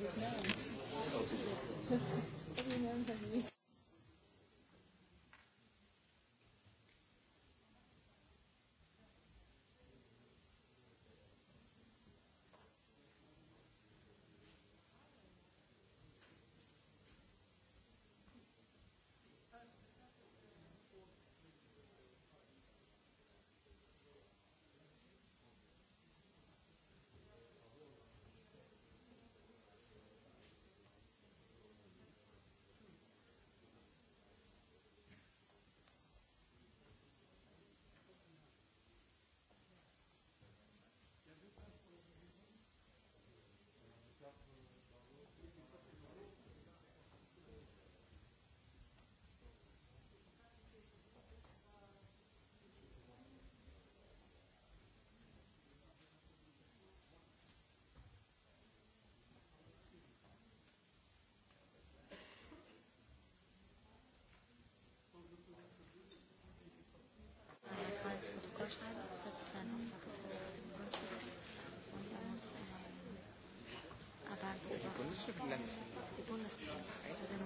Υπότιτλοι AUTHORWAVE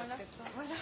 Voilà.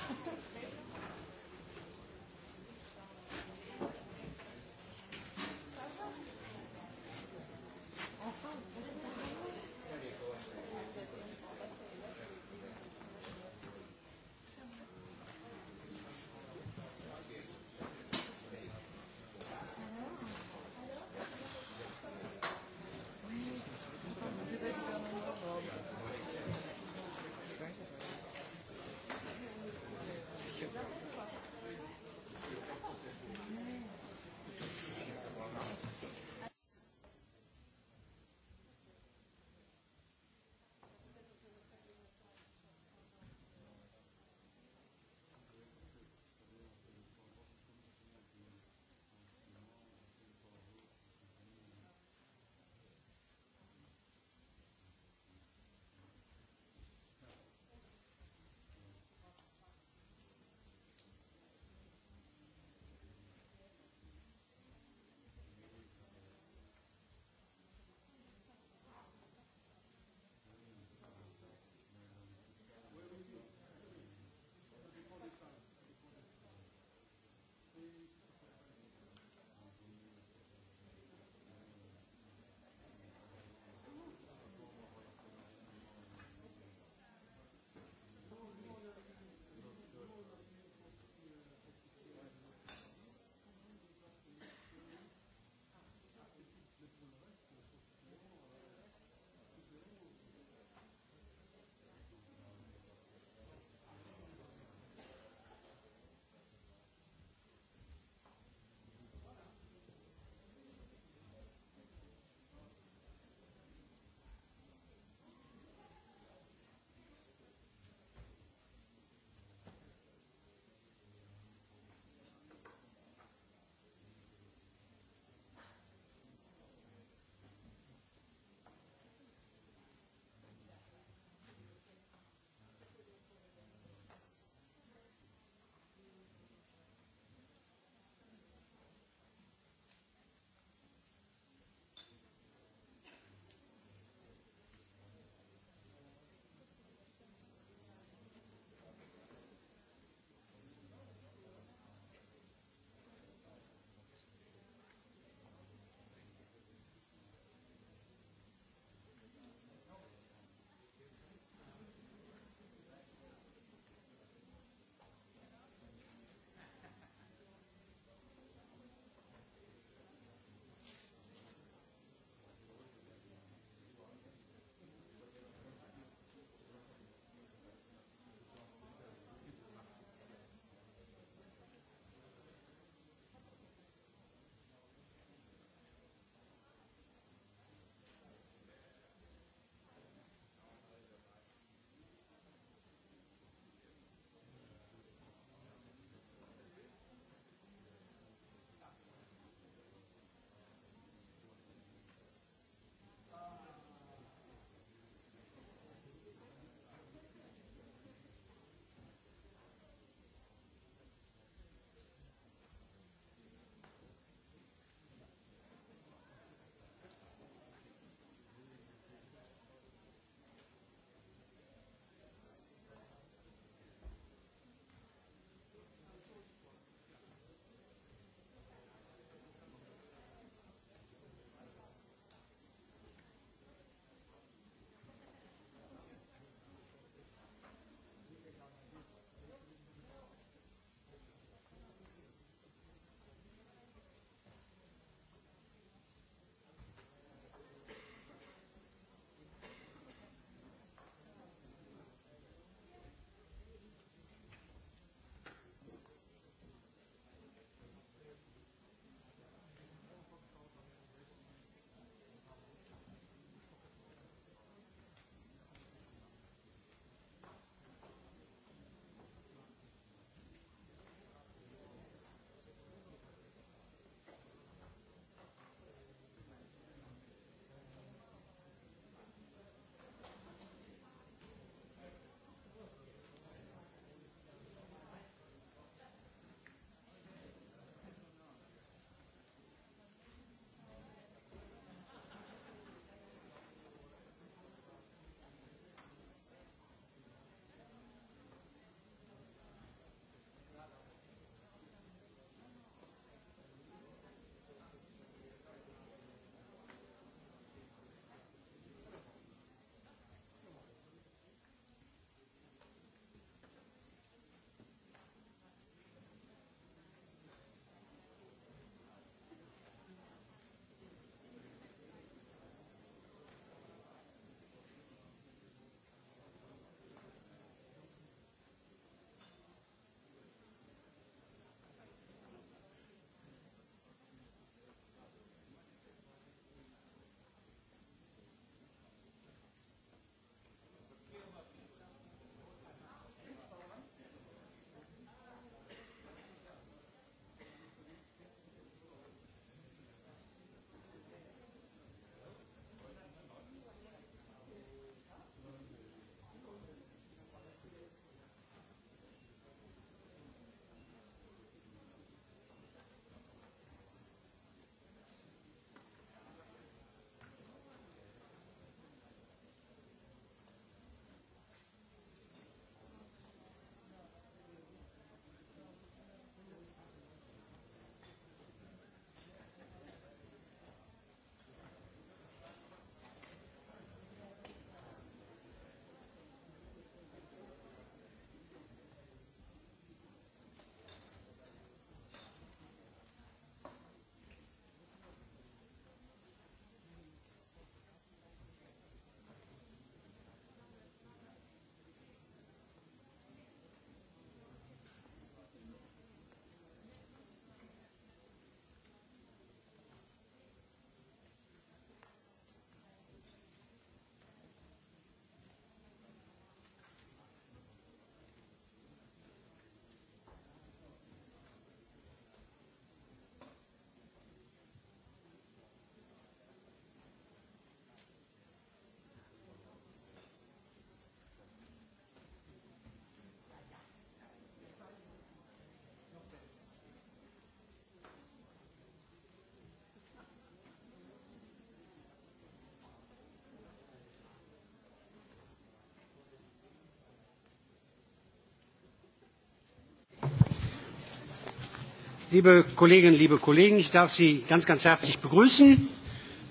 liebe Kolleginnen, liebe Kollegen, ich darf Sie ganz, ganz herzlich begrüßen.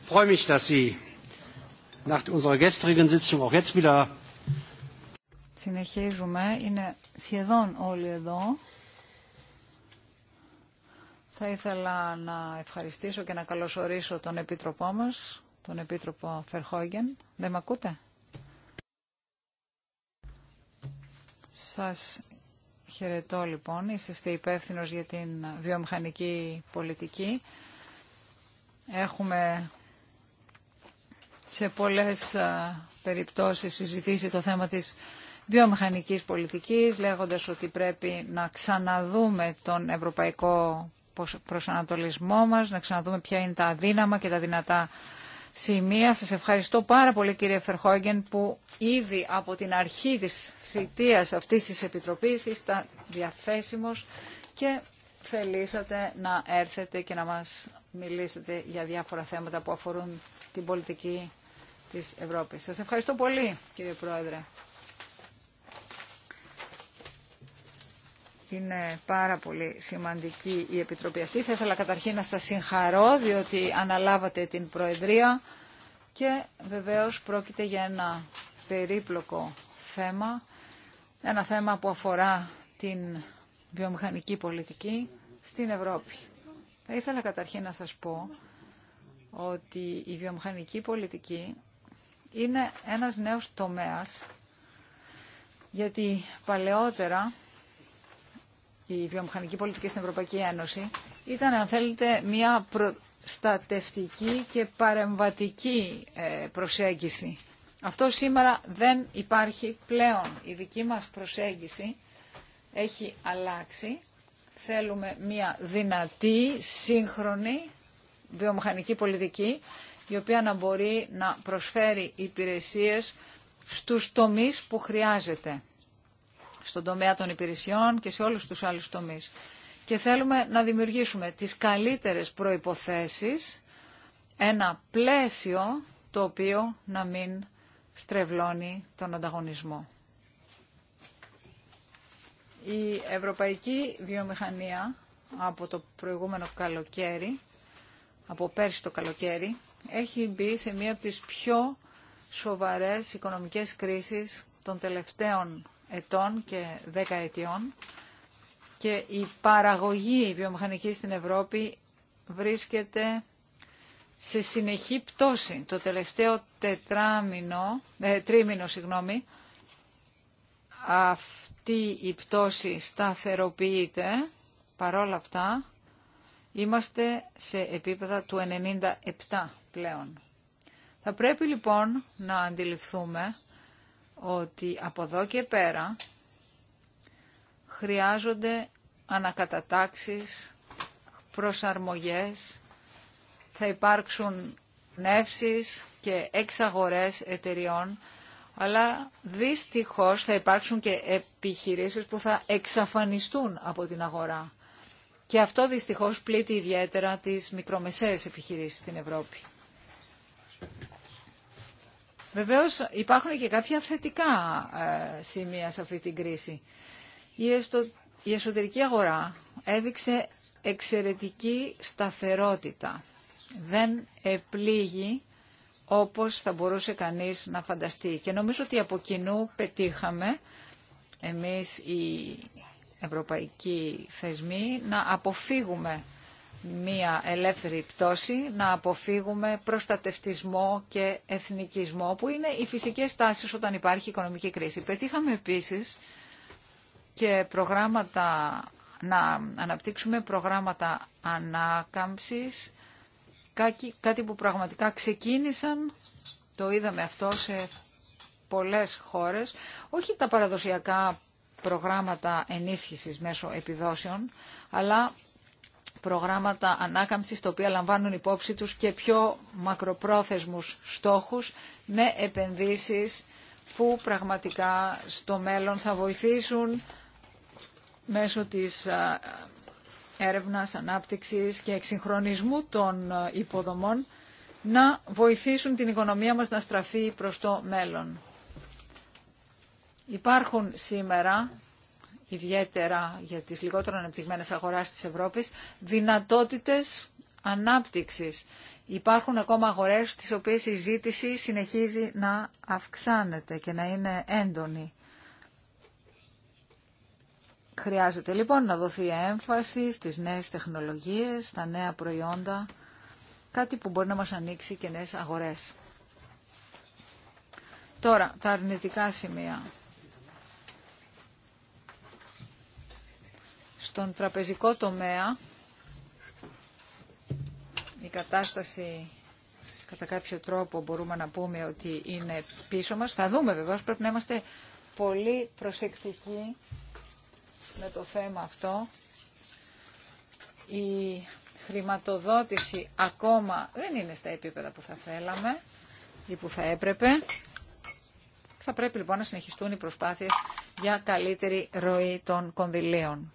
Ich freue mich, dass Sie nach unserer gestrigen Sitzung auch jetzt wieder. Συνεχίζουμε, είναι σχεδόν όλοι εδώ. Θα ήθελα να ευχαριστήσω και να καλωσορίσω τον Επίτροπό μας, τον Επίτροπο Χαιρετώ λοιπόν, είσαστε υπεύθυνο για την βιομηχανική πολιτική. Έχουμε σε πολλές περιπτώσεις συζητήσει το θέμα της βιομηχανικής πολιτικής, λέγοντας ότι πρέπει να ξαναδούμε τον ευρωπαϊκό προσανατολισμό μας, να ξαναδούμε ποια είναι τα αδύναμα και τα δυνατά σημεία. Σας ευχαριστώ πάρα πολύ κύριε Φερχόγγεν που ήδη από την αρχή της θητείας αυτής της Επιτροπής είστε διαθέσιμος και θελήσατε να έρθετε και να μας μιλήσετε για διάφορα θέματα που αφορούν την πολιτική της Ευρώπης. Σας ευχαριστώ πολύ κύριε Πρόεδρε. Είναι πάρα πολύ σημαντική η Επιτροπή αυτή. Θα ήθελα καταρχήν να σας συγχαρώ διότι αναλάβατε την Προεδρία και βεβαίως πρόκειται για ένα περίπλοκο θέμα, ένα θέμα που αφορά την βιομηχανική πολιτική στην Ευρώπη. Θα ήθελα καταρχήν να σας πω ότι η βιομηχανική πολιτική είναι ένας νέος τομέας γιατί παλαιότερα η βιομηχανική πολιτική στην Ευρωπαϊκή Ένωση ήταν, αν θέλετε, μια προστατευτική και παρεμβατική ε, προσέγγιση. Αυτό σήμερα δεν υπάρχει πλέον. Η δική μας προσέγγιση έχει αλλάξει. Θέλουμε μια δυνατή, σύγχρονη βιομηχανική πολιτική, η οποία να μπορεί να προσφέρει υπηρεσίες στους τομείς που χρειάζεται στον τομέα των υπηρεσιών και σε όλους τους άλλους τομείς. Και θέλουμε να δημιουργήσουμε τις καλύτερες προϋποθέσεις, ένα πλαίσιο το οποίο να μην στρεβλώνει τον ανταγωνισμό. Η ευρωπαϊκή βιομηχανία από το προηγούμενο καλοκαίρι, από πέρσι το καλοκαίρι, έχει μπει σε μία από τις πιο σοβαρές οικονομικές κρίσεις των τελευταίων ετών και 10 και η παραγωγή βιομηχανικής στην Ευρώπη βρίσκεται σε συνεχή πτώση. Το τελευταίο τετράμινο, ε, τρίμηνο, συγγνώμη, αυτή η πτώση σταθεροποιείται. Παρόλα αυτά, είμαστε σε επίπεδα του 97 πλέον. Θα πρέπει λοιπόν να αντιληφθούμε ότι από εδώ και πέρα χρειάζονται ανακατατάξεις, προσαρμογές, θα υπάρξουν νεύσεις και εξαγορές εταιριών, αλλά δυστυχώς θα υπάρξουν και επιχειρήσεις που θα εξαφανιστούν από την αγορά. Και αυτό δυστυχώς πλήττει ιδιαίτερα τις μικρομεσαίες επιχειρήσεις στην Ευρώπη. Βεβαίως υπάρχουν και κάποια θετικά ε, σημεία σε αυτή την κρίση. Η εσωτερική αγορά έδειξε εξαιρετική σταθερότητα. Δεν επλήγει όπως θα μπορούσε κανείς να φανταστεί. Και νομίζω ότι από κοινού πετύχαμε εμείς οι ευρωπαϊκοί θεσμοί να αποφύγουμε μία ελεύθερη πτώση, να αποφύγουμε προστατευτισμό και εθνικισμό, που είναι οι φυσικές τάσεις όταν υπάρχει οικονομική κρίση. Πετύχαμε επίσης και προγράμματα, να αναπτύξουμε προγράμματα ανάκαμψης, κάτι που πραγματικά ξεκίνησαν, το είδαμε αυτό σε πολλές χώρες, όχι τα παραδοσιακά προγράμματα ενίσχυσης μέσω επιδόσεων, αλλά προγράμματα ανάκαμψης τα οποία λαμβάνουν υπόψη τους και πιο μακροπρόθεσμους στόχους με επενδύσεις που πραγματικά στο μέλλον θα βοηθήσουν μέσω της έρευνας, ανάπτυξης και εξυγχρονισμού των υποδομών να βοηθήσουν την οικονομία μας να στραφεί προς το μέλλον. Υπάρχουν σήμερα ιδιαίτερα για τις λιγότερο ανεπτυγμένες αγοράς της Ευρώπης, δυνατότητες ανάπτυξης. Υπάρχουν ακόμα αγορές τις οποίες η ζήτηση συνεχίζει να αυξάνεται και να είναι έντονη. Χρειάζεται λοιπόν να δοθεί έμφαση στις νέες τεχνολογίες, στα νέα προϊόντα, κάτι που μπορεί να μας ανοίξει και νέες αγορές. Τώρα, τα αρνητικά σημεία. στον τραπεζικό τομέα η κατάσταση κατά κάποιο τρόπο μπορούμε να πούμε ότι είναι πίσω μας. Θα δούμε βεβαίως, πρέπει να είμαστε πολύ προσεκτικοί με το θέμα αυτό. Η χρηματοδότηση ακόμα δεν είναι στα επίπεδα που θα θέλαμε ή που θα έπρεπε. Θα πρέπει λοιπόν να συνεχιστούν οι προσπάθειες για καλύτερη ροή των κονδυλίων.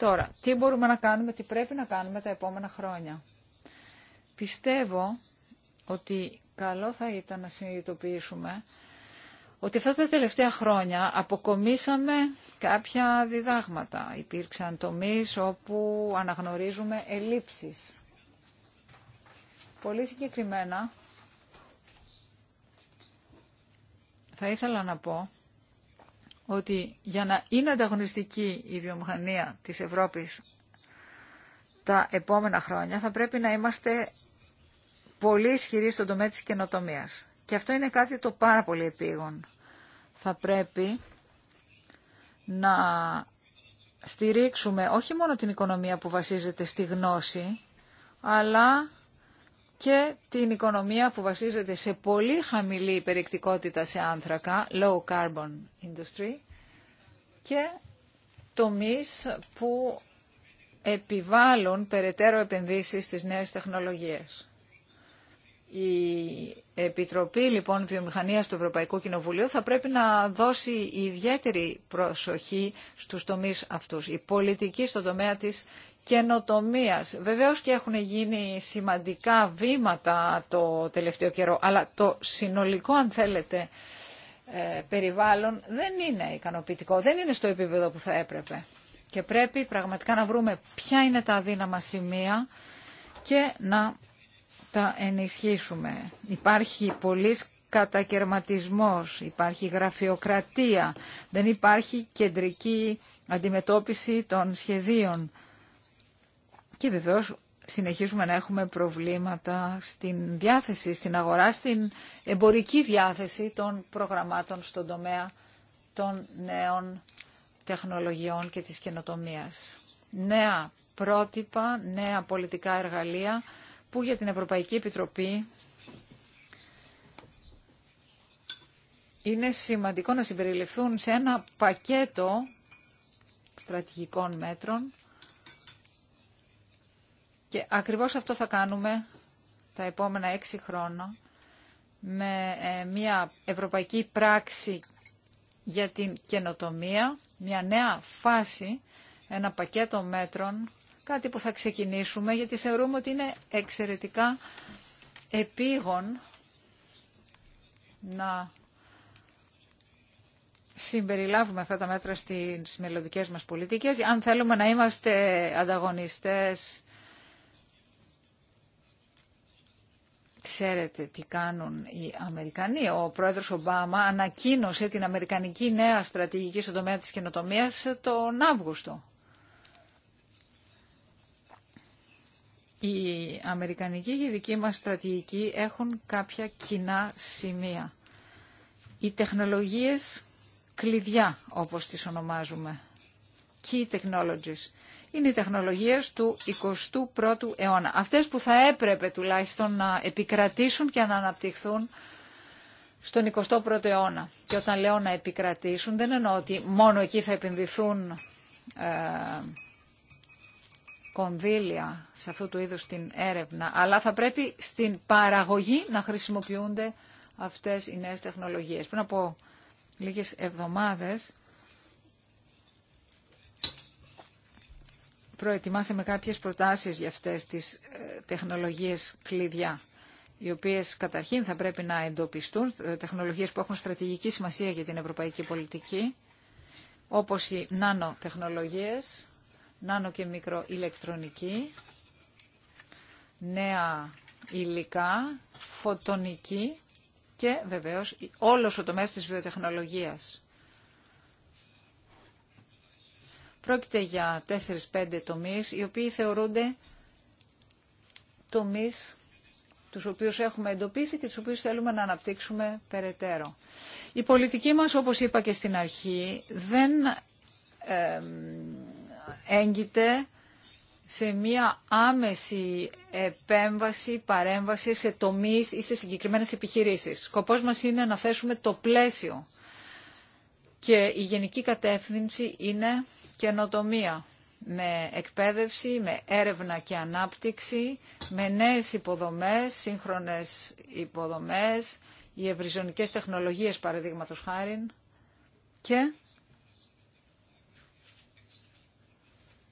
Τώρα, τι μπορούμε να κάνουμε, τι πρέπει να κάνουμε τα επόμενα χρόνια. Πιστεύω ότι καλό θα ήταν να συνειδητοποιήσουμε ότι αυτά τα τελευταία χρόνια αποκομίσαμε κάποια διδάγματα. Υπήρξαν τομείς όπου αναγνωρίζουμε ελλείψεις. Πολύ συγκεκριμένα θα ήθελα να πω ότι για να είναι ανταγωνιστική η βιομηχανία της Ευρώπης τα επόμενα χρόνια θα πρέπει να είμαστε πολύ ισχυροί στον τομέα της καινοτομίας. Και αυτό είναι κάτι το πάρα πολύ επίγον. Θα πρέπει να στηρίξουμε όχι μόνο την οικονομία που βασίζεται στη γνώση, αλλά και την οικονομία που βασίζεται σε πολύ χαμηλή περιεκτικότητα σε άνθρακα, low carbon industry, και τομείς που επιβάλλουν περαιτέρω επενδύσεις στις νέες τεχνολογίες. Η Επιτροπή λοιπόν Βιομηχανίας του Ευρωπαϊκού Κοινοβουλίου θα πρέπει να δώσει ιδιαίτερη προσοχή στους τομείς αυτούς. Η πολιτική στον τομέα της καινοτομίας. Βεβαίως και έχουν γίνει σημαντικά βήματα το τελευταίο καιρό, αλλά το συνολικό αν θέλετε ε, περιβάλλον δεν είναι ικανοποιητικό, δεν είναι στο επίπεδο που θα έπρεπε. Και πρέπει πραγματικά να βρούμε ποια είναι τα αδύναμα σημεία και να τα ενισχύσουμε. Υπάρχει πολλής κατακαιρματισμός, υπάρχει γραφειοκρατία, δεν υπάρχει κεντρική αντιμετώπιση των σχεδίων. Και βεβαίως συνεχίζουμε να έχουμε προβλήματα στην διάθεση, στην αγορά, στην εμπορική διάθεση των προγραμμάτων στον τομέα των νέων τεχνολογιών και της καινοτομίας. Νέα πρότυπα, νέα πολιτικά εργαλεία που για την Ευρωπαϊκή Επιτροπή είναι σημαντικό να συμπεριληφθούν σε ένα πακέτο στρατηγικών μέτρων και ακριβώς αυτό θα κάνουμε τα επόμενα έξι χρόνια με ε, μια ευρωπαϊκή πράξη για την καινοτομία, μια νέα φάση, ένα πακέτο μέτρων κάτι που θα ξεκινήσουμε γιατί θεωρούμε ότι είναι εξαιρετικά επίγον να συμπεριλάβουμε αυτά τα μέτρα στις μελλοντικές μας πολιτικές αν θέλουμε να είμαστε ανταγωνιστές Ξέρετε τι κάνουν οι Αμερικανοί. Ο πρόεδρος Ομπάμα ανακοίνωσε την Αμερικανική νέα στρατηγική στον τομέα της καινοτομίας τον Αύγουστο. Η αμερικανική και οι δική μας στρατηγική έχουν κάποια κοινά σημεία. Οι τεχνολογίες κλειδιά, όπως τις ονομάζουμε, key technologies, είναι οι τεχνολογίες του 21ου αιώνα. Αυτές που θα έπρεπε τουλάχιστον να επικρατήσουν και να αναπτυχθούν στον 21ο αιώνα. Και όταν λέω να επικρατήσουν δεν εννοώ ότι μόνο εκεί θα επενδυθούν ε, κονδύλια σε αυτού του είδους την έρευνα, αλλά θα πρέπει στην παραγωγή να χρησιμοποιούνται αυτές οι νέες τεχνολογίες. Πριν από λίγες εβδομάδες προετοιμάσαμε κάποιες προτάσεις για αυτές τις ε, τεχνολογίες κλειδιά οι οποίες καταρχήν θα πρέπει να εντοπιστούν, ε, τεχνολογίες που έχουν στρατηγική σημασία για την ευρωπαϊκή πολιτική, όπως οι νανοτεχνολογίες, νάνο και μικροηλεκτρονική, νέα υλικά, φωτονική και βεβαίως όλος ο τομέας της βιοτεχνολογίας. Πρόκειται για 4-5 τομείς, οι οποίοι θεωρούνται τομείς τους οποίους έχουμε εντοπίσει και τους οποίους θέλουμε να αναπτύξουμε περαιτέρω. Η πολιτική μας, όπως είπα και στην αρχή, δεν έγκυται σε μία άμεση επέμβαση, παρέμβαση σε τομείς ή σε συγκεκριμένες επιχειρήσεις. Σκοπός μας είναι να θέσουμε το πλαίσιο και η γενική κατεύθυνση είναι καινοτομία με εκπαίδευση, με έρευνα και ανάπτυξη, με νέες υποδομές, σύγχρονες υποδομές, οι ευρυζωνικές τεχνολογίες παραδείγματος χάριν και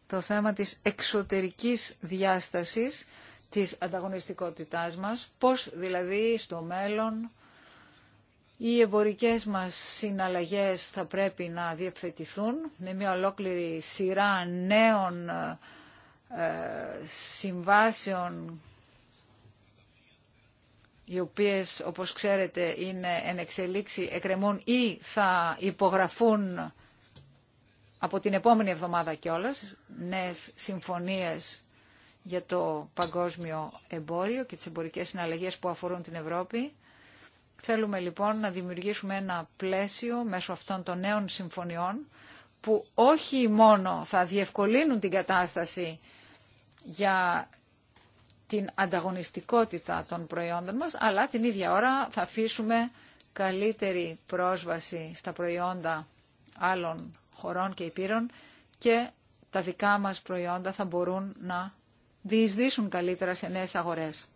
το θέμα της εξωτερικής διάστασης της ανταγωνιστικότητάς μας, πώς δηλαδή στο μέλλον οι εμπορικές μας συναλλαγές θα πρέπει να διευθετηθούν με μια ολόκληρη σειρά νέων ε, συμβάσεων οι οποίες όπως ξέρετε είναι εν εξελίξη εκκρεμούν ή θα υπογραφούν από την επόμενη εβδομάδα κιόλας νέες συμφωνίες για το παγκόσμιο εμπόριο και τις εμπορικές συναλλαγές που αφορούν την Ευρώπη. Θέλουμε λοιπόν να δημιουργήσουμε ένα πλαίσιο μέσω αυτών των νέων συμφωνιών που όχι μόνο θα διευκολύνουν την κατάσταση για την ανταγωνιστικότητα των προϊόντων μας, αλλά την ίδια ώρα θα αφήσουμε καλύτερη πρόσβαση στα προϊόντα άλλων χωρών και υπήρων και τα δικά μας προϊόντα θα μπορούν να διεισδύσουν καλύτερα σε νέες αγορές.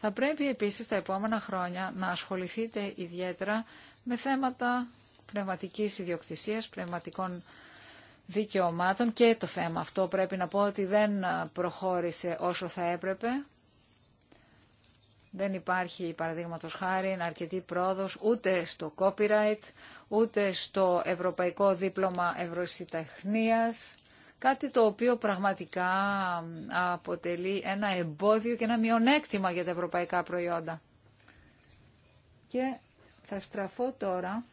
Θα πρέπει επίσης τα επόμενα χρόνια να ασχοληθείτε ιδιαίτερα με θέματα πνευματικής ιδιοκτησίας, πνευματικών δικαιωμάτων και το θέμα αυτό πρέπει να πω ότι δεν προχώρησε όσο θα έπρεπε. Δεν υπάρχει παραδείγματος χάρη αρκετή πρόοδος ούτε στο copyright, ούτε στο Ευρωπαϊκό Δίπλωμα Ευρωσιτεχνίας, κάτι το οποίο πραγματικά αποτελεί ένα εμπόδιο και ένα μειονέκτημα για τα ευρωπαϊκά προϊόντα. Και θα στραφώ τώρα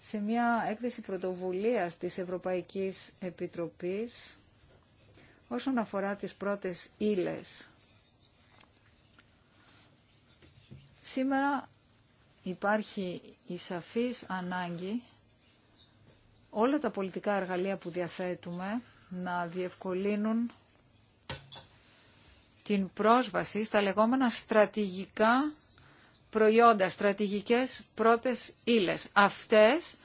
σε μια έκθεση πρωτοβουλίας της Ευρωπαϊκής Επιτροπής όσον αφορά τις πρώτες ύλες. Σήμερα υπάρχει η σαφής ανάγκη όλα τα πολιτικά εργαλεία που διαθέτουμε να διευκολύνουν την πρόσβαση στα λεγόμενα στρατηγικά προϊόντα, στρατηγικές πρώτες ύλες. Αυτές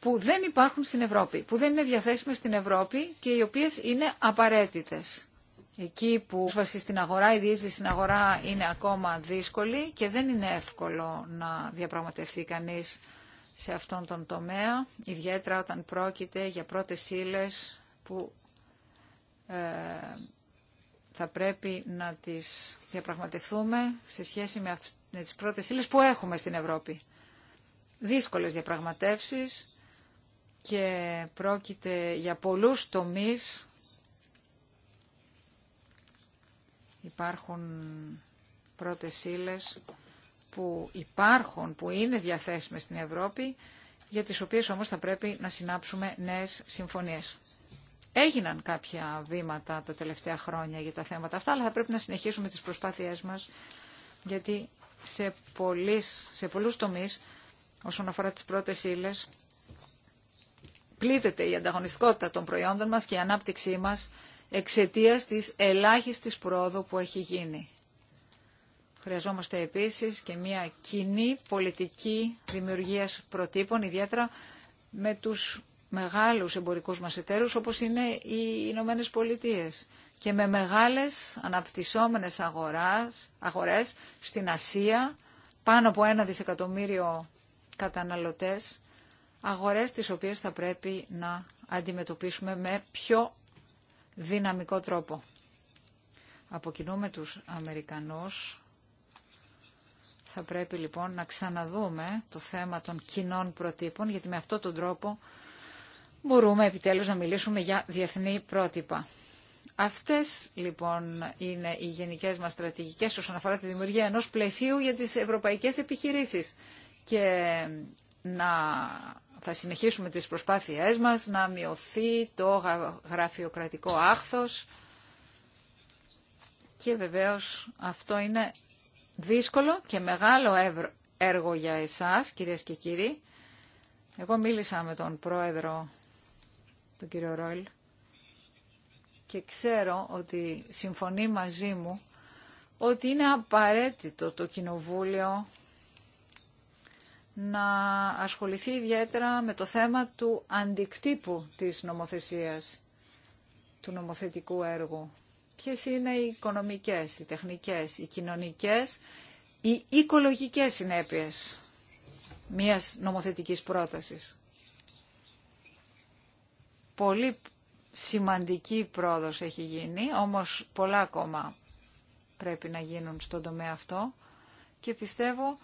που δεν υπάρχουν στην Ευρώπη, που δεν είναι διαθέσιμες στην Ευρώπη και οι οποίες είναι απαραίτητες εκεί που η στην αγορά, η διείσδυση στην αγορά είναι ακόμα δύσκολη και δεν είναι εύκολο να διαπραγματευτεί κανείς σε αυτόν τον τομέα, ιδιαίτερα όταν πρόκειται για πρώτες ύλε που ε, θα πρέπει να τις διαπραγματευτούμε σε σχέση με, με τις πρώτες ύλε που έχουμε στην Ευρώπη. Δύσκολες διαπραγματεύσεις και πρόκειται για πολλούς τομείς Υπάρχουν πρώτες ύλε που υπάρχουν, που είναι διαθέσιμες στην Ευρώπη, για τις οποίες όμως θα πρέπει να συνάψουμε νέες συμφωνίες. Έγιναν κάποια βήματα τα τελευταία χρόνια για τα θέματα αυτά, αλλά θα πρέπει να συνεχίσουμε τις προσπάθειές μας, γιατί σε, πολλής, σε πολλούς τομείς, όσον αφορά τις πρώτες ύλε, πλήττεται η ανταγωνιστικότητα των προϊόντων μας και η ανάπτυξή μας εξαιτίας της ελάχιστης πρόοδου που έχει γίνει. Χρειαζόμαστε επίσης και μια κοινή πολιτική δημιουργίας προτύπων, ιδιαίτερα με τους μεγάλους εμπορικούς μας εταίρους όπως είναι οι Ηνωμένε Πολιτείε και με μεγάλες αναπτυσσόμενες αγοράς, αγορές στην Ασία, πάνω από ένα δισεκατομμύριο καταναλωτές, αγορές τις οποίες θα πρέπει να αντιμετωπίσουμε με πιο δυναμικό τρόπο. Αποκινούμε τους Αμερικανούς. Θα πρέπει λοιπόν να ξαναδούμε το θέμα των κοινών προτύπων, γιατί με αυτόν τον τρόπο μπορούμε επιτέλους να μιλήσουμε για διεθνή πρότυπα. Αυτές λοιπόν είναι οι γενικές μας στρατηγικές όσον αφορά τη δημιουργία ενός πλαισίου για τις ευρωπαϊκές επιχειρήσεις και να θα συνεχίσουμε τις προσπάθειές μας να μειωθεί το γραφειοκρατικό άχθος και βεβαίως αυτό είναι δύσκολο και μεγάλο έργο για εσάς κυρίες και κύριοι. Εγώ μίλησα με τον πρόεδρο, τον κύριο Ρόιλ, και ξέρω ότι συμφωνεί μαζί μου ότι είναι απαραίτητο το Κοινοβούλιο να ασχοληθεί ιδιαίτερα με το θέμα του αντικτύπου της νομοθεσίας, του νομοθετικού έργου. Ποιες είναι οι οικονομικές, οι τεχνικές, οι κοινωνικές, οι οικολογικές συνέπειες μιας νομοθετικής πρότασης. Πολύ σημαντική πρόοδος έχει γίνει, όμως πολλά ακόμα πρέπει να γίνουν στον τομέα αυτό και πιστεύω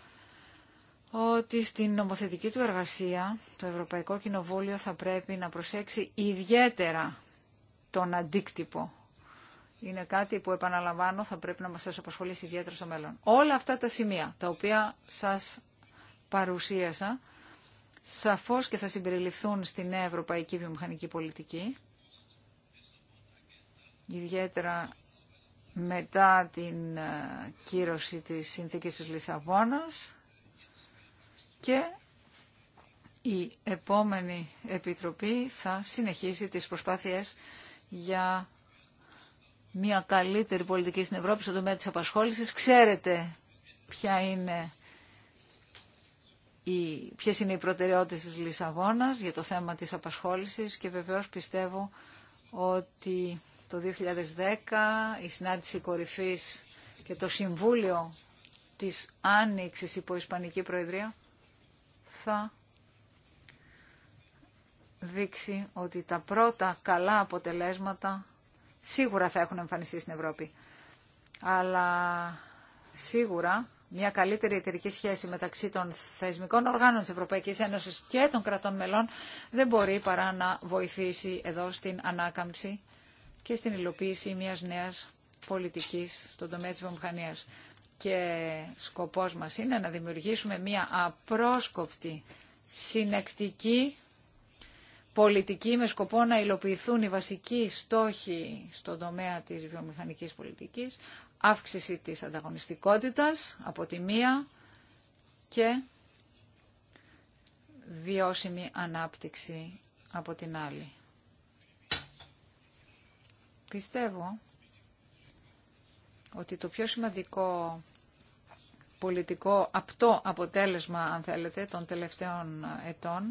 ότι στην νομοθετική του εργασία το Ευρωπαϊκό Κοινοβούλιο θα πρέπει να προσέξει ιδιαίτερα τον αντίκτυπο. Είναι κάτι που επαναλαμβάνω θα πρέπει να μας σας απασχολήσει ιδιαίτερα στο μέλλον. Όλα αυτά τα σημεία τα οποία σας παρουσίασα σαφώς και θα συμπεριληφθούν στην νέα Ευρωπαϊκή Βιομηχανική Πολιτική ιδιαίτερα μετά την ε, κύρωση της Συνθήκης της Λισαβόνας και η επόμενη Επιτροπή θα συνεχίσει τις προσπάθειες για μια καλύτερη πολιτική στην Ευρώπη στον τομέα της απασχόλησης. Ξέρετε ποια είναι οι, ποιες είναι οι προτεραιότητες της Λισαβόνας για το θέμα της απασχόλησης και βεβαίως πιστεύω ότι το 2010 η συνάντηση κορυφής και το Συμβούλιο της Άνοιξης υπό Ισπανική Προεδρία θα δείξει ότι τα πρώτα καλά αποτελέσματα σίγουρα θα έχουν εμφανιστεί στην Ευρώπη. Αλλά σίγουρα μια καλύτερη εταιρική σχέση μεταξύ των θεσμικών οργάνων της Ευρωπαϊκής Ένωσης και των κρατών μελών δεν μπορεί παρά να βοηθήσει εδώ στην ανάκαμψη και στην υλοποίηση μιας νέας πολιτικής στον τομέα της βιομηχανίας και σκοπός μας είναι να δημιουργήσουμε μία απρόσκοπτη, συνεκτική πολιτική με σκοπό να υλοποιηθούν οι βασικοί στόχοι στον τομέα της βιομηχανικής πολιτικής, αύξηση της ανταγωνιστικότητας από τη μία και βιώσιμη ανάπτυξη από την άλλη. Πιστεύω ότι το πιο σημαντικό πολιτικό απτό αποτέλεσμα, αν θέλετε, των τελευταίων ετών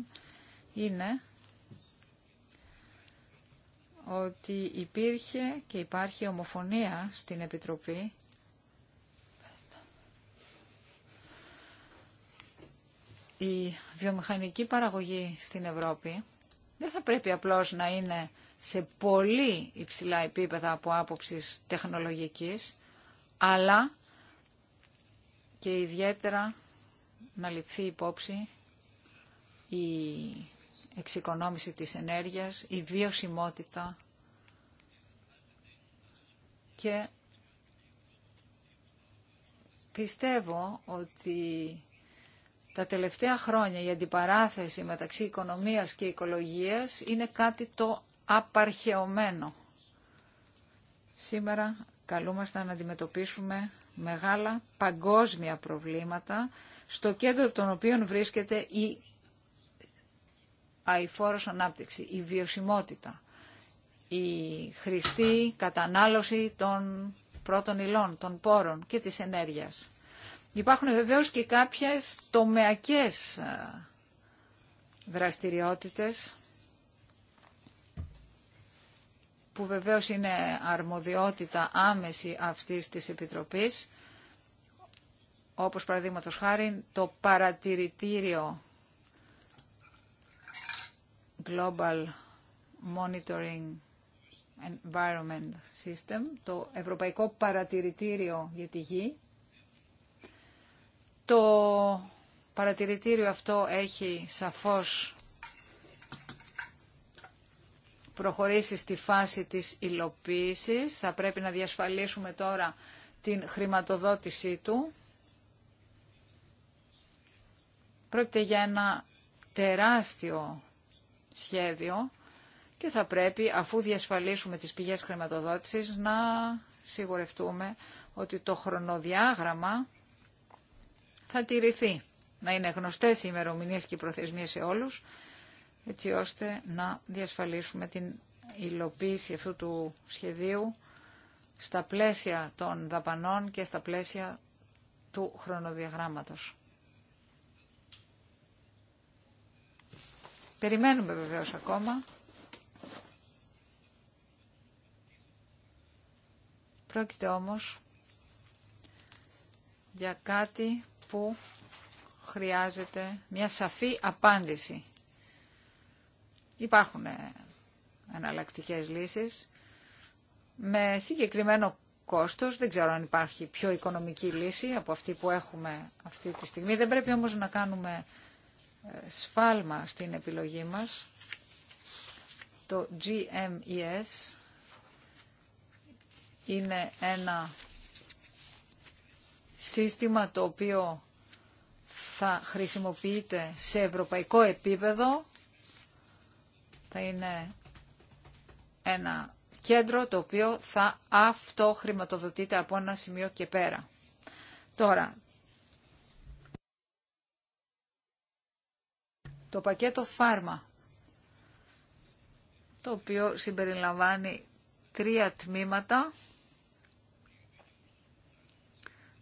είναι ότι υπήρχε και υπάρχει ομοφωνία στην Επιτροπή η βιομηχανική παραγωγή στην Ευρώπη δεν θα πρέπει απλώς να είναι σε πολύ υψηλά επίπεδα από άποψης τεχνολογικής, αλλά και ιδιαίτερα να ληφθεί υπόψη η εξοικονόμηση της ενέργειας, η βιωσιμότητα και πιστεύω ότι τα τελευταία χρόνια η αντιπαράθεση μεταξύ οικονομίας και οικολογίας είναι κάτι το απαρχαιωμένο. Σήμερα καλούμαστε να αντιμετωπίσουμε μεγάλα παγκόσμια προβλήματα, στο κέντρο των οποίων βρίσκεται η αηφόρος ανάπτυξη, η βιωσιμότητα, η χρηστή κατανάλωση των πρώτων υλών, των πόρων και της ενέργειας. Υπάρχουν βεβαίως και κάποιες τομεακές ε, δραστηριότητες που βεβαίως είναι αρμοδιότητα άμεση αυτής της Επιτροπής, όπως παραδείγματος χάρη το παρατηρητήριο Global Monitoring Environment System, το Ευρωπαϊκό Παρατηρητήριο για τη Γη. Το παρατηρητήριο αυτό έχει σαφώς προχωρήσει στη φάση της υλοποίησης. Θα πρέπει να διασφαλίσουμε τώρα την χρηματοδότησή του. Πρόκειται για ένα τεράστιο σχέδιο και θα πρέπει αφού διασφαλίσουμε τις πηγές χρηματοδότησης να σιγουρευτούμε ότι το χρονοδιάγραμμα θα τηρηθεί. Να είναι γνωστές οι ημερομηνίες και οι προθεσμίες σε όλους έτσι ώστε να διασφαλίσουμε την υλοποίηση αυτού του σχεδίου στα πλαίσια των δαπανών και στα πλαίσια του χρονοδιαγράμματος. Περιμένουμε βεβαίως ακόμα. Πρόκειται όμως για κάτι που χρειάζεται μια σαφή απάντηση Υπάρχουν ε, εναλλακτικέ λύσεις με συγκεκριμένο κόστος. Δεν ξέρω αν υπάρχει πιο οικονομική λύση από αυτή που έχουμε αυτή τη στιγμή. Δεν πρέπει όμως να κάνουμε ε, σφάλμα στην επιλογή μας. Το GMES είναι ένα σύστημα το οποίο θα χρησιμοποιείται σε ευρωπαϊκό επίπεδο θα είναι ένα κέντρο το οποίο θα αυτοχρηματοδοτείται από ένα σημείο και πέρα. Τώρα, το πακέτο φάρμα, το οποίο συμπεριλαμβάνει τρία τμήματα,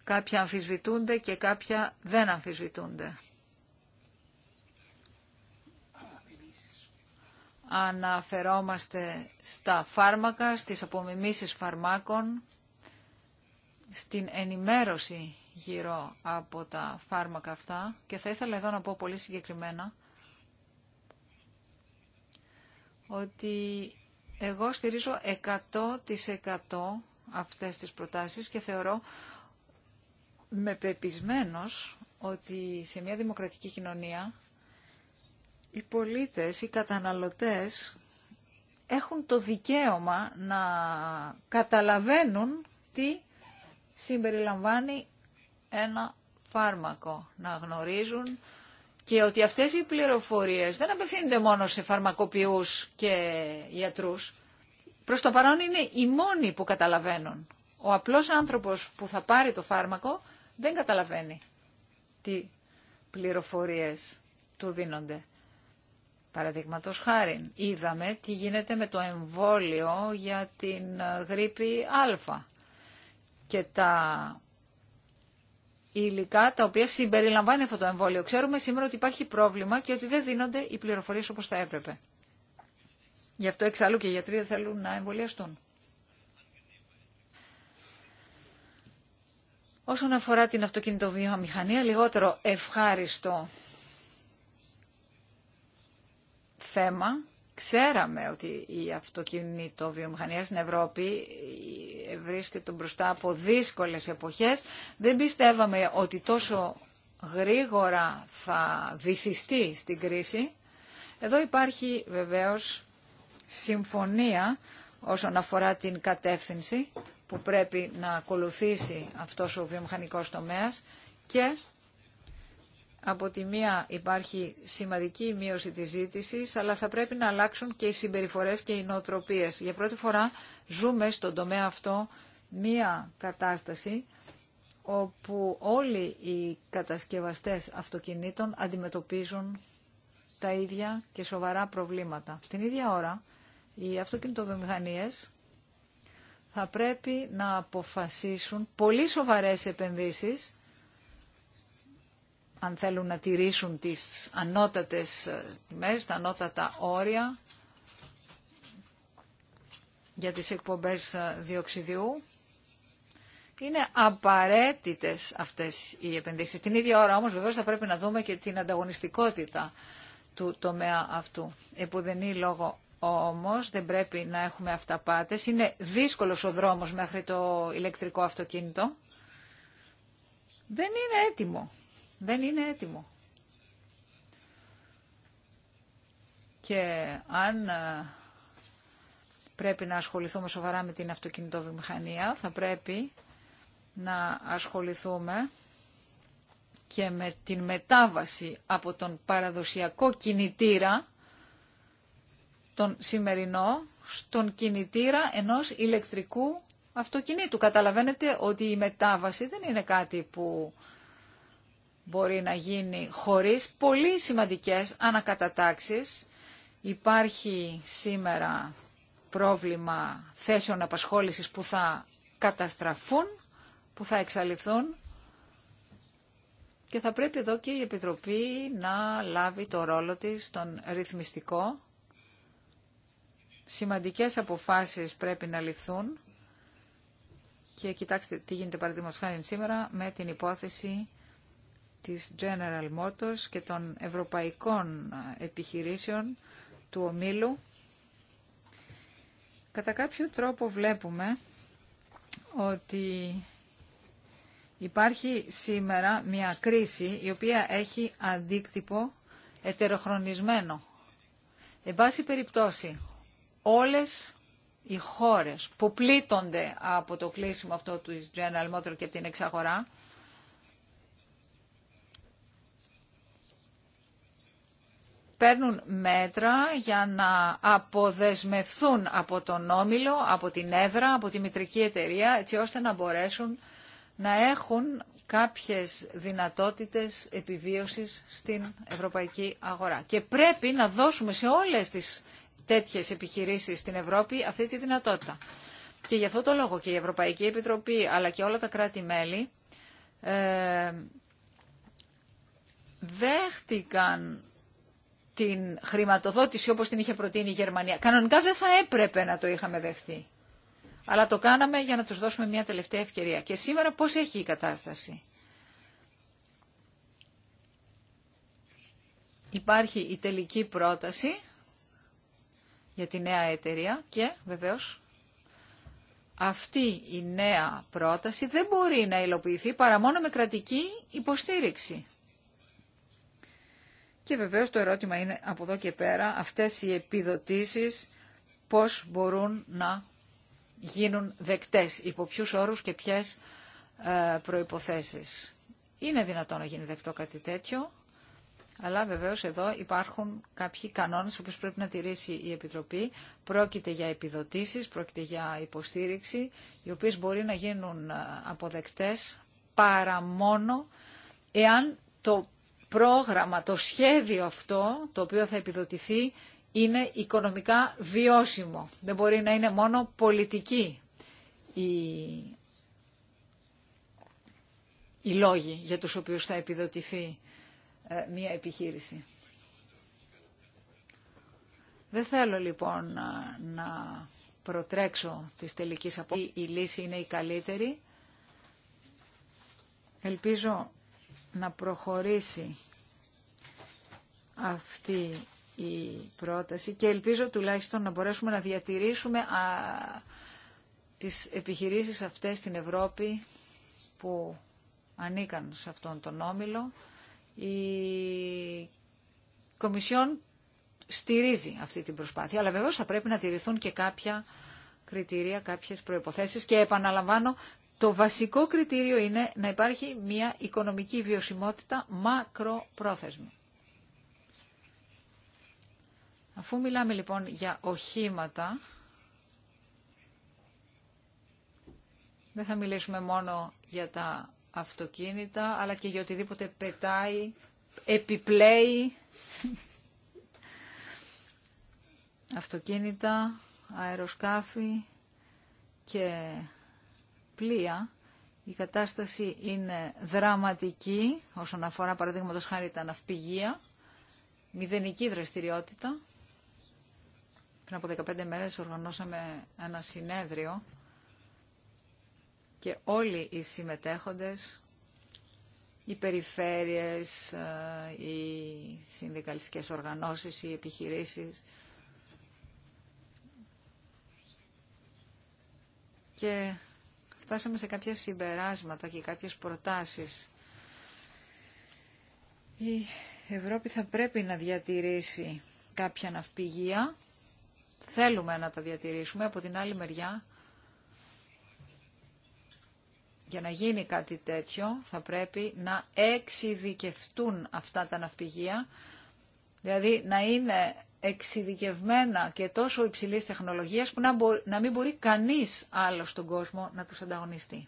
κάποια αμφισβητούνται και κάποια δεν αμφισβητούνται. αναφερόμαστε στα φάρμακα, στις απομιμήσεις φαρμάκων, στην ενημέρωση γύρω από τα φάρμακα αυτά και θα ήθελα εδώ να πω πολύ συγκεκριμένα ότι εγώ στηρίζω 100% αυτές τις προτάσεις και θεωρώ με πεπισμένος ότι σε μια δημοκρατική κοινωνία οι πολίτες, οι καταναλωτές έχουν το δικαίωμα να καταλαβαίνουν τι συμπεριλαμβάνει ένα φάρμακο, να γνωρίζουν και ότι αυτές οι πληροφορίες δεν απευθύνονται μόνο σε φαρμακοποιούς και γιατρούς. Προς το παρόν είναι οι μόνοι που καταλαβαίνουν. Ο απλός άνθρωπος που θα πάρει το φάρμακο δεν καταλαβαίνει τι πληροφορίες του δίνονται. Παραδείγματο χάρη, είδαμε τι γίνεται με το εμβόλιο για την ε, γρήπη Α και τα υλικά τα οποία συμπεριλαμβάνει αυτό το εμβόλιο. Ξέρουμε σήμερα ότι υπάρχει πρόβλημα και ότι δεν δίνονται οι πληροφορίες όπως θα έπρεπε. Γι' αυτό εξάλλου και οι γιατροί θέλουν να εμβολιαστούν. Όσον αφορά την αυτοκινητοβιομηχανία, λιγότερο ευχάριστο θέμα. Ξέραμε ότι η αυτοκινητοβιομηχανία στην Ευρώπη βρίσκεται μπροστά από δύσκολες εποχές. Δεν πιστεύαμε ότι τόσο γρήγορα θα βυθιστεί στην κρίση. Εδώ υπάρχει βεβαίως συμφωνία όσον αφορά την κατεύθυνση που πρέπει να ακολουθήσει αυτός ο βιομηχανικός τομέας και από τη μία υπάρχει σημαντική μείωση της ζήτησης, αλλά θα πρέπει να αλλάξουν και οι συμπεριφορές και οι νοοτροπίες. Για πρώτη φορά ζούμε στον τομέα αυτό μία κατάσταση όπου όλοι οι κατασκευαστές αυτοκινήτων αντιμετωπίζουν τα ίδια και σοβαρά προβλήματα. Την ίδια ώρα οι αυτοκινητοβιομηχανίες θα πρέπει να αποφασίσουν πολύ σοβαρές επενδύσεις αν θέλουν να τηρήσουν τις ανώτατες ε, τιμές, τα ανώτατα όρια για τις εκπομπές ε, διοξιδιού. Είναι απαραίτητες αυτές οι επενδύσεις. Την ίδια ώρα όμως βεβαίως θα πρέπει να δούμε και την ανταγωνιστικότητα του τομέα αυτού. Επουδενή λόγο όμως δεν πρέπει να έχουμε αυταπάτες. Είναι δύσκολος ο δρόμος μέχρι το ηλεκτρικό αυτοκίνητο. Δεν είναι έτοιμο. Δεν είναι έτοιμο. Και αν ε, πρέπει να ασχοληθούμε σοβαρά με την αυτοκινητοβιομηχανία, θα πρέπει να ασχοληθούμε και με την μετάβαση από τον παραδοσιακό κινητήρα, τον σημερινό, στον κινητήρα ενός ηλεκτρικού αυτοκινήτου. Καταλαβαίνετε ότι η μετάβαση δεν είναι κάτι που μπορεί να γίνει χωρίς πολύ σημαντικές ανακατατάξεις. Υπάρχει σήμερα πρόβλημα θέσεων απασχόλησης που θα καταστραφούν, που θα εξαλειφθούν και θα πρέπει εδώ και η Επιτροπή να λάβει το ρόλο της, τον ρυθμιστικό. Σημαντικές αποφάσεις πρέπει να ληφθούν και κοιτάξτε τι γίνεται παραδείγματος χάρη σήμερα με την υπόθεση της General Motors και των ευρωπαϊκών επιχειρήσεων του ομίλου. Κατά κάποιο τρόπο βλέπουμε ότι υπάρχει σήμερα μια κρίση η οποία έχει αντίκτυπο ετεροχρονισμένο. Εν πάση περιπτώσει, όλες οι χώρες που πλήττονται από το κλείσιμο αυτό του General Motors και την εξαγορά παίρνουν μέτρα για να αποδεσμευθούν από τον όμιλο, από την έδρα, από τη μητρική εταιρεία, έτσι ώστε να μπορέσουν να έχουν κάποιες δυνατότητες επιβίωσης στην ευρωπαϊκή αγορά. Και πρέπει να δώσουμε σε όλες τις τέτοιες επιχειρήσεις στην Ευρώπη αυτή τη δυνατότητα. Και γι' αυτό το λόγο και η Ευρωπαϊκή Επιτροπή αλλά και όλα τα κράτη-μέλη ε, δέχτηκαν την χρηματοδότηση όπως την είχε προτείνει η Γερμανία. Κανονικά δεν θα έπρεπε να το είχαμε δεχτεί. Αλλά το κάναμε για να τους δώσουμε μια τελευταία ευκαιρία. Και σήμερα πώς έχει η κατάσταση. Υπάρχει η τελική πρόταση για τη νέα εταιρεία και βεβαίως αυτή η νέα πρόταση δεν μπορεί να υλοποιηθεί παρά μόνο με κρατική υποστήριξη. Και βεβαίως το ερώτημα είναι από εδώ και πέρα αυτές οι επιδοτήσεις πώς μπορούν να γίνουν δεκτές, υπό ποιους όρους και ποιες ε, προϋποθέσεις. Είναι δυνατό να γίνει δεκτό κάτι τέτοιο, αλλά βεβαίως εδώ υπάρχουν κάποιοι κανόνες που πρέπει να τηρήσει η Επιτροπή. Πρόκειται για επιδοτήσεις, πρόκειται για υποστήριξη, οι οποίες μπορεί να γίνουν ε, αποδεκτές παρά μόνο εάν το πρόγραμμα, το σχέδιο αυτό, το οποίο θα επιδοτηθεί, είναι οικονομικά βιώσιμο. Δεν μπορεί να είναι μόνο πολιτική η οι λόγοι για τους οποίους θα επιδοτηθεί ε, μία επιχείρηση. Δεν θέλω λοιπόν να προτρέξω της τελικής απόφασης. Η λύση είναι η καλύτερη. Ελπίζω να προχωρήσει αυτή η πρόταση και ελπίζω τουλάχιστον να μπορέσουμε να διατηρήσουμε α, τις επιχειρήσεις αυτές στην Ευρώπη που ανήκαν σε αυτόν τον όμιλο. Η Κομισιόν στηρίζει αυτή την προσπάθεια, αλλά βεβαίως θα πρέπει να τηρηθούν και κάποια κριτήρια, κάποιες προϋποθέσεις και επαναλαμβάνω το βασικό κριτήριο είναι να υπάρχει μια οικονομική βιωσιμότητα μακροπρόθεσμη. Αφού μιλάμε λοιπόν για οχήματα, δεν θα μιλήσουμε μόνο για τα αυτοκίνητα, αλλά και για οτιδήποτε πετάει, επιπλέει. Αυτοκίνητα, αεροσκάφη και πλοία η κατάσταση είναι δραματική όσον αφορά παραδείγματος χάρη τα ναυπηγεία, μηδενική δραστηριότητα. Πριν από 15 μέρες οργανώσαμε ένα συνέδριο και όλοι οι συμμετέχοντες, οι περιφέρειες, ε, οι συνδικαλιστικές οργανώσεις, οι επιχειρήσεις, και φτάσαμε σε κάποια συμπεράσματα και κάποιες προτάσεις. Η Ευρώπη θα πρέπει να διατηρήσει κάποια ναυπηγεία. Θέλουμε να τα διατηρήσουμε. Από την άλλη μεριά, για να γίνει κάτι τέτοιο, θα πρέπει να εξειδικευτούν αυτά τα ναυπηγεία. Δηλαδή να είναι εξειδικευμένα και τόσο υψηλής τεχνολογίας που να μην μπορεί κανείς άλλο στον κόσμο να τους ανταγωνιστεί.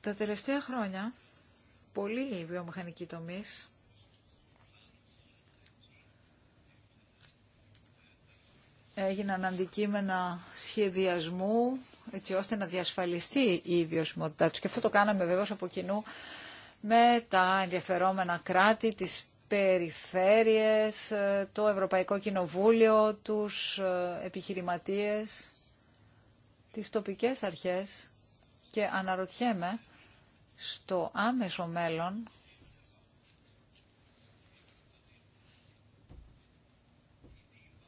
Τα τελευταία χρόνια, πολλοί βιομηχανικοί τομείς έγιναν αντικείμενα σχεδιασμού έτσι ώστε να διασφαλιστεί η βιωσιμότητά τους. Και αυτό το κάναμε βέβαια από κοινού με τα ενδιαφερόμενα κράτη, τις περιφέρειες, το Ευρωπαϊκό Κοινοβούλιο, τους ε, επιχειρηματίες, τις τοπικές αρχές και αναρωτιέμαι στο άμεσο μέλλον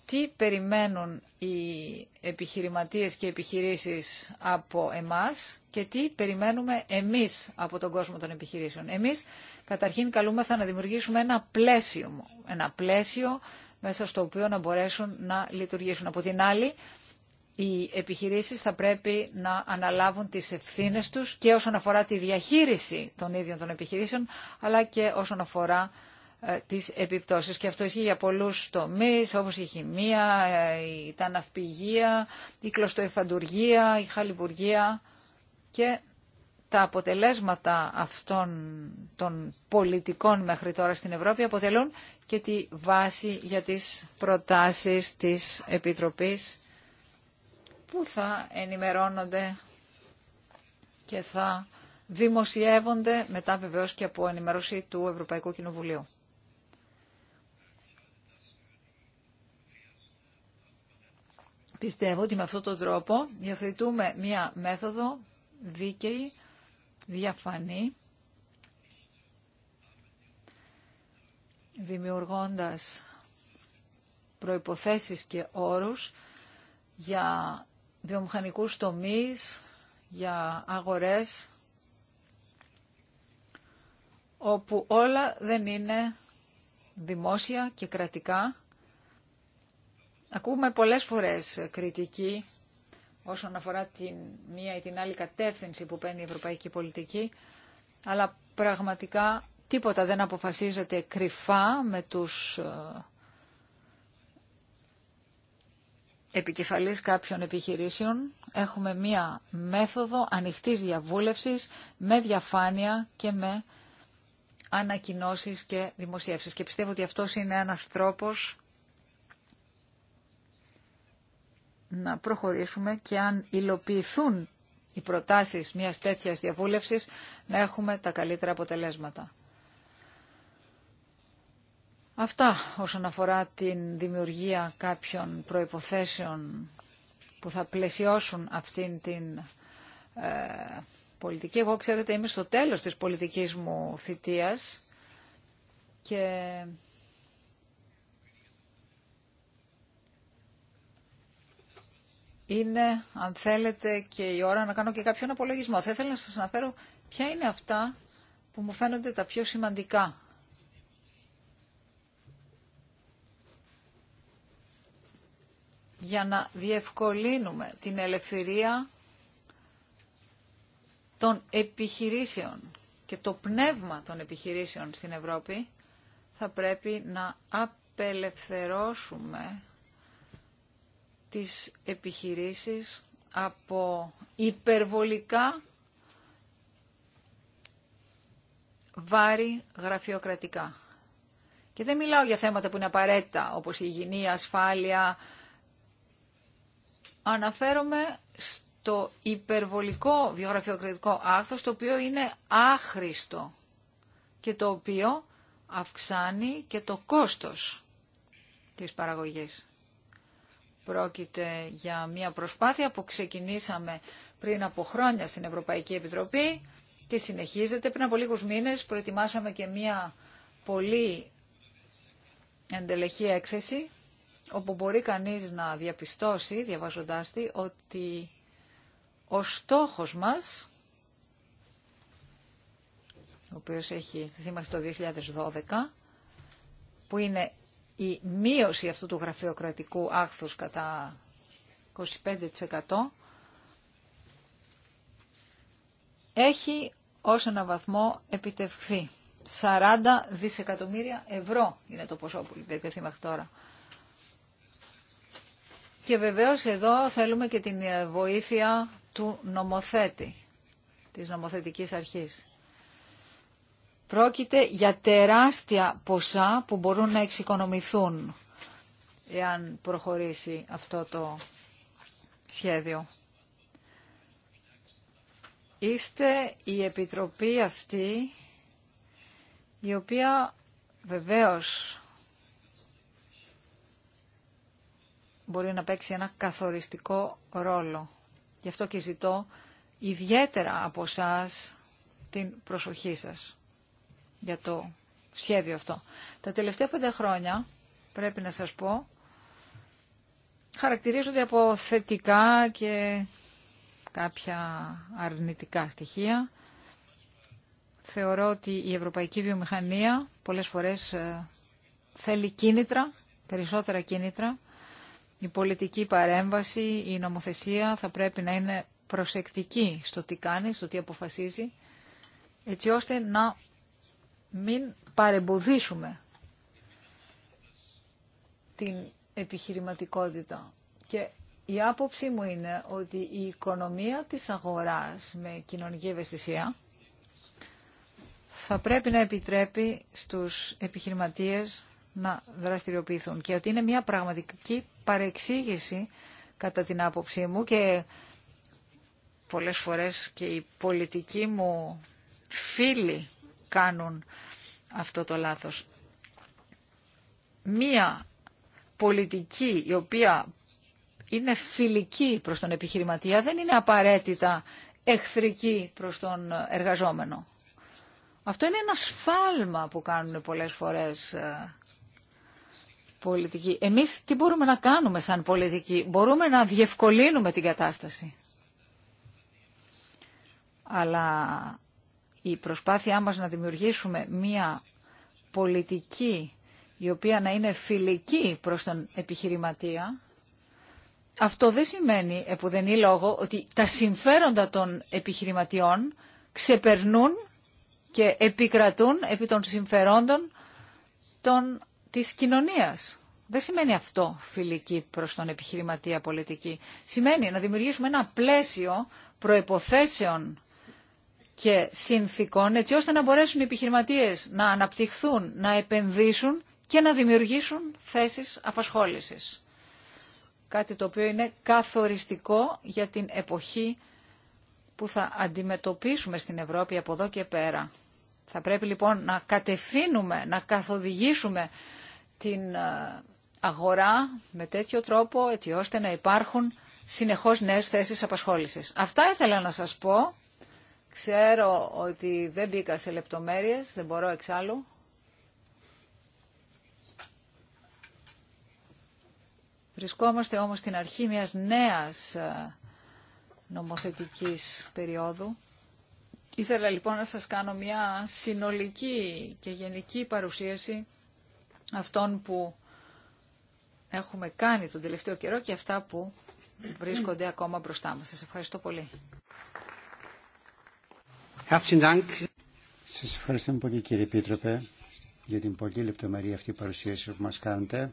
τι περιμένουν οι επιχειρηματίες και οι επιχειρήσεις από εμάς και τι περιμένουμε εμείς από τον κόσμο των επιχειρήσεων. Εμείς καταρχήν καλούμεθα να δημιουργήσουμε ένα πλαίσιο, ένα πλαίσιο μέσα στο οποίο να μπορέσουν να λειτουργήσουν. Από την άλλη, οι επιχειρήσεις θα πρέπει να αναλάβουν τις ευθύνες τους και όσον αφορά τη διαχείριση των ίδιων των επιχειρήσεων, αλλά και όσον αφορά ε, τις επιπτώσεις και αυτό ισχύει για πολλούς τομείς όπως η χημεία, ε, η, ταναυπηγία η κλωστοεφαντουργία, η χαλιβουργία και τα αποτελέσματα αυτών των πολιτικών μέχρι τώρα στην Ευρώπη αποτελούν και τη βάση για τις προτάσεις της Επιτροπής που θα ενημερώνονται και θα δημοσιεύονται μετά βεβαίως και από ενημέρωση του Ευρωπαϊκού Κοινοβουλίου. Πιστεύω ότι με αυτόν τον τρόπο διαθετούμε μία μέθοδο δίκαιη, διαφανή, δημιουργώντας προϋποθέσεις και όρους για βιομηχανικούς τομείς, για αγορές, όπου όλα δεν είναι δημόσια και κρατικά, Ακούμε πολλές φορές κριτική όσον αφορά την μία ή την άλλη κατεύθυνση που παίρνει η ευρωπαϊκή πολιτική, αλλά πραγματικά τίποτα δεν αποφασίζεται κρυφά με τους ε, επικεφαλής κάποιων επιχειρήσεων. Έχουμε μία μέθοδο ανοιχτής διαβούλευσης με διαφάνεια και με ανακοινώσεις και δημοσίευσεις. Και πιστεύω ότι αυτός είναι ένας τρόπος να προχωρήσουμε και αν υλοποιηθούν οι προτάσεις μιας τέτοιας διαβούλευσης να έχουμε τα καλύτερα αποτελέσματα. Αυτά όσον αφορά την δημιουργία κάποιων προϋποθέσεων που θα πλαισιώσουν αυτήν την ε, πολιτική. Εγώ, ξέρετε, είμαι στο τέλος της πολιτικής μου θητείας και είναι, αν θέλετε, και η ώρα να κάνω και κάποιον απολογισμό. Θα ήθελα να σας αναφέρω ποια είναι αυτά που μου φαίνονται τα πιο σημαντικά. Για να διευκολύνουμε την ελευθερία των επιχειρήσεων και το πνεύμα των επιχειρήσεων στην Ευρώπη, θα πρέπει να απελευθερώσουμε τις επιχειρήσεις από υπερβολικά βάρη γραφειοκρατικά. Και δεν μιλάω για θέματα που είναι απαραίτητα, όπως η υγιεινή, ασφάλεια. Αναφέρομαι στο υπερβολικό βιογραφειοκρατικό άρθρο, το οποίο είναι άχρηστο και το οποίο αυξάνει και το κόστος της παραγωγής. Πρόκειται για μια προσπάθεια που ξεκινήσαμε πριν από χρόνια στην Ευρωπαϊκή Επιτροπή και συνεχίζεται. Πριν από λίγους μήνες προετοιμάσαμε και μια πολύ εντελεχή έκθεση όπου μπορεί κανείς να διαπιστώσει, διαβάζοντάς τη, ότι ο στόχος μας, ο οποίος έχει θυμάστε το 2012, που είναι η μείωση αυτού του γραφειοκρατικού άχθους κατά 25% έχει ως ένα βαθμό επιτευχθεί. 40 δισεκατομμύρια ευρώ είναι το ποσό που έχει μέχρι τώρα. Και βεβαίως εδώ θέλουμε και την βοήθεια του νομοθέτη, της νομοθετικής αρχής. Πρόκειται για τεράστια ποσά που μπορούν να εξοικονομηθούν εάν προχωρήσει αυτό το σχέδιο. Είστε η Επιτροπή αυτή η οποία βεβαίως μπορεί να παίξει ένα καθοριστικό ρόλο. Γι' αυτό και ζητώ ιδιαίτερα από σας την προσοχή σας για το σχέδιο αυτό. Τα τελευταία πέντε χρόνια, πρέπει να σας πω, χαρακτηρίζονται από θετικά και κάποια αρνητικά στοιχεία. Θεωρώ ότι η ευρωπαϊκή βιομηχανία πολλές φορές ε, θέλει κίνητρα, περισσότερα κίνητρα. Η πολιτική παρέμβαση, η νομοθεσία θα πρέπει να είναι προσεκτική στο τι κάνει, στο τι αποφασίζει, έτσι ώστε να μην παρεμποδίσουμε την επιχειρηματικότητα. Και η άποψή μου είναι ότι η οικονομία της αγοράς με κοινωνική ευαισθησία θα πρέπει να επιτρέπει στους επιχειρηματίες να δραστηριοποιηθούν και ότι είναι μια πραγματική παρεξήγηση κατά την άποψή μου και πολλές φορές και οι πολιτικοί μου φίλοι κάνουν αυτό το λάθος. Μία πολιτική η οποία είναι φιλική προς τον επιχειρηματία δεν είναι απαραίτητα εχθρική προς τον εργαζόμενο. Αυτό είναι ένα σφάλμα που κάνουν πολλές φορές ε, πολιτικοί. Εμείς τι μπορούμε να κάνουμε σαν πολιτικοί. Μπορούμε να διευκολύνουμε την κατάσταση. Αλλά η προσπάθειά μας να δημιουργήσουμε μία πολιτική η οποία να είναι φιλική προς τον επιχειρηματία, αυτό δεν σημαίνει επουδενή λόγο ότι τα συμφέροντα των επιχειρηματιών ξεπερνούν και επικρατούν επί των συμφερόντων των, της κοινωνίας. Δεν σημαίνει αυτό φιλική προς τον επιχειρηματία πολιτική. Σημαίνει να δημιουργήσουμε ένα πλαίσιο προϋποθέσεων και συνθήκων έτσι ώστε να μπορέσουν οι επιχειρηματίες να αναπτυχθούν, να επενδύσουν και να δημιουργήσουν θέσεις απασχόλησης. Κάτι το οποίο είναι καθοριστικό για την εποχή που θα αντιμετωπίσουμε στην Ευρώπη από εδώ και πέρα. Θα πρέπει λοιπόν να κατευθύνουμε, να καθοδηγήσουμε την ε, αγορά με τέτοιο τρόπο έτσι ώστε να υπάρχουν συνεχώς νέες θέσεις απασχόλησης. Αυτά ήθελα να σας πω Ξέρω ότι δεν μπήκα σε λεπτομέρειες, δεν μπορώ εξάλλου. Βρισκόμαστε όμως στην αρχή μιας νέας ε, νομοθετικής περίοδου. Ήθελα λοιπόν να σας κάνω μια συνολική και γενική παρουσίαση αυτών που έχουμε κάνει τον τελευταίο καιρό και αυτά που βρίσκονται ακόμα μπροστά μας. Σας ευχαριστώ πολύ. Σας ευχαριστούμε πολύ κύριε Πίτροπε για την πολύ λεπτομερή αυτή παρουσίαση που μας κάνετε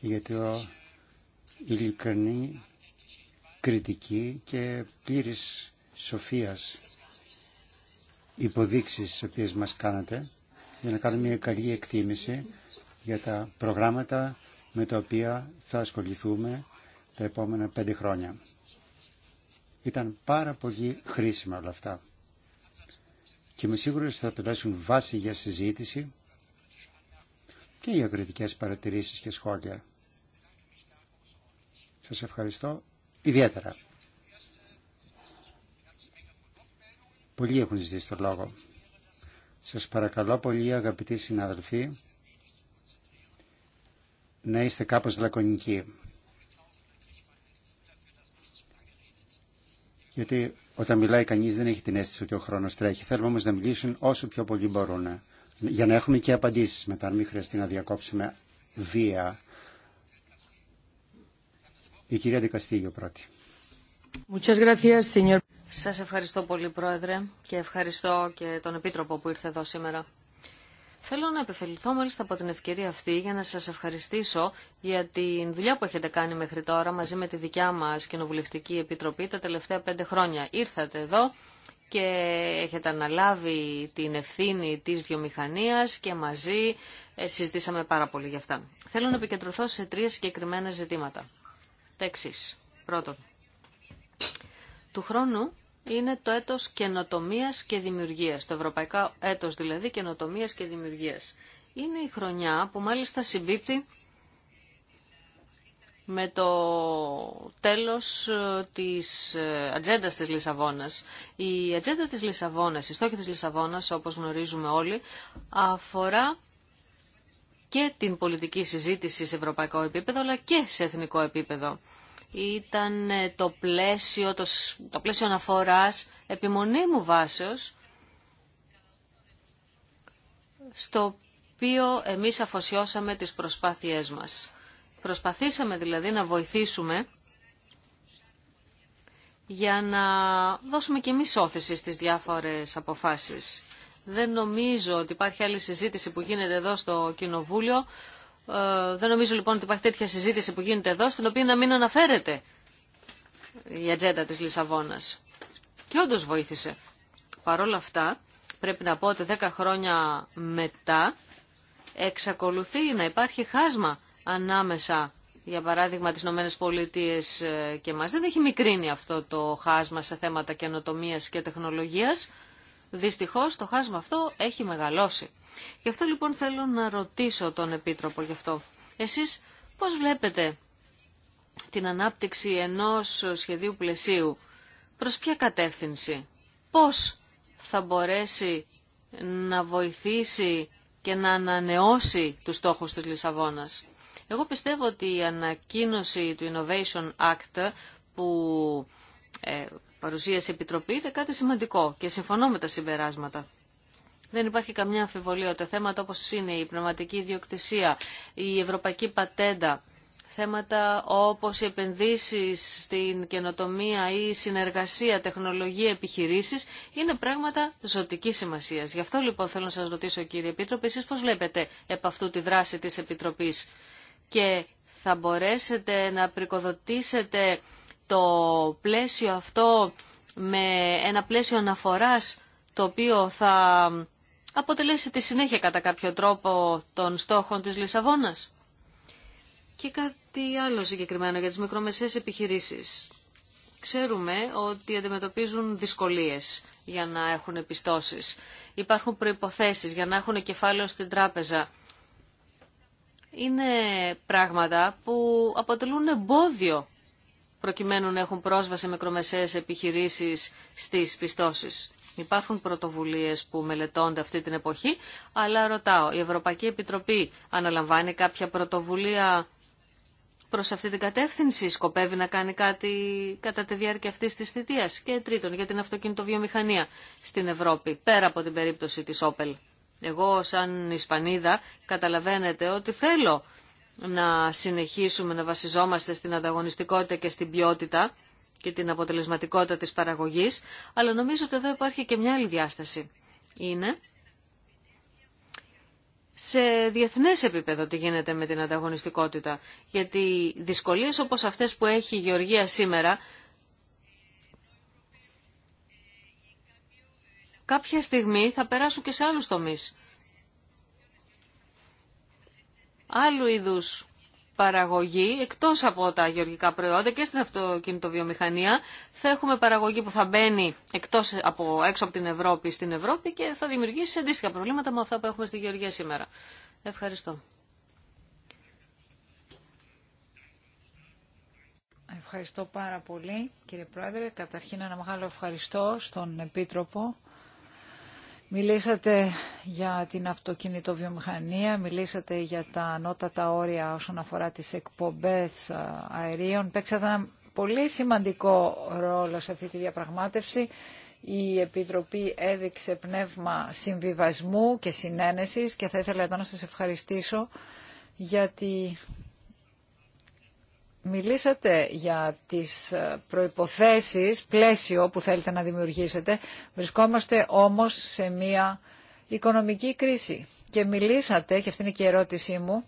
και για το ειλικρινή κριτική και πλήρης σοφίας υποδείξεις τις οποίες μας κάνατε για να κάνουμε μια καλή εκτίμηση για τα προγράμματα με τα οποία θα ασχοληθούμε τα επόμενα πέντε χρόνια. Ήταν πάρα πολύ χρήσιμα όλα αυτά. Και είμαι σίγουρος ότι θα αποτελέσουν βάση για συζήτηση και για κριτικές παρατηρήσεις και σχόλια. Σας ευχαριστώ ιδιαίτερα. Πολλοί έχουν ζητήσει το λόγο. Σας παρακαλώ πολύ αγαπητοί συναδελφοί να είστε κάπως λακωνικοί. Γιατί όταν μιλάει κανείς δεν έχει την αίσθηση ότι ο χρόνος τρέχει. Θέλουμε όμως να μιλήσουν όσο πιο πολύ μπορούν. Για να έχουμε και απαντήσεις μετά, αν μην χρειαστεί να διακόψουμε βία. Η κυρία Δικαστήγιο πρώτη. Σας ευχαριστώ πολύ, Πρόεδρε, και ευχαριστώ και τον Επίτροπο που ήρθε εδώ σήμερα. Θέλω να επεφεληθώ μάλιστα από την ευκαιρία αυτή για να σας ευχαριστήσω για την δουλειά που έχετε κάνει μέχρι τώρα μαζί με τη δικιά μας Κοινοβουλευτική Επιτροπή τα τελευταία πέντε χρόνια. Ήρθατε εδώ και έχετε αναλάβει την ευθύνη της βιομηχανίας και μαζί ε, συζητήσαμε πάρα πολύ γι' αυτά. Θέλω να επικεντρωθώ σε τρία συγκεκριμένα ζητήματα. Τα Πρώτον, του χρόνου είναι το έτος καινοτομίας και δημιουργίας, το ευρωπαϊκό έτος δηλαδή καινοτομίας και δημιουργίας. Είναι η χρονιά που μάλιστα συμπίπτει με το τέλος ε, της ε, ατζέντα της Λισαβόνας. Η ατζέντα της Λισαβόνας, η στόχη της Λισαβόνας, όπως γνωρίζουμε όλοι, αφορά και την πολιτική συζήτηση σε ευρωπαϊκό επίπεδο, αλλά και σε εθνικό επίπεδο ήταν ε, το πλαίσιο, το, το πλαίσιο αναφοράς επιμονή βάσεως, στο οποίο εμείς αφοσιώσαμε τις προσπάθειές μας. Προσπαθήσαμε δηλαδή να βοηθήσουμε για να δώσουμε και εμείς όθηση στις διάφορες αποφάσεις. Δεν νομίζω ότι υπάρχει άλλη συζήτηση που γίνεται εδώ στο Κοινοβούλιο ε, δεν νομίζω λοιπόν ότι υπάρχει τέτοια συζήτηση που γίνεται εδώ, στην οποία να μην αναφέρεται η ατζέντα της Λισαβόνας. Και όντως βοήθησε. Παρ' όλα αυτά, πρέπει να πω ότι 10 χρόνια μετά εξακολουθεί να υπάρχει χάσμα ανάμεσα, για παράδειγμα, τις Ηνωμένες Πολιτείες ε, και μας. Δεν έχει μικρύνει αυτό το χάσμα σε θέματα καινοτομίας και τεχνολογίας. Δυστυχώς το χάσμα αυτό έχει μεγαλώσει. Γι' αυτό λοιπόν θέλω να ρωτήσω τον Επίτροπο γι' αυτό. Εσείς πώς βλέπετε την ανάπτυξη ενός σχεδίου πλαισίου, προς ποια κατεύθυνση, πώς θα μπορέσει να βοηθήσει και να ανανεώσει τους στόχους της Λισαβόνας. Εγώ πιστεύω ότι η ανακοίνωση του Innovation Act που ε, Παρουσίαση Επιτροπή είναι κάτι σημαντικό και συμφωνώ με τα συμπεράσματα. Δεν υπάρχει καμιά αμφιβολία ότι θέματα όπως είναι η πνευματική ιδιοκτησία, η ευρωπαϊκή πατέντα, θέματα όπως οι επενδύσεις στην καινοτομία ή η συνεργασια τεχνολογία, επιχειρήσεις είναι πράγματα ζωτική σημασίας. Γι' αυτό λοιπόν θέλω να σας ρωτήσω κύριε Επίτροπε, εσείς πώς βλέπετε επ' αυτού τη δράση της Επιτροπής και θα μπορέσετε να πρικοδοτήσετε το πλαίσιο αυτό με ένα πλαίσιο αναφοράς το οποίο θα αποτελέσει τη συνέχεια κατά κάποιο τρόπο των στόχων της Λισαβόνας. Και κάτι άλλο συγκεκριμένο για τις μικρομεσαίες επιχειρήσεις. Ξέρουμε ότι αντιμετωπίζουν δυσκολίες για να έχουν επιστώσεις. Υπάρχουν προϋποθέσεις για να έχουν κεφάλαιο στην τράπεζα. Είναι πράγματα που αποτελούν εμπόδιο προκειμένου να έχουν πρόσβαση με μικρομεσαίες επιχειρήσεις στις πιστώσεις. Υπάρχουν πρωτοβουλίες που μελετώνται αυτή την εποχή, αλλά ρωτάω, η Ευρωπαϊκή Επιτροπή αναλαμβάνει κάποια πρωτοβουλία προς αυτή την κατεύθυνση, σκοπεύει να κάνει κάτι κατά τη διάρκεια αυτής της θητείας και τρίτον για την αυτοκινητοβιομηχανία στην Ευρώπη, πέρα από την περίπτωση της Όπελ. Εγώ σαν Ισπανίδα καταλαβαίνετε ότι θέλω να συνεχίσουμε να βασιζόμαστε στην ανταγωνιστικότητα και στην ποιότητα και την αποτελεσματικότητα της παραγωγής, αλλά νομίζω ότι εδώ υπάρχει και μια άλλη διάσταση. Είναι σε διεθνές επίπεδο τι γίνεται με την ανταγωνιστικότητα, γιατί δυσκολίες όπως αυτές που έχει η Γεωργία σήμερα, κάποια στιγμή θα περάσουν και σε άλλους τομείς άλλου είδους παραγωγή, εκτός από τα γεωργικά προϊόντα και στην αυτοκινητοβιομηχανία, θα έχουμε παραγωγή που θα μπαίνει εκτός από, έξω από την Ευρώπη στην Ευρώπη και θα δημιουργήσει αντίστοιχα προβλήματα με αυτά που έχουμε στη γεωργία σήμερα. Ευχαριστώ. Ευχαριστώ πάρα πολύ κύριε Πρόεδρε. Καταρχήν ένα μεγάλο ευχαριστώ στον Επίτροπο Μιλήσατε για την αυτοκινητοβιομηχανία, μιλήσατε για τα ανώτατα όρια όσον αφορά τις εκπομπές αερίων. Παίξατε ένα πολύ σημαντικό ρόλο σε αυτή τη διαπραγμάτευση. Η Επιτροπή έδειξε πνεύμα συμβιβασμού και συνένεσης και θα ήθελα εδώ να σας ευχαριστήσω γιατί Μιλήσατε για τις ε, προϋποθέσεις, πλαίσιο που θέλετε να δημιουργήσετε. Βρισκόμαστε όμως σε μια οικονομική κρίση. Και μιλήσατε, και αυτή είναι και η ερώτησή μου,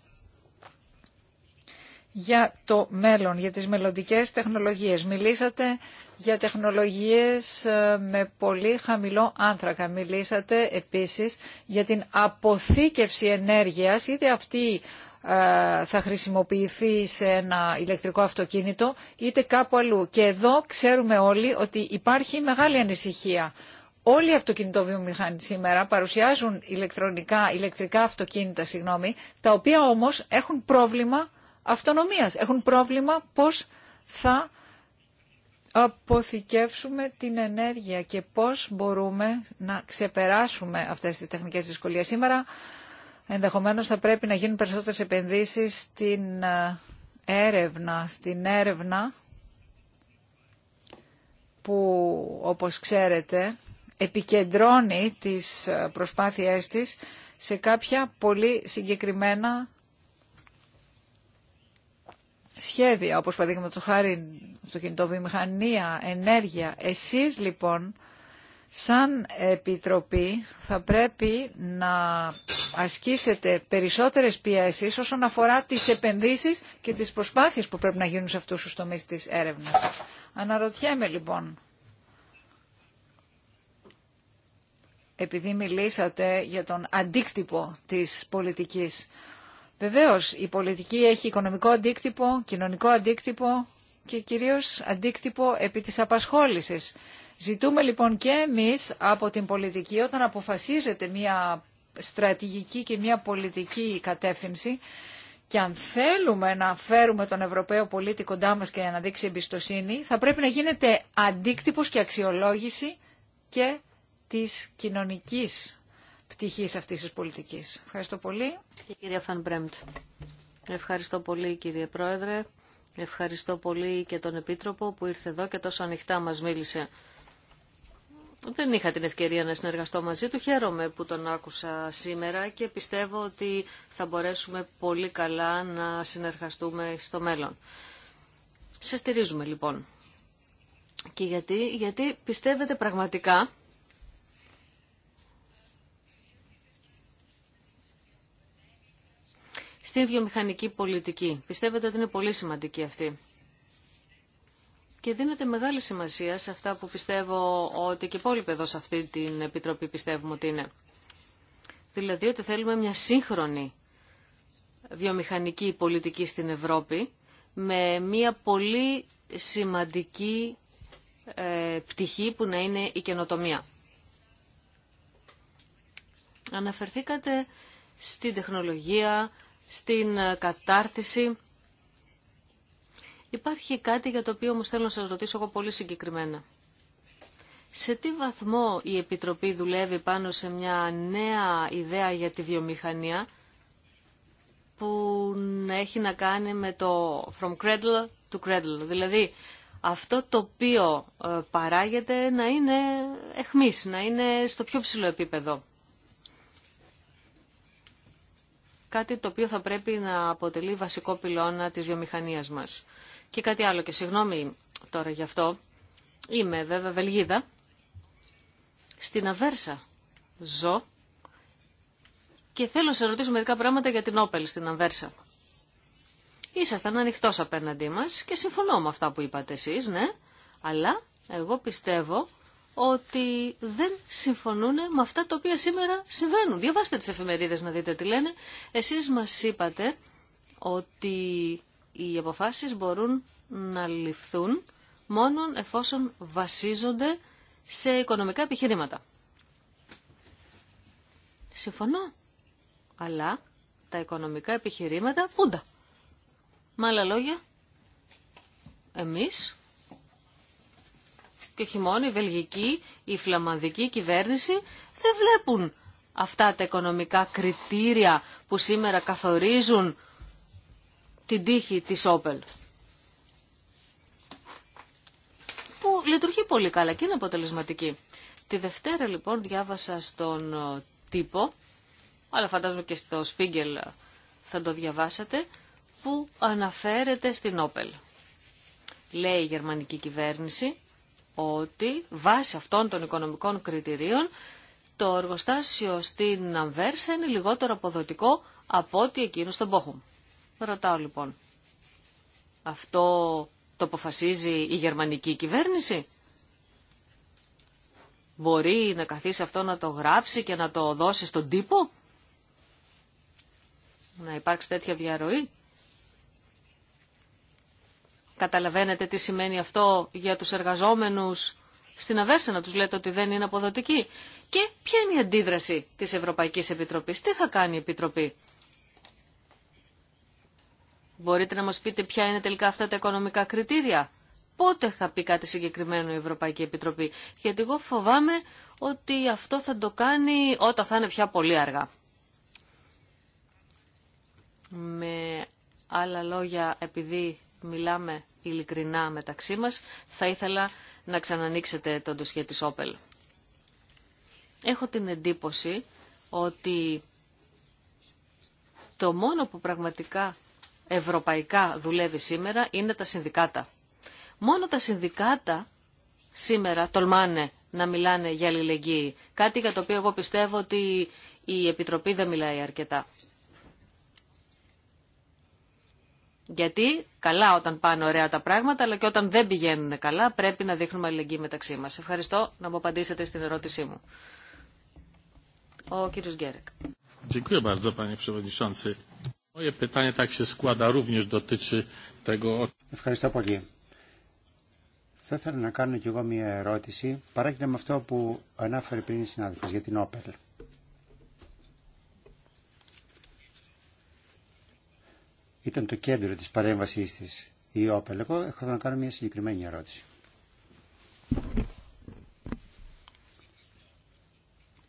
για το μέλλον, για τις μελλοντικές τεχνολογίες. Μιλήσατε για τεχνολογίες ε, με πολύ χαμηλό άνθρακα. Μιλήσατε επίσης για την αποθήκευση ενέργειας, είτε αυτή ε, θα χρησιμοποιηθεί σε ένα ηλεκτρικό αυτοκίνητο είτε κάπου αλλού. Και εδώ ξέρουμε όλοι ότι υπάρχει μεγάλη ανησυχία. Όλοι οι αυτοκινητοβιομηχανοί σήμερα παρουσιάζουν ηλεκτρονικά, ηλεκτρικά αυτοκίνητα, συγγνώμη, τα οποία όμως έχουν πρόβλημα αυτονομίας. Έχουν πρόβλημα πώς θα αποθηκεύσουμε την ενέργεια και πώς μπορούμε να ξεπεράσουμε αυτές τις τεχνικές δυσκολίες. Σήμερα Ενδεχομένως θα πρέπει να γίνουν περισσότερες επενδύσεις στην ε, έρευνα, στην έρευνα που όπως ξέρετε επικεντρώνει τις ε, προσπάθειές της σε κάποια πολύ συγκεκριμένα σχέδια, όπως παραδείγματος χάρη στο κινητό βιομηχανία, ενέργεια. Εσείς λοιπόν σαν Επιτροπή θα πρέπει να ασκήσετε περισσότερες πιέσεις όσον αφορά τις επενδύσεις και τις προσπάθειες που πρέπει να γίνουν σε αυτούς τους τομείς της έρευνας. Αναρωτιέμαι λοιπόν, επειδή μιλήσατε για τον αντίκτυπο της πολιτικής. Βεβαίως, η πολιτική έχει οικονομικό αντίκτυπο, κοινωνικό αντίκτυπο και κυρίως αντίκτυπο επί της απασχόλησης. Ζητούμε λοιπόν και εμείς από την πολιτική όταν αποφασίζεται μια στρατηγική και μια πολιτική κατεύθυνση και αν θέλουμε να φέρουμε τον Ευρωπαίο πολίτη κοντά μας και να δείξει εμπιστοσύνη, θα πρέπει να γίνεται αντίκτυπος και αξιολόγηση και της κοινωνικής πτυχής αυτής της πολιτικής. Ευχαριστώ πολύ. Κυρία Φανμπρέμπτ, ευχαριστώ πολύ κύριε Πρόεδρε. Ευχαριστώ πολύ και τον Επίτροπο που ήρθε εδώ και τόσο ανοιχτά μας μίλησε δεν είχα την ευκαιρία να συνεργαστώ μαζί του. Χαίρομαι που τον άκουσα σήμερα και πιστεύω ότι θα μπορέσουμε πολύ καλά να συνεργαστούμε στο μέλλον. Σε στηρίζουμε λοιπόν. Και γιατί, γιατί πιστεύετε πραγματικά στην βιομηχανική πολιτική. Πιστεύετε ότι είναι πολύ σημαντική αυτή και δίνεται μεγάλη σημασία σε αυτά που πιστεύω ότι και οι υπόλοιποι εδώ σε αυτή την Επιτροπή πιστεύουμε ότι είναι. Δηλαδή ότι θέλουμε μια σύγχρονη βιομηχανική πολιτική στην Ευρώπη με μια πολύ σημαντική ε, πτυχή που να είναι η καινοτομία. Αναφερθήκατε στην τεχνολογία, στην κατάρτιση. Υπάρχει κάτι για το οποίο όμως θέλω να σας ρωτήσω εγώ πολύ συγκεκριμένα. Σε τι βαθμό η Επιτροπή δουλεύει πάνω σε μια νέα ιδέα για τη βιομηχανία που έχει να κάνει με το from cradle to cradle, δηλαδή αυτό το οποίο ε, παράγεται να είναι εχμής, να είναι στο πιο ψηλό επίπεδο. κάτι το οποίο θα πρέπει να αποτελεί βασικό πυλώνα της βιομηχανίας μας. Και κάτι άλλο, και συγγνώμη τώρα γι' αυτό, είμαι βέβαια Βελγίδα, στην Αβέρσα ζω και θέλω να σε ρωτήσω μερικά πράγματα για την Όπελ στην Αβέρσα. Ήσασταν ανοιχτό απέναντί μας και συμφωνώ με αυτά που είπατε εσείς, ναι, αλλά εγώ πιστεύω ότι δεν συμφωνούν με αυτά τα οποία σήμερα συμβαίνουν. Διαβάστε τις εφημερίδες να δείτε τι λένε. Εσείς μας είπατε ότι οι αποφάσεις μπορούν να ληφθούν μόνο εφόσον βασίζονται σε οικονομικά επιχειρήματα. Συμφωνώ, αλλά τα οικονομικά επιχειρήματα πούντα. Με άλλα λόγια, εμείς και όχι μόνο η βελγική, η φλαμανδική κυβέρνηση δεν βλέπουν αυτά τα οικονομικά κριτήρια που σήμερα καθορίζουν την τύχη της Όπελ. Που λειτουργεί πολύ καλά και είναι αποτελεσματική. Τη Δευτέρα λοιπόν διάβασα στον ε, τύπο, αλλά φαντάζομαι και στο Σπίγκελ θα το διαβάσατε, που αναφέρεται στην Όπελ. Λέει η γερμανική κυβέρνηση ότι βάσει αυτών των οικονομικών κριτηρίων το εργοστάσιο στην Αμβέρσα είναι λιγότερο αποδοτικό από ό,τι εκείνο στον Πόχουμ. Ρωτάω λοιπόν, αυτό το αποφασίζει η γερμανική κυβέρνηση. Μπορεί να καθίσει αυτό να το γράψει και να το δώσει στον τύπο. Να υπάρξει τέτοια διαρροή. Καταλαβαίνετε τι σημαίνει αυτό για τους εργαζόμενους στην Αβέρσα να τους λέτε ότι δεν είναι αποδοτική. Και ποια είναι η αντίδραση της Ευρωπαϊκής Επιτροπής. Τι θα κάνει η Επιτροπή. Μπορείτε να μας πείτε ποια είναι τελικά αυτά τα οικονομικά κριτήρια. Πότε θα πει κάτι συγκεκριμένο η Ευρωπαϊκή Επιτροπή. Γιατί εγώ φοβάμαι ότι αυτό θα το κάνει όταν θα είναι πια πολύ αργά. Με άλλα λόγια, επειδή μιλάμε ειλικρινά μεταξύ μας, θα ήθελα να ξανανοίξετε τον τοσχέτη της Όπελ. Έχω την εντύπωση ότι το μόνο που πραγματικά ευρωπαϊκά δουλεύει σήμερα είναι τα συνδικάτα. Μόνο τα συνδικάτα σήμερα τολμάνε να μιλάνε για αλληλεγγύη. Κάτι για το οποίο εγώ πιστεύω ότι η Επιτροπή δεν μιλάει αρκετά. Γιατί καλά όταν πάνε ωραία τα πράγματα, αλλά και όταν δεν πηγαίνουν καλά, πρέπει να δείχνουμε αλληλεγγύη μεταξύ μα. Ευχαριστώ να μου απαντήσετε στην ερώτησή μου. Ο κύριο Γκέρεκ. Dziękuję Ευχαριστώ πολύ. Θα ήθελα να κάνω κι εγώ μια ερώτηση, παράγεται με αυτό που ανάφερε πριν η συνάδελφος για την Όπελ. ήταν το κέντρο της παρέμβασής της η ΟΠΕΛ. Εγώ έχω να κάνω μια συγκεκριμένη ερώτηση.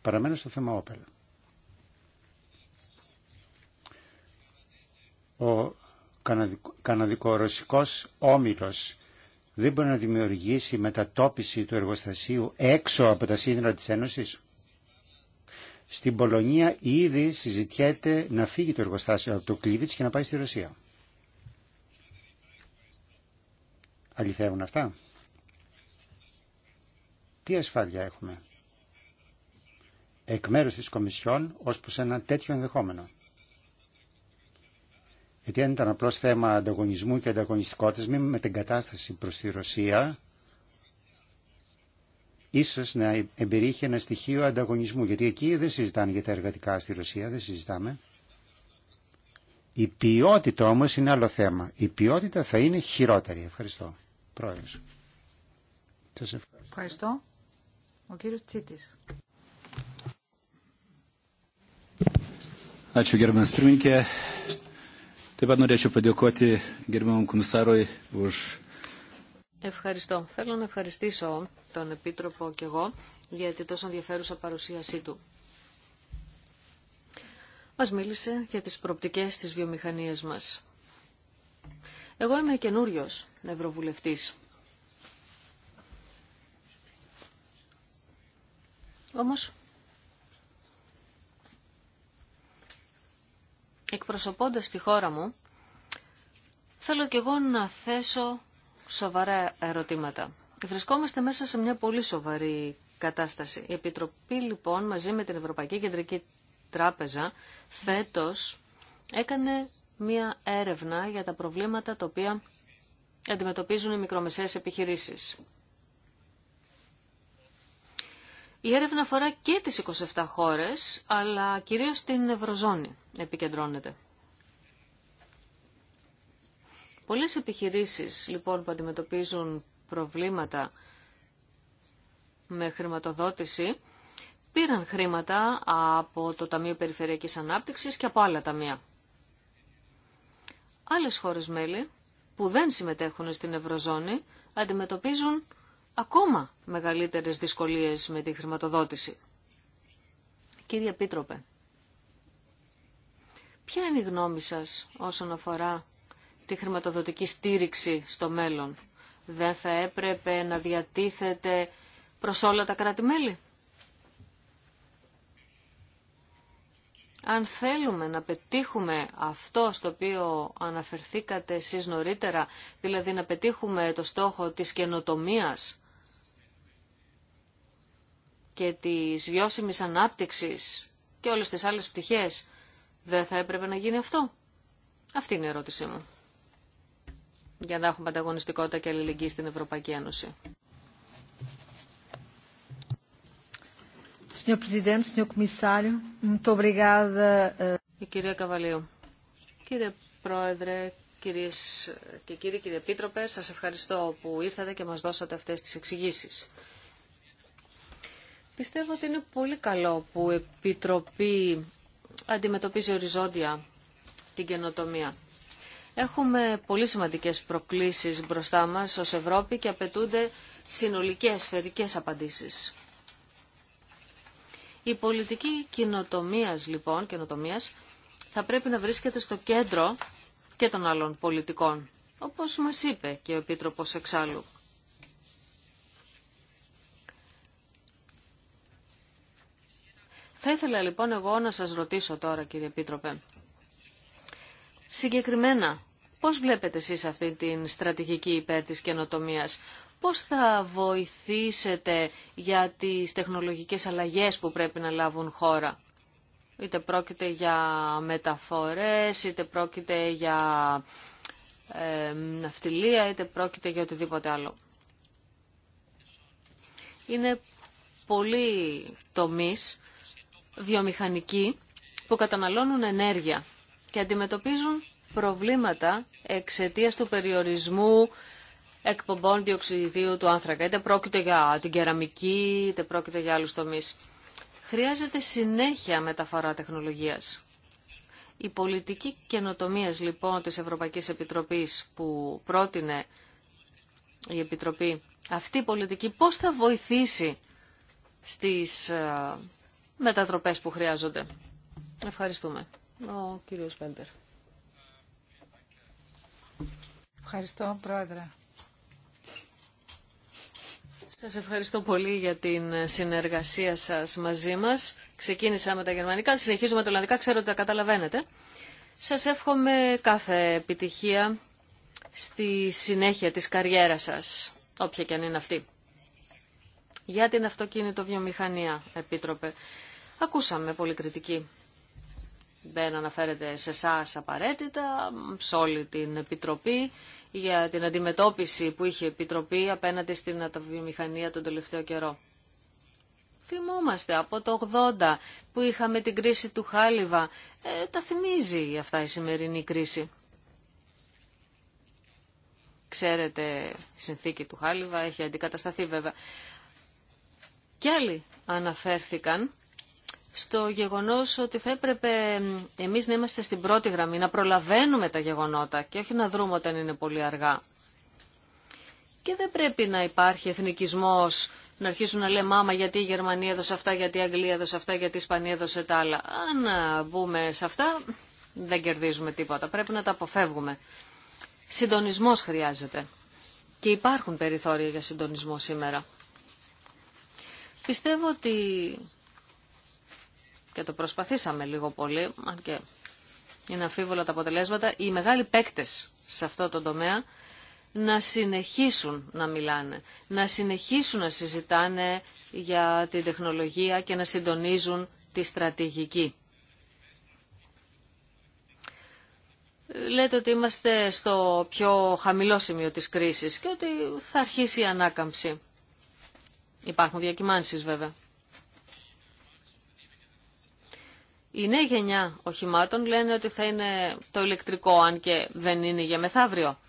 Παραμένω στο θέμα ΟΠΕΛ. Ο καναδικο-ρωσικός όμιλος δεν μπορεί να δημιουργήσει μετατόπιση του εργοστασίου έξω από τα σύνδρα της Ένωσης. Στην Πολωνία ήδη συζητιέται να φύγει το εργοστάσιο από το Κλίβιτς και να πάει στη Ρωσία. Αληθεύουν αυτά. Τι ασφάλεια έχουμε εκ μέρους της Κομισιόν ως προς ένα τέτοιο ενδεχόμενο. Γιατί αν ήταν απλώς θέμα ανταγωνισμού και ανταγωνιστικότητας, με την κατάσταση προς τη Ρωσία, ίσως να εμπερίχει ένα στοιχείο ανταγωνισμού, γιατί εκεί δεν συζητάνε για τα εργατικά στη Ρωσία, δεν συζητάμε. Η ποιότητα όμως είναι άλλο θέμα. Η ποιότητα θα είναι χειρότερη. Ευχαριστώ. Πρόεδρος. Σας ευχαριστώ. ευχαριστώ. Ο κύριος Τσίτης. Ačiū gerbiamas pirmininkė. Taip pat norėčiau padėkoti gerbiamam komisarui už Ευχαριστώ. Θέλω να ευχαριστήσω τον Επίτροπο και εγώ για τη τόσο ενδιαφέρουσα παρουσίασή του. Μας μίλησε για τις προπτικές της βιομηχανίας μας. Εγώ είμαι καινούριο ευρωβουλευτής. Όμως, εκπροσωπώντας τη χώρα μου, θέλω και εγώ να θέσω σοβαρά ερωτήματα. Βρισκόμαστε μέσα σε μια πολύ σοβαρή κατάσταση. Η Επιτροπή λοιπόν μαζί με την Ευρωπαϊκή Κεντρική Τράπεζα φέτος έκανε μια έρευνα για τα προβλήματα τα οποία αντιμετωπίζουν οι μικρομεσαίες επιχειρήσεις. Η έρευνα αφορά και τις 27 χώρες, αλλά κυρίως την Ευρωζώνη επικεντρώνεται. Πολλές επιχειρήσεις λοιπόν που αντιμετωπίζουν προβλήματα με χρηματοδότηση πήραν χρήματα από το Ταμείο Περιφερειακής Ανάπτυξης και από άλλα ταμεία. Άλλες χώρες μέλη που δεν συμμετέχουν στην Ευρωζώνη αντιμετωπίζουν ακόμα μεγαλύτερες δυσκολίες με τη χρηματοδότηση. Κύριε Πίτροπε, ποια είναι η γνώμη σας όσον αφορά τη χρηματοδοτική στήριξη στο μέλλον δεν θα έπρεπε να διατίθεται προς όλα τα κράτη-μέλη. Αν θέλουμε να πετύχουμε αυτό στο οποίο αναφερθήκατε εσείς νωρίτερα, δηλαδή να πετύχουμε το στόχο της καινοτομίας και της βιώσιμης ανάπτυξης και όλες τις άλλες πτυχές, δεν θα έπρεπε να γίνει αυτό. Αυτή είναι η ερώτησή μου για να έχουμε ανταγωνιστικότητα και αλληλεγγύη στην Ευρωπαϊκή Ένωση. Eh, η κυρία Καβαλίου. Κύριε Πρόεδρε, κυρίες και κύριοι, κύριε Επίτροπε, σα ευχαριστώ που ήρθατε και μας δώσατε αυτές τις εξηγήσεις. Πιστεύω ότι είναι πολύ καλό που η Επιτροπή αντιμετωπίζει οριζόντια την καινοτομία. Έχουμε πολύ σημαντικές προκλήσεις μπροστά μας ως Ευρώπη και απαιτούνται συνολικές σφαιρικές απαντήσεις. Η πολιτική κοινοτομίας λοιπόν, κοινοτομίας, θα πρέπει να βρίσκεται στο κέντρο και των άλλων πολιτικών, όπως μας είπε και ο Επίτροπος εξάλλου. Θα ήθελα λοιπόν εγώ να σας ρωτήσω τώρα κύριε Επίτροπε, Συγκεκριμένα, πώς βλέπετε εσείς αυτή την στρατηγική υπέρ της καινοτομίας, πώς θα βοηθήσετε για τις τεχνολογικές αλλαγές που πρέπει να λάβουν χώρα. Είτε πρόκειται για μεταφορές, είτε πρόκειται για ε, ναυτιλία, είτε πρόκειται για οτιδήποτε άλλο. Είναι πολλοί τομείς βιομηχανικοί που καταναλώνουν ενέργεια και αντιμετωπίζουν προβλήματα εξαιτία του περιορισμού εκπομπών διοξιδίου του άνθρακα. Είτε πρόκειται για την κεραμική, είτε πρόκειται για άλλους τομείς. Χρειάζεται συνέχεια μεταφορά τεχνολογίας. Η πολιτική καινοτομίας λοιπόν της Ευρωπαϊκής Επιτροπής που πρότεινε η Επιτροπή, αυτή η πολιτική πώς θα βοηθήσει στις ε, μετατροπές που χρειάζονται. Ευχαριστούμε ο Ευχαριστώ, Πρόεδρε. Σας ευχαριστώ πολύ για την συνεργασία σας μαζί μας. Ξεκίνησα με τα γερμανικά, συνεχίζουμε με τα ολλανδικά, ξέρω ότι τα καταλαβαίνετε. Σας εύχομαι κάθε επιτυχία στη συνέχεια της καριέρας σας, όποια και αν είναι αυτή. Για την αυτοκίνητο βιομηχανία, Επίτροπε, ακούσαμε πολύ κριτική δεν αναφέρεται σε εσά απαραίτητα, σε όλη την Επιτροπή για την αντιμετώπιση που είχε η Επιτροπή απέναντι στην αταβιομηχανία τον τελευταίο καιρό. Θυμόμαστε από το 80 που είχαμε την κρίση του Χάλιβα. Ε, τα θυμίζει αυτά η σημερινή κρίση. Ξέρετε, η συνθήκη του Χάλιβα έχει αντικατασταθεί βέβαια. Κι άλλοι αναφέρθηκαν στο γεγονός ότι θα έπρεπε εμείς να είμαστε στην πρώτη γραμμή, να προλαβαίνουμε τα γεγονότα και όχι να δρούμε όταν είναι πολύ αργά. Και δεν πρέπει να υπάρχει εθνικισμός, να αρχίσουν να λέει «Μάμα, γιατί η Γερμανία έδωσε αυτά, γιατί η Αγγλία έδωσε αυτά, γιατί η Ισπανία έδωσε τα άλλα». Αν μπούμε σε αυτά δεν κερδίζουμε τίποτα, πρέπει να τα αποφεύγουμε. Συντονισμός χρειάζεται και υπάρχουν περιθώρια για συντονισμό σήμερα. Πιστεύω ότι και το προσπαθήσαμε λίγο πολύ, αν και είναι αμφίβολα τα αποτελέσματα, οι μεγάλοι παίκτε σε αυτό το τομέα να συνεχίσουν να μιλάνε, να συνεχίσουν να συζητάνε για την τεχνολογία και να συντονίζουν τη στρατηγική. Λέτε ότι είμαστε στο πιο χαμηλό σημείο της κρίσης και ότι θα αρχίσει η ανάκαμψη. Υπάρχουν διακυμάνσεις βέβαια. Η νέα γενιά οχημάτων λένε ότι θα είναι το ηλεκτρικό, αν και δεν είναι για μεθαύριο.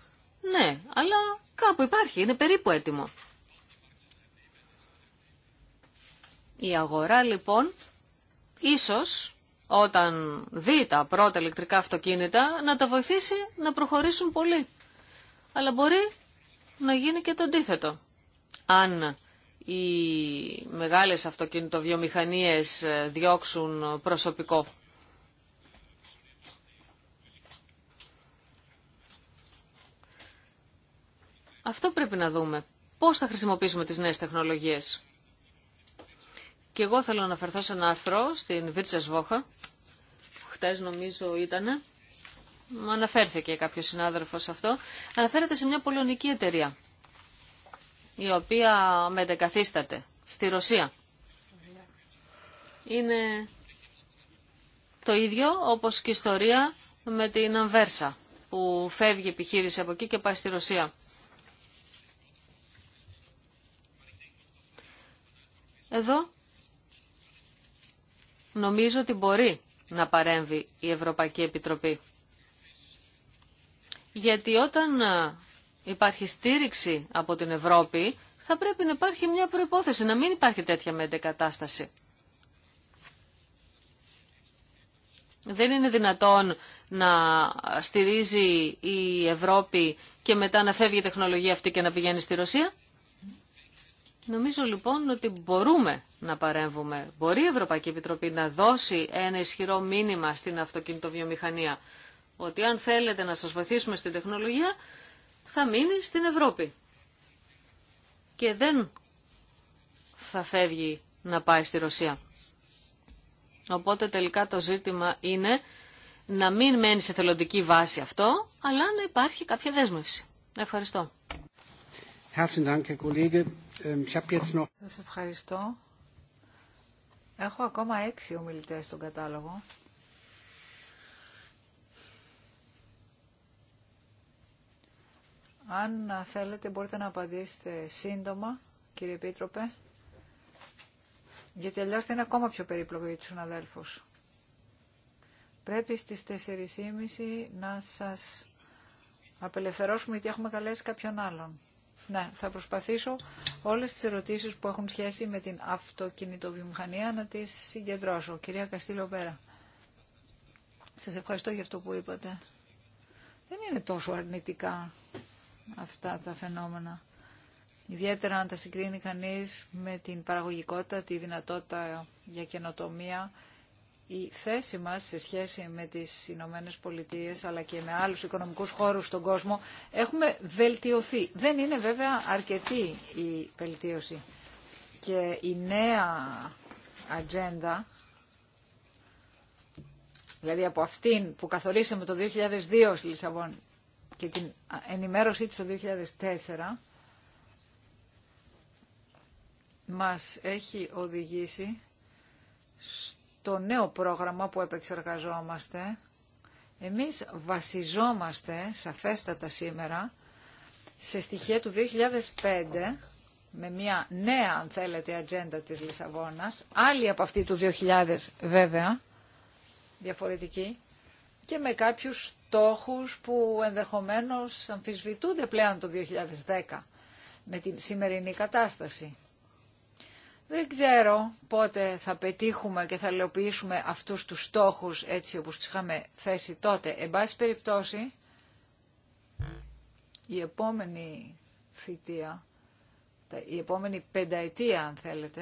Ναι, αλλά κάπου υπάρχει, είναι περίπου έτοιμο. Η αγορά λοιπόν, ίσως όταν δει τα πρώτα ηλεκτρικά αυτοκίνητα, να τα βοηθήσει να προχωρήσουν πολύ. Αλλά μπορεί να γίνει και το αντίθετο. Αν οι μεγάλες αυτοκινητοβιομηχανίες ε, διώξουν προσωπικό. Αυτό πρέπει να δούμε. Πώς θα χρησιμοποιήσουμε τις νέες τεχνολογίες. Και εγώ θέλω να αναφερθώ σε ένα άρθρο στην Βίρτσες Βόχα. Χτες νομίζω ήτανε. Αναφέρθηκε κάποιος συνάδελφος αυτό. Αναφέρεται σε μια πολωνική εταιρεία η οποία μετεκαθίσταται στη Ρωσία. Είναι το ίδιο όπως και η ιστορία με την Αμβέρσα που φεύγει η επιχείρηση από εκεί και πάει στη Ρωσία. Εδώ νομίζω ότι μπορεί να παρέμβει η Ευρωπαϊκή Επιτροπή. Γιατί όταν υπάρχει στήριξη από την Ευρώπη, θα πρέπει να υπάρχει μια προϋπόθεση, να μην υπάρχει τέτοια μετεκατάσταση. Δεν είναι δυνατόν να στηρίζει η Ευρώπη και μετά να φεύγει η τεχνολογία αυτή και να πηγαίνει στη Ρωσία. Νομίζω λοιπόν ότι μπορούμε να παρέμβουμε. Μπορεί η Ευρωπαϊκή Επιτροπή να δώσει ένα ισχυρό μήνυμα στην αυτοκινητοβιομηχανία ότι αν θέλετε να σας βοηθήσουμε στην τεχνολογία θα μείνει στην Ευρώπη. Και δεν θα φεύγει να πάει στη Ρωσία. Οπότε τελικά το ζήτημα είναι να μην μένει σε θελοντική βάση αυτό, αλλά να υπάρχει κάποια δέσμευση. Ευχαριστώ. Ähm, Σας ευχαριστώ. Έχω ακόμα έξι ομιλητές στον κατάλογο. Αν θέλετε μπορείτε να απαντήσετε σύντομα, κύριε Επίτροπε, γιατί αλλιώ θα είναι ακόμα πιο περίπλοκο για τους συναδέλφους. Πρέπει στις 4.30 να σας απελευθερώσουμε γιατί έχουμε καλέσει κάποιον άλλον. Ναι, θα προσπαθήσω όλες τις ερωτήσεις που έχουν σχέση με την αυτοκινητοβιομηχανία να τις συγκεντρώσω. Κυρία Καστήλο πέρα. σας ευχαριστώ για αυτό που είπατε. Δεν είναι τόσο αρνητικά αυτά τα φαινόμενα. Ιδιαίτερα αν τα συγκρίνει κανείς με την παραγωγικότητα, τη δυνατότητα για καινοτομία, η θέση μας σε σχέση με τις Ηνωμένε Πολιτείε αλλά και με άλλους οικονομικούς χώρους στον κόσμο έχουμε βελτιωθεί. Δεν είναι βέβαια αρκετή η βελτίωση. Και η νέα ατζέντα, δηλαδή από αυτήν που καθορίσαμε το 2002 στη Λισαβόνη και την ενημέρωσή της το 2004 μας έχει οδηγήσει στο νέο πρόγραμμα που επεξεργαζόμαστε. Εμείς βασιζόμαστε σαφέστατα σήμερα σε στοιχεία του 2005 με μια νέα, αν θέλετε, ατζέντα της Λισαβόνας, άλλη από αυτή του 2000 βέβαια, διαφορετική, και με κάποιους στόχους που ενδεχομένως αμφισβητούνται πλέον το 2010 με την σημερινή κατάσταση. Δεν ξέρω πότε θα πετύχουμε και θα λεωποιήσουμε αυτούς τους στόχους έτσι όπως τους είχαμε θέσει τότε. Εν πάση περιπτώσει, η επόμενη θητεία, η επόμενη πενταετία αν θέλετε,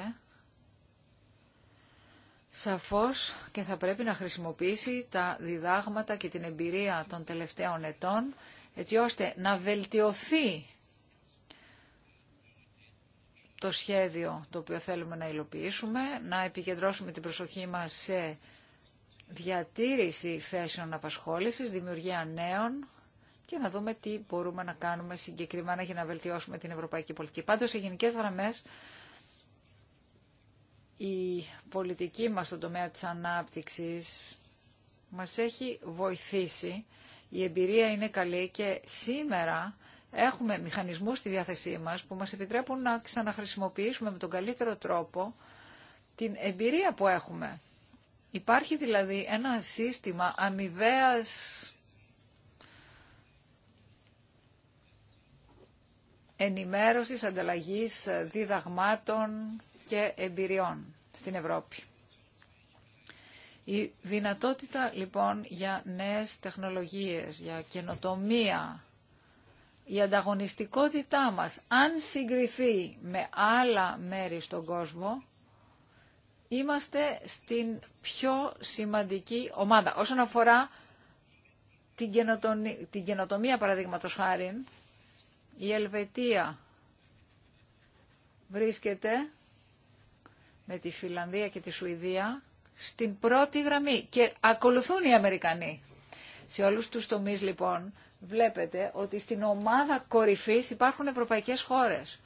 σαφώς και θα πρέπει να χρησιμοποιήσει τα διδάγματα και την εμπειρία των τελευταίων ετών έτσι ώστε να βελτιωθεί το σχέδιο το οποίο θέλουμε να υλοποιήσουμε, να επικεντρώσουμε την προσοχή μας σε διατήρηση θέσεων απασχόλησης, δημιουργία νέων και να δούμε τι μπορούμε να κάνουμε συγκεκριμένα για να βελτιώσουμε την ευρωπαϊκή πολιτική. Πάντως, σε γενικές γραμμές, η πολιτική μας στον τομέα της ανάπτυξης μας έχει βοηθήσει. Η εμπειρία είναι καλή και σήμερα έχουμε μηχανισμούς στη διάθεσή μας που μας επιτρέπουν να ξαναχρησιμοποιήσουμε με τον καλύτερο τρόπο την εμπειρία που έχουμε. Υπάρχει δηλαδή ένα σύστημα αμοιβαία ενημέρωσης, ανταλλαγής διδαγμάτων, και εμπειριών στην Ευρώπη. Η δυνατότητα λοιπόν για νέες τεχνολογίες, για καινοτομία, η ανταγωνιστικότητά μας, αν συγκριθεί με άλλα μέρη στον κόσμο, είμαστε στην πιο σημαντική ομάδα. Όσον αφορά την, την καινοτομία, παραδείγματο χάρη, η Ελβετία βρίσκεται με τη Φιλανδία και τη Σουηδία στην πρώτη γραμμή και ακολουθούν οι Αμερικανοί. Σε όλους τους τομείς λοιπόν βλέπετε ότι στην ομάδα κορυφής υπάρχουν ευρωπαϊκές χώρες.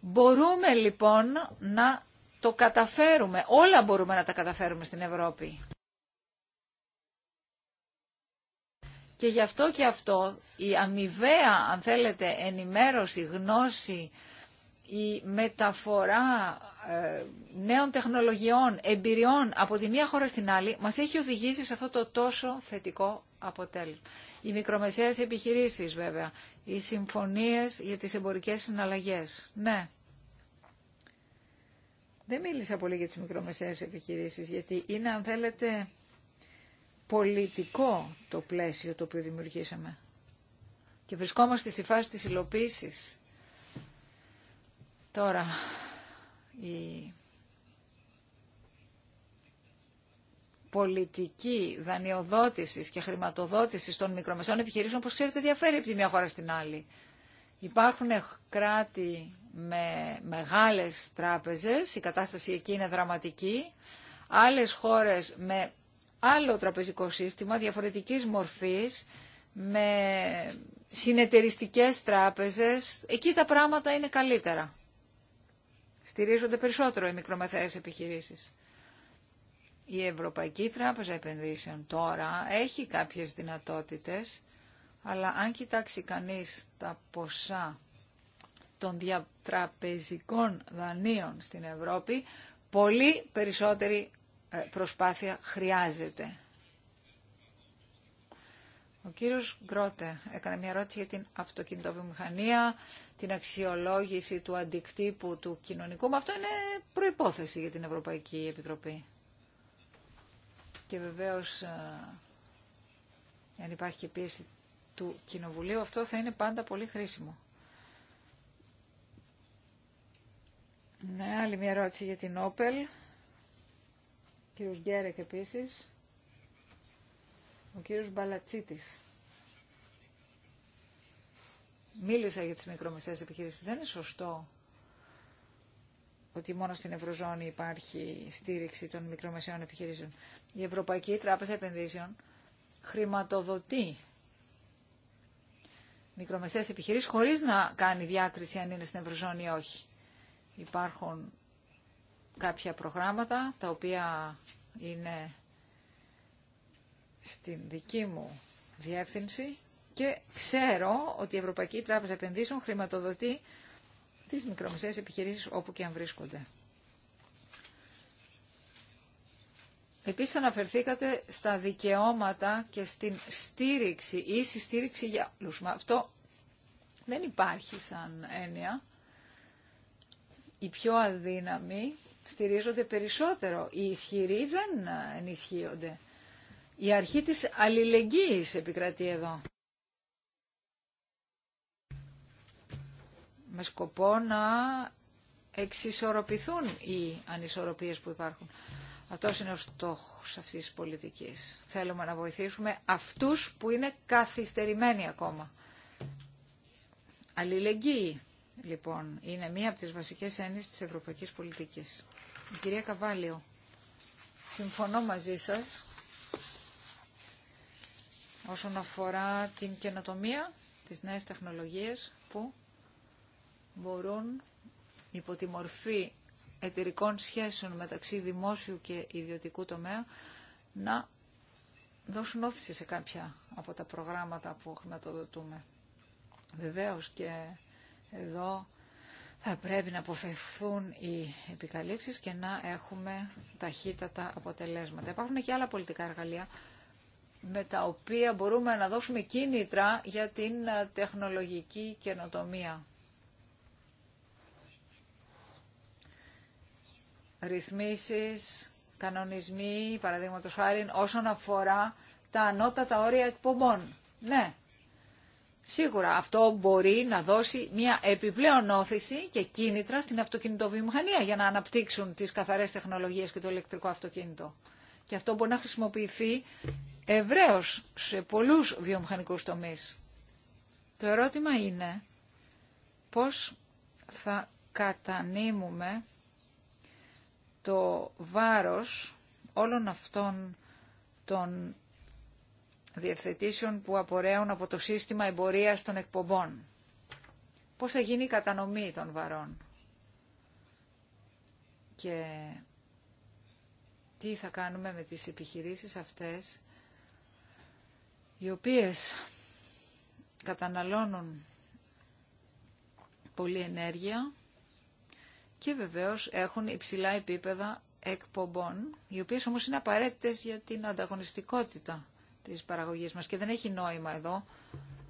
Μπορούμε λοιπόν να το καταφέρουμε, όλα μπορούμε να τα καταφέρουμε στην Ευρώπη. Και γι' αυτό και αυτό η αμοιβαία, αν θέλετε, ενημέρωση, γνώση, η μεταφορά ε, νέων τεχνολογιών, εμπειριών από τη μία χώρα στην άλλη μας έχει οδηγήσει σε αυτό το τόσο θετικό αποτέλεσμα. Οι μικρομεσαίες επιχειρήσεις βέβαια, οι συμφωνίες για τις εμπορικές συναλλαγές. Ναι. Δεν μίλησα πολύ για τις μικρομεσαίες επιχειρήσεις, γιατί είναι, αν θέλετε, πολιτικό το πλαίσιο το οποίο δημιουργήσαμε. Και βρισκόμαστε στη φάση της υλοποίησης Τώρα, η πολιτική δανειοδότησης και χρηματοδότησης των μικρομεσαίων επιχειρήσεων, όπως ξέρετε, διαφέρει από τη μία χώρα στην άλλη. Υπάρχουν κράτη με μεγάλες τράπεζες, η κατάσταση εκεί είναι δραματική. Άλλες χώρες με άλλο τραπεζικό σύστημα, διαφορετικής μορφής, με συνεταιριστικές τράπεζες, εκεί τα πράγματα είναι καλύτερα στηρίζονται περισσότερο οι μικρομεθαίες επιχειρήσεις. Η Ευρωπαϊκή Τράπεζα Επενδύσεων τώρα έχει κάποιες δυνατότητες, αλλά αν κοιτάξει κανείς τα ποσά των διατραπεζικών δανείων στην Ευρώπη, πολύ περισσότερη ε, προσπάθεια χρειάζεται. Ο κύριος Γκρότε έκανε μια ερώτηση για την αυτοκινητοβιομηχανία, την αξιολόγηση του αντικτύπου του κοινωνικού. αυτό είναι προϋπόθεση για την Ευρωπαϊκή Επιτροπή. Και βεβαίως, ε, αν υπάρχει και πίεση του Κοινοβουλίου, αυτό θα είναι πάντα πολύ χρήσιμο. Ναι, άλλη μια ερώτηση για την Όπελ. Κύριος Γκέρεκ επίσης. Ο κύριος Μπαλατσίτης. Μίλησα για τις μικρομεσαίες επιχειρήσεις. Δεν είναι σωστό ότι μόνο στην Ευρωζώνη υπάρχει στήριξη των μικρομεσαίων επιχειρήσεων. Η Ευρωπαϊκή Τράπεζα Επενδύσεων χρηματοδοτεί μικρομεσαίες επιχειρήσεις χωρίς να κάνει διάκριση αν είναι στην Ευρωζώνη ή όχι. Υπάρχουν κάποια προγράμματα τα οποία είναι στην δική μου διεύθυνση και ξέρω ότι η Ευρωπαϊκή Τράπεζα Επενδύσεων χρηματοδοτεί τις μικρομεσαίες επιχειρήσεις όπου και αν βρίσκονται. Επίσης αναφερθήκατε στα δικαιώματα και στην στήριξη ή στήριξη για όλους. Αυτό δεν υπάρχει σαν έννοια. Οι πιο αδύναμοι στηρίζονται περισσότερο. Οι ισχυροί δεν ενισχύονται. Η αρχή της αλληλεγγύης επικρατεί εδώ. Με σκοπό να εξισορροπηθούν οι ανισορροπίες που υπάρχουν. Αυτό είναι ο στόχος αυτής της πολιτικής. Θέλουμε να βοηθήσουμε αυτούς που είναι καθυστερημένοι ακόμα. Αλληλεγγύη, λοιπόν, είναι μία από τις βασικές έννοιες της ευρωπαϊκής πολιτικής. κυρία Καβάλιο, συμφωνώ μαζί σας όσον αφορά την καινοτομία, τις νέες τεχνολογίες που μπορούν υπό τη μορφή εταιρικών σχέσεων μεταξύ δημόσιου και ιδιωτικού τομέα να δώσουν όθηση σε κάποια από τα προγράμματα που χρηματοδοτούμε. Βεβαίως και εδώ θα πρέπει να αποφευθούν οι επικαλύψεις και να έχουμε ταχύτατα αποτελέσματα. Υπάρχουν και άλλα πολιτικά εργαλεία με τα οποία μπορούμε να δώσουμε κίνητρα για την ε, τεχνολογική καινοτομία. Ρυθμίσεις, κανονισμοί, παραδείγματος χάρη, όσον αφορά τα ανώτατα όρια εκπομπών. Ναι, Σίγουρα αυτό μπορεί να δώσει μια επιπλέον όθηση και κίνητρα στην αυτοκινητοβιομηχανία για να αναπτύξουν τις καθαρές τεχνολογίες και το ηλεκτρικό αυτοκίνητο. Και αυτό μπορεί να χρησιμοποιηθεί ευρέως σε πολλούς βιομηχανικούς τομείς. Το ερώτημα είναι πώς θα κατανείμουμε το βάρος όλων αυτών των διευθετήσεων που απορρέουν από το σύστημα εμπορίας των εκπομπών. Πώς θα γίνει η κατανομή των βαρών και τι θα κάνουμε με τις επιχειρήσεις αυτές οι οποίες καταναλώνουν πολλή ενέργεια και βεβαίως έχουν υψηλά επίπεδα εκπομπών, οι οποίες όμως είναι απαραίτητες για την ανταγωνιστικότητα της παραγωγής μας και δεν έχει νόημα εδώ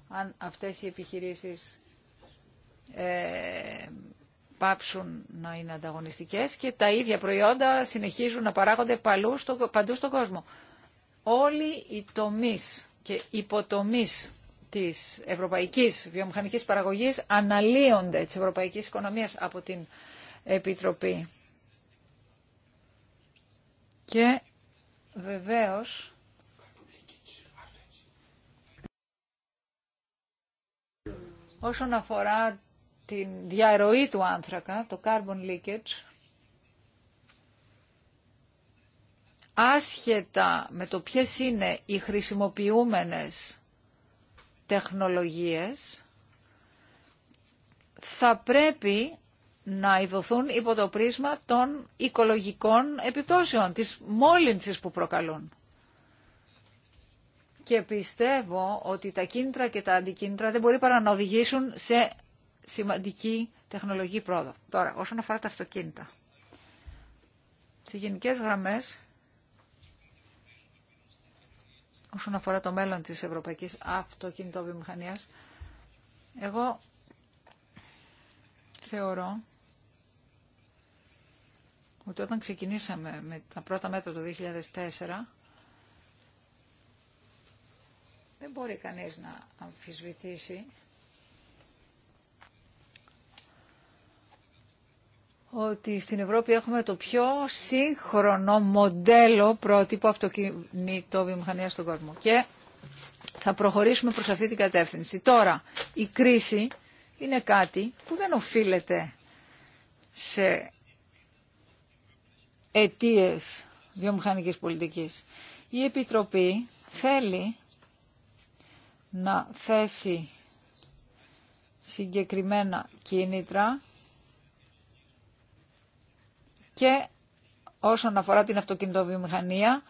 αν αυτές οι επιχειρήσεις ε, πάψουν να είναι ανταγωνιστικές και τα ίδια προϊόντα συνεχίζουν να παράγονται παλού στο, παντού στον κόσμο. Όλοι οι τομείς και υποτομής της ευρωπαϊκής βιομηχανικής παραγωγής αναλύονται της ευρωπαϊκής οικονομίας από την Επιτροπή. Και βεβαίως όσον αφορά την διαρροή του άνθρακα, το carbon leakage, άσχετα με το ποιες είναι οι χρησιμοποιούμενες τεχνολογίες, θα πρέπει να ειδωθούν υπό το πρίσμα των οικολογικών επιπτώσεων, της μόλυνσης που προκαλούν. Και πιστεύω ότι τα κίνητρα και τα αντικίνητρα δεν μπορεί παρά να οδηγήσουν σε σημαντική τεχνολογική πρόοδο. Τώρα, όσον αφορά τα αυτοκίνητα. Σε γενικές γραμμές όσον αφορά το μέλλον της ευρωπαϊκής αυτοκινητοβιομηχανίας. Εγώ θεωρώ ότι όταν ξεκινήσαμε με τα πρώτα μέτρα το 2004, δεν μπορεί κανείς να αμφισβητήσει ότι στην Ευρώπη έχουμε το πιο σύγχρονο μοντέλο πρότυπο αυτοκινητό βιομηχανία στον κόσμο. Και θα προχωρήσουμε προς αυτή την κατεύθυνση. Τώρα, η κρίση είναι κάτι που δεν οφείλεται σε αιτίες βιομηχανικής πολιτικής. Η Επιτροπή θέλει να θέσει συγκεκριμένα κίνητρα και όσον αφορά την αυτοκινητοβιομηχανία,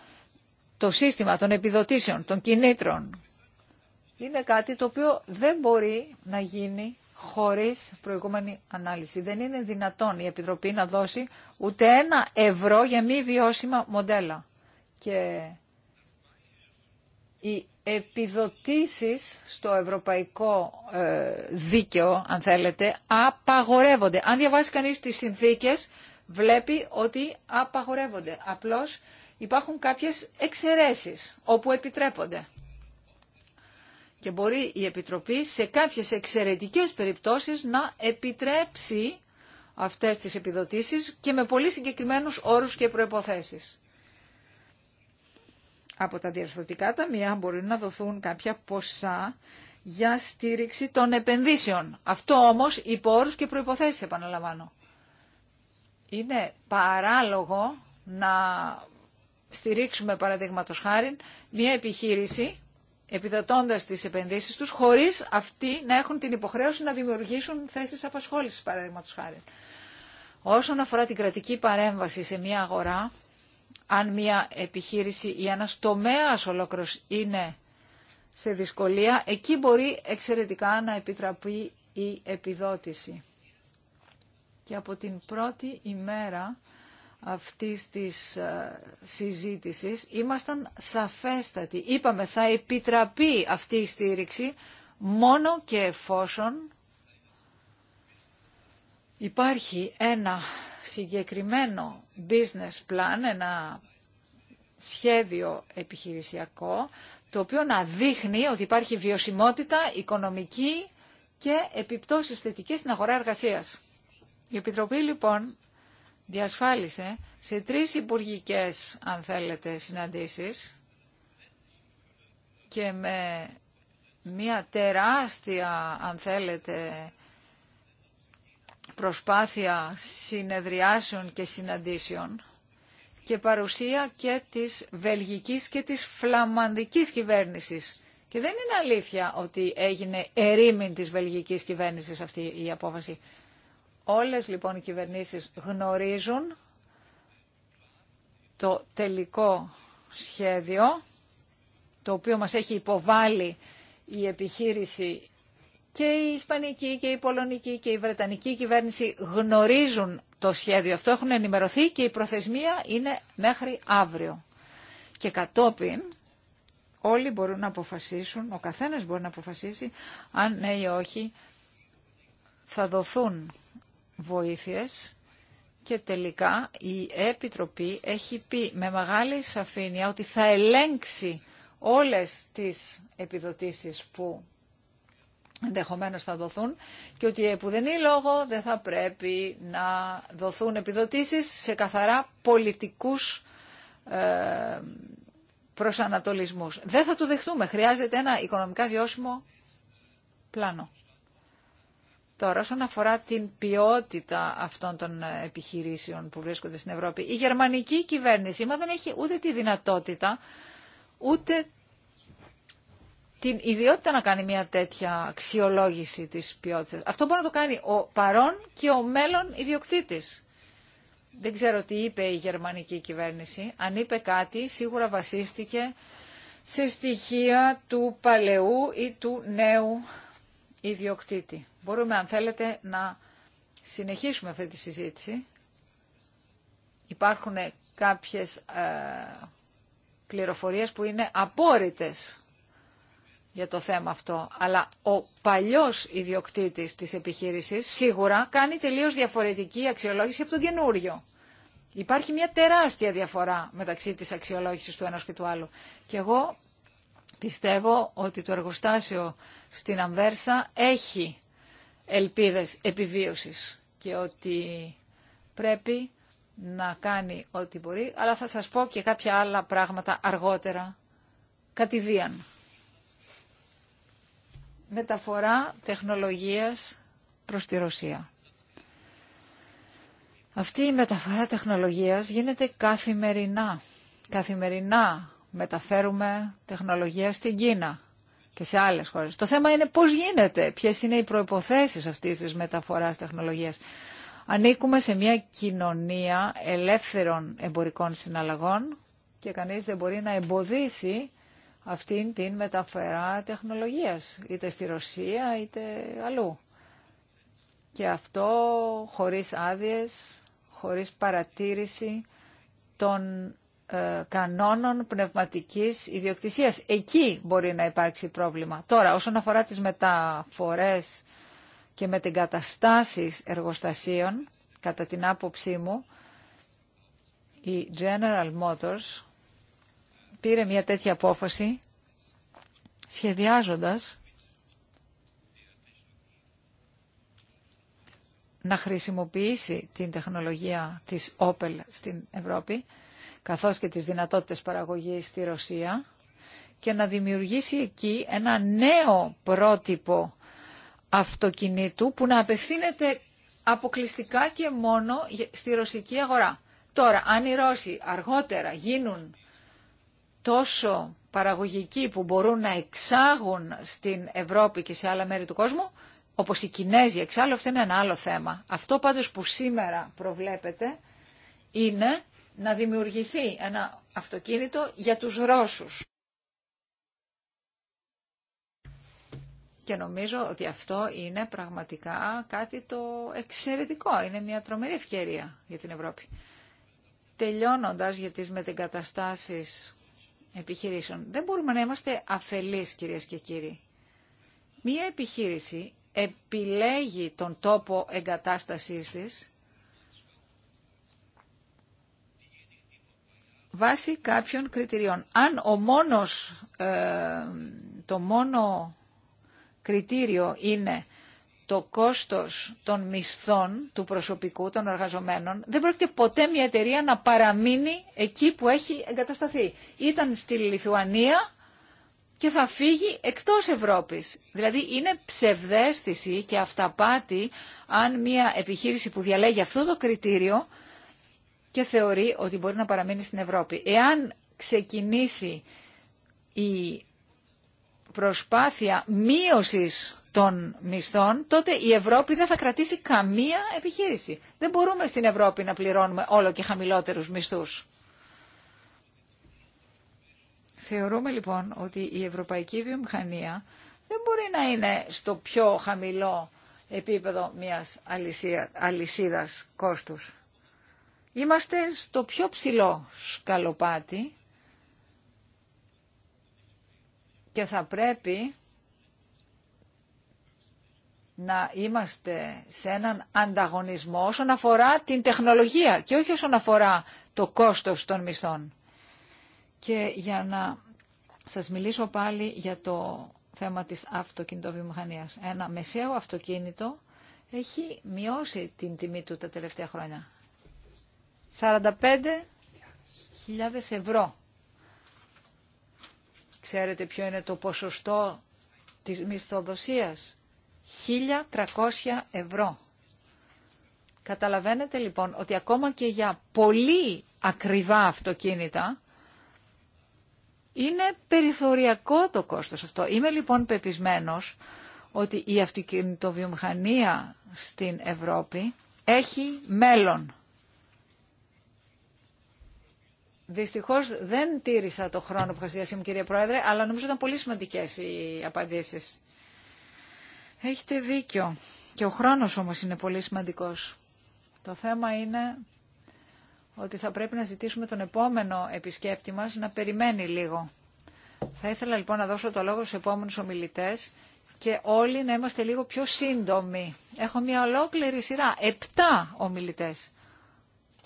το σύστημα των επιδοτήσεων, των κινήτρων, είναι κάτι το οποίο δεν μπορεί να γίνει χωρίς προηγούμενη ανάλυση. Δεν είναι δυνατόν η Επιτροπή να δώσει ούτε ένα ευρώ για μη βιώσιμα μοντέλα. Και οι επιδοτήσεις στο ευρωπαϊκό ε, δίκαιο, αν θέλετε, απαγορεύονται. Αν διαβάσει κανείς τις συνθήκες, βλέπει ότι απαγορεύονται. Απλώς υπάρχουν κάποιες εξαιρέσεις όπου επιτρέπονται. Και μπορεί η Επιτροπή σε κάποιες εξαιρετικές περιπτώσεις να επιτρέψει αυτές τις επιδοτήσεις και με πολύ συγκεκριμένους όρους και προϋποθέσεις. Από τα διαρθρωτικά ταμεία μπορεί να δοθούν κάποια ποσά για στήριξη των επενδύσεων. Αυτό όμως υπό όρους και προϋποθέσεις επαναλαμβάνω είναι παράλογο να στηρίξουμε παραδείγματο χάρη μια επιχείρηση επιδοτώντας τις επενδύσεις τους χωρίς αυτοί να έχουν την υποχρέωση να δημιουργήσουν θέσεις απασχόλησης παραδείγματο χάρη. Όσον αφορά την κρατική παρέμβαση σε μια αγορά, αν μια επιχείρηση ή ένας τομέας ολόκληρος είναι σε δυσκολία, εκεί μπορεί εξαιρετικά να επιτραπεί η ενα τομεα ολοκληρο ειναι σε δυσκολια εκει μπορει εξαιρετικα να επιτραπει η επιδοτηση και από την πρώτη ημέρα αυτής της ε, συζήτησης ήμασταν σαφέστατοι. Είπαμε θα επιτραπεί αυτή η στήριξη μόνο και εφόσον υπάρχει ένα συγκεκριμένο business plan, ένα σχέδιο επιχειρησιακό, το οποίο να δείχνει ότι υπάρχει βιωσιμότητα οικονομική και επιπτώσεις θετικές στην αγορά εργασίας. Η Επιτροπή λοιπόν διασφάλισε σε τρεις υπουργικές, αν θέλετε, συναντήσεις και με μια τεράστια, αν θέλετε, προσπάθεια συνεδριάσεων και συναντήσεων και παρουσία και της βελγικής και της φλαμανδικής κυβέρνησης. Και δεν είναι αλήθεια ότι έγινε ερήμην της βελγικής κυβέρνησης αυτή η απόφαση. Όλες λοιπόν οι κυβερνήσεις γνωρίζουν το τελικό σχέδιο, το οποίο μας έχει υποβάλει η επιχείρηση και η Ισπανική και η Πολωνική και η Βρετανική κυβέρνηση γνωρίζουν το σχέδιο αυτό, έχουν ενημερωθεί και η προθεσμία είναι μέχρι αύριο. Και κατόπιν όλοι μπορούν να αποφασίσουν, ο καθένας μπορεί να αποφασίσει αν ναι ή όχι θα δοθούν βοήθειες και τελικά η Επιτροπή έχει πει με μεγάλη σαφήνεια ότι θα ελέγξει όλες τις επιδοτήσεις που ενδεχομένως θα δοθούν και ότι ε, που δεν είναι λόγο δεν θα πρέπει να δοθούν επιδοτήσεις σε καθαρά πολιτικούς ε, προσανατολισμούς. Δεν θα του δεχτούμε. Χρειάζεται ένα οικονομικά βιώσιμο πλάνο. Τώρα, όσον αφορά την ποιότητα αυτών των επιχειρήσεων που βρίσκονται στην Ευρώπη, η γερμανική κυβέρνηση μα δεν έχει ούτε τη δυνατότητα, ούτε την ιδιότητα να κάνει μια τέτοια αξιολόγηση της ποιότητας. Αυτό μπορεί να το κάνει ο παρόν και ο μέλλον ιδιοκτήτης. Δεν ξέρω τι είπε η γερμανική κυβέρνηση. Αν είπε κάτι, σίγουρα βασίστηκε σε στοιχεία του παλαιού ή του νέου ιδιοκτήτη. Μπορούμε, αν θέλετε, να συνεχίσουμε αυτή τη συζήτηση. Υπάρχουν κάποιες ε, πληροφορίες που είναι απόρριτες για το θέμα αυτό. Αλλά ο παλιός ιδιοκτήτης της επιχείρησης σίγουρα κάνει τελείως διαφορετική αξιολόγηση από τον καινούριο. Υπάρχει μια τεράστια διαφορά μεταξύ της αξιολόγησης του ενός και του άλλου. Και εγώ πιστεύω ότι το εργοστάσιο στην Αμβέρσα έχει ελπίδες επιβίωσης και ότι πρέπει να κάνει ό,τι μπορεί, αλλά θα σας πω και κάποια άλλα πράγματα αργότερα, κατηδίαν. Μεταφορά τεχνολογίας προς τη Ρωσία. Αυτή η μεταφορά τεχνολογίας γίνεται καθημερινά. Καθημερινά μεταφέρουμε τεχνολογία στην Κίνα και σε άλλε χώρε. Το θέμα είναι πώς γίνεται, ποιε είναι οι προποθέσει αυτή τη μεταφορά τεχνολογίας. Ανήκουμε σε μια κοινωνία ελεύθερων εμπορικών συναλλαγών και κανείς δεν μπορεί να εμποδίσει αυτήν την μεταφορά τεχνολογίας, είτε στη Ρωσία είτε αλλού. Και αυτό χωρίς άδειες, χωρίς παρατήρηση των ε, κανόνων πνευματικής ιδιοκτησίας. Εκεί μπορεί να υπάρξει πρόβλημα. Τώρα, όσον αφορά τις μεταφορές και με την καταστάσεις εργοστασίων, κατά την άποψή μου, η General Motors πήρε μια τέτοια απόφαση σχεδιάζοντας να χρησιμοποιήσει την τεχνολογία της Opel στην Ευρώπη καθώς και τις δυνατότητες παραγωγής στη Ρωσία και να δημιουργήσει εκεί ένα νέο πρότυπο αυτοκινήτου που να απευθύνεται αποκλειστικά και μόνο στη ρωσική αγορά. Τώρα, αν οι Ρώσοι αργότερα γίνουν τόσο παραγωγικοί που μπορούν να εξάγουν στην Ευρώπη και σε άλλα μέρη του κόσμου, όπως οι Κινέζοι εξάλλου, αυτό είναι ένα άλλο θέμα. Αυτό πάντως που σήμερα προβλέπετε είναι να δημιουργηθεί ένα αυτοκίνητο για τους Ρώσους. Και νομίζω ότι αυτό είναι πραγματικά κάτι το εξαιρετικό. Είναι μια τρομερή ευκαιρία για την Ευρώπη. Τελειώνοντας για τις μετεγκαταστάσεις επιχειρήσεων, δεν μπορούμε να είμαστε αφελείς κυρίες και κύριοι. Μια επιχείρηση επιλέγει τον τόπο εγκατάστασής της βάσει κάποιων κριτηριών. Αν ο μόνος, ε, το μόνο κριτήριο είναι το κόστος των μισθών του προσωπικού, των εργαζομένων, δεν πρόκειται ποτέ μια εταιρεία να παραμείνει εκεί που έχει εγκατασταθεί. Ήταν στη Λιθουανία και θα φύγει εκτός Ευρώπης. Δηλαδή είναι ψευδέστηση και αυταπάτη αν μια επιχείρηση που διαλέγει αυτό το κριτήριο και θεωρεί ότι μπορεί να παραμείνει στην Ευρώπη. Εάν ξεκινήσει η προσπάθεια μείωσης των μισθών, τότε η Ευρώπη δεν θα κρατήσει καμία επιχείρηση. Δεν μπορούμε στην Ευρώπη να πληρώνουμε όλο και χαμηλότερους μισθούς. Θεωρούμε λοιπόν ότι η ευρωπαϊκή βιομηχανία δεν μπορεί να είναι στο πιο χαμηλό επίπεδο μιας αλυσίδας κόστους. Είμαστε στο πιο ψηλό σκαλοπάτι και θα πρέπει να είμαστε σε έναν ανταγωνισμό όσον αφορά την τεχνολογία και όχι όσον αφορά το κόστος των μισθών. Και για να σας μιλήσω πάλι για το θέμα της αυτοκινητοβιομηχανίας. Ένα μεσαίο αυτοκίνητο έχει μειώσει την τιμή του τα τελευταία χρόνια. 45.000 ευρώ. Ξέρετε ποιο είναι το ποσοστό της μισθοδοσίας. 1.300 ευρώ. Καταλαβαίνετε λοιπόν ότι ακόμα και για πολύ ακριβά αυτοκίνητα είναι περιθωριακό το κόστος αυτό. Είμαι λοιπόν πεπισμένος ότι η αυτοκινητοβιομηχανία στην Ευρώπη έχει μέλλον. Δυστυχώ δεν τήρησα το χρόνο που είχα στη μου κύριε Πρόεδρε, αλλά νομίζω ήταν πολύ σημαντικές οι απαντήσεις. Έχετε δίκιο. Και ο χρόνος όμως είναι πολύ σημαντικός. Το θέμα είναι ότι θα πρέπει να ζητήσουμε τον επόμενο επισκέπτη μας να περιμένει λίγο. Θα ήθελα λοιπόν να δώσω το λόγο στους επόμενους ομιλητές και όλοι να είμαστε λίγο πιο σύντομοι. Έχω μια ολόκληρη σειρά, επτά ομιλητές.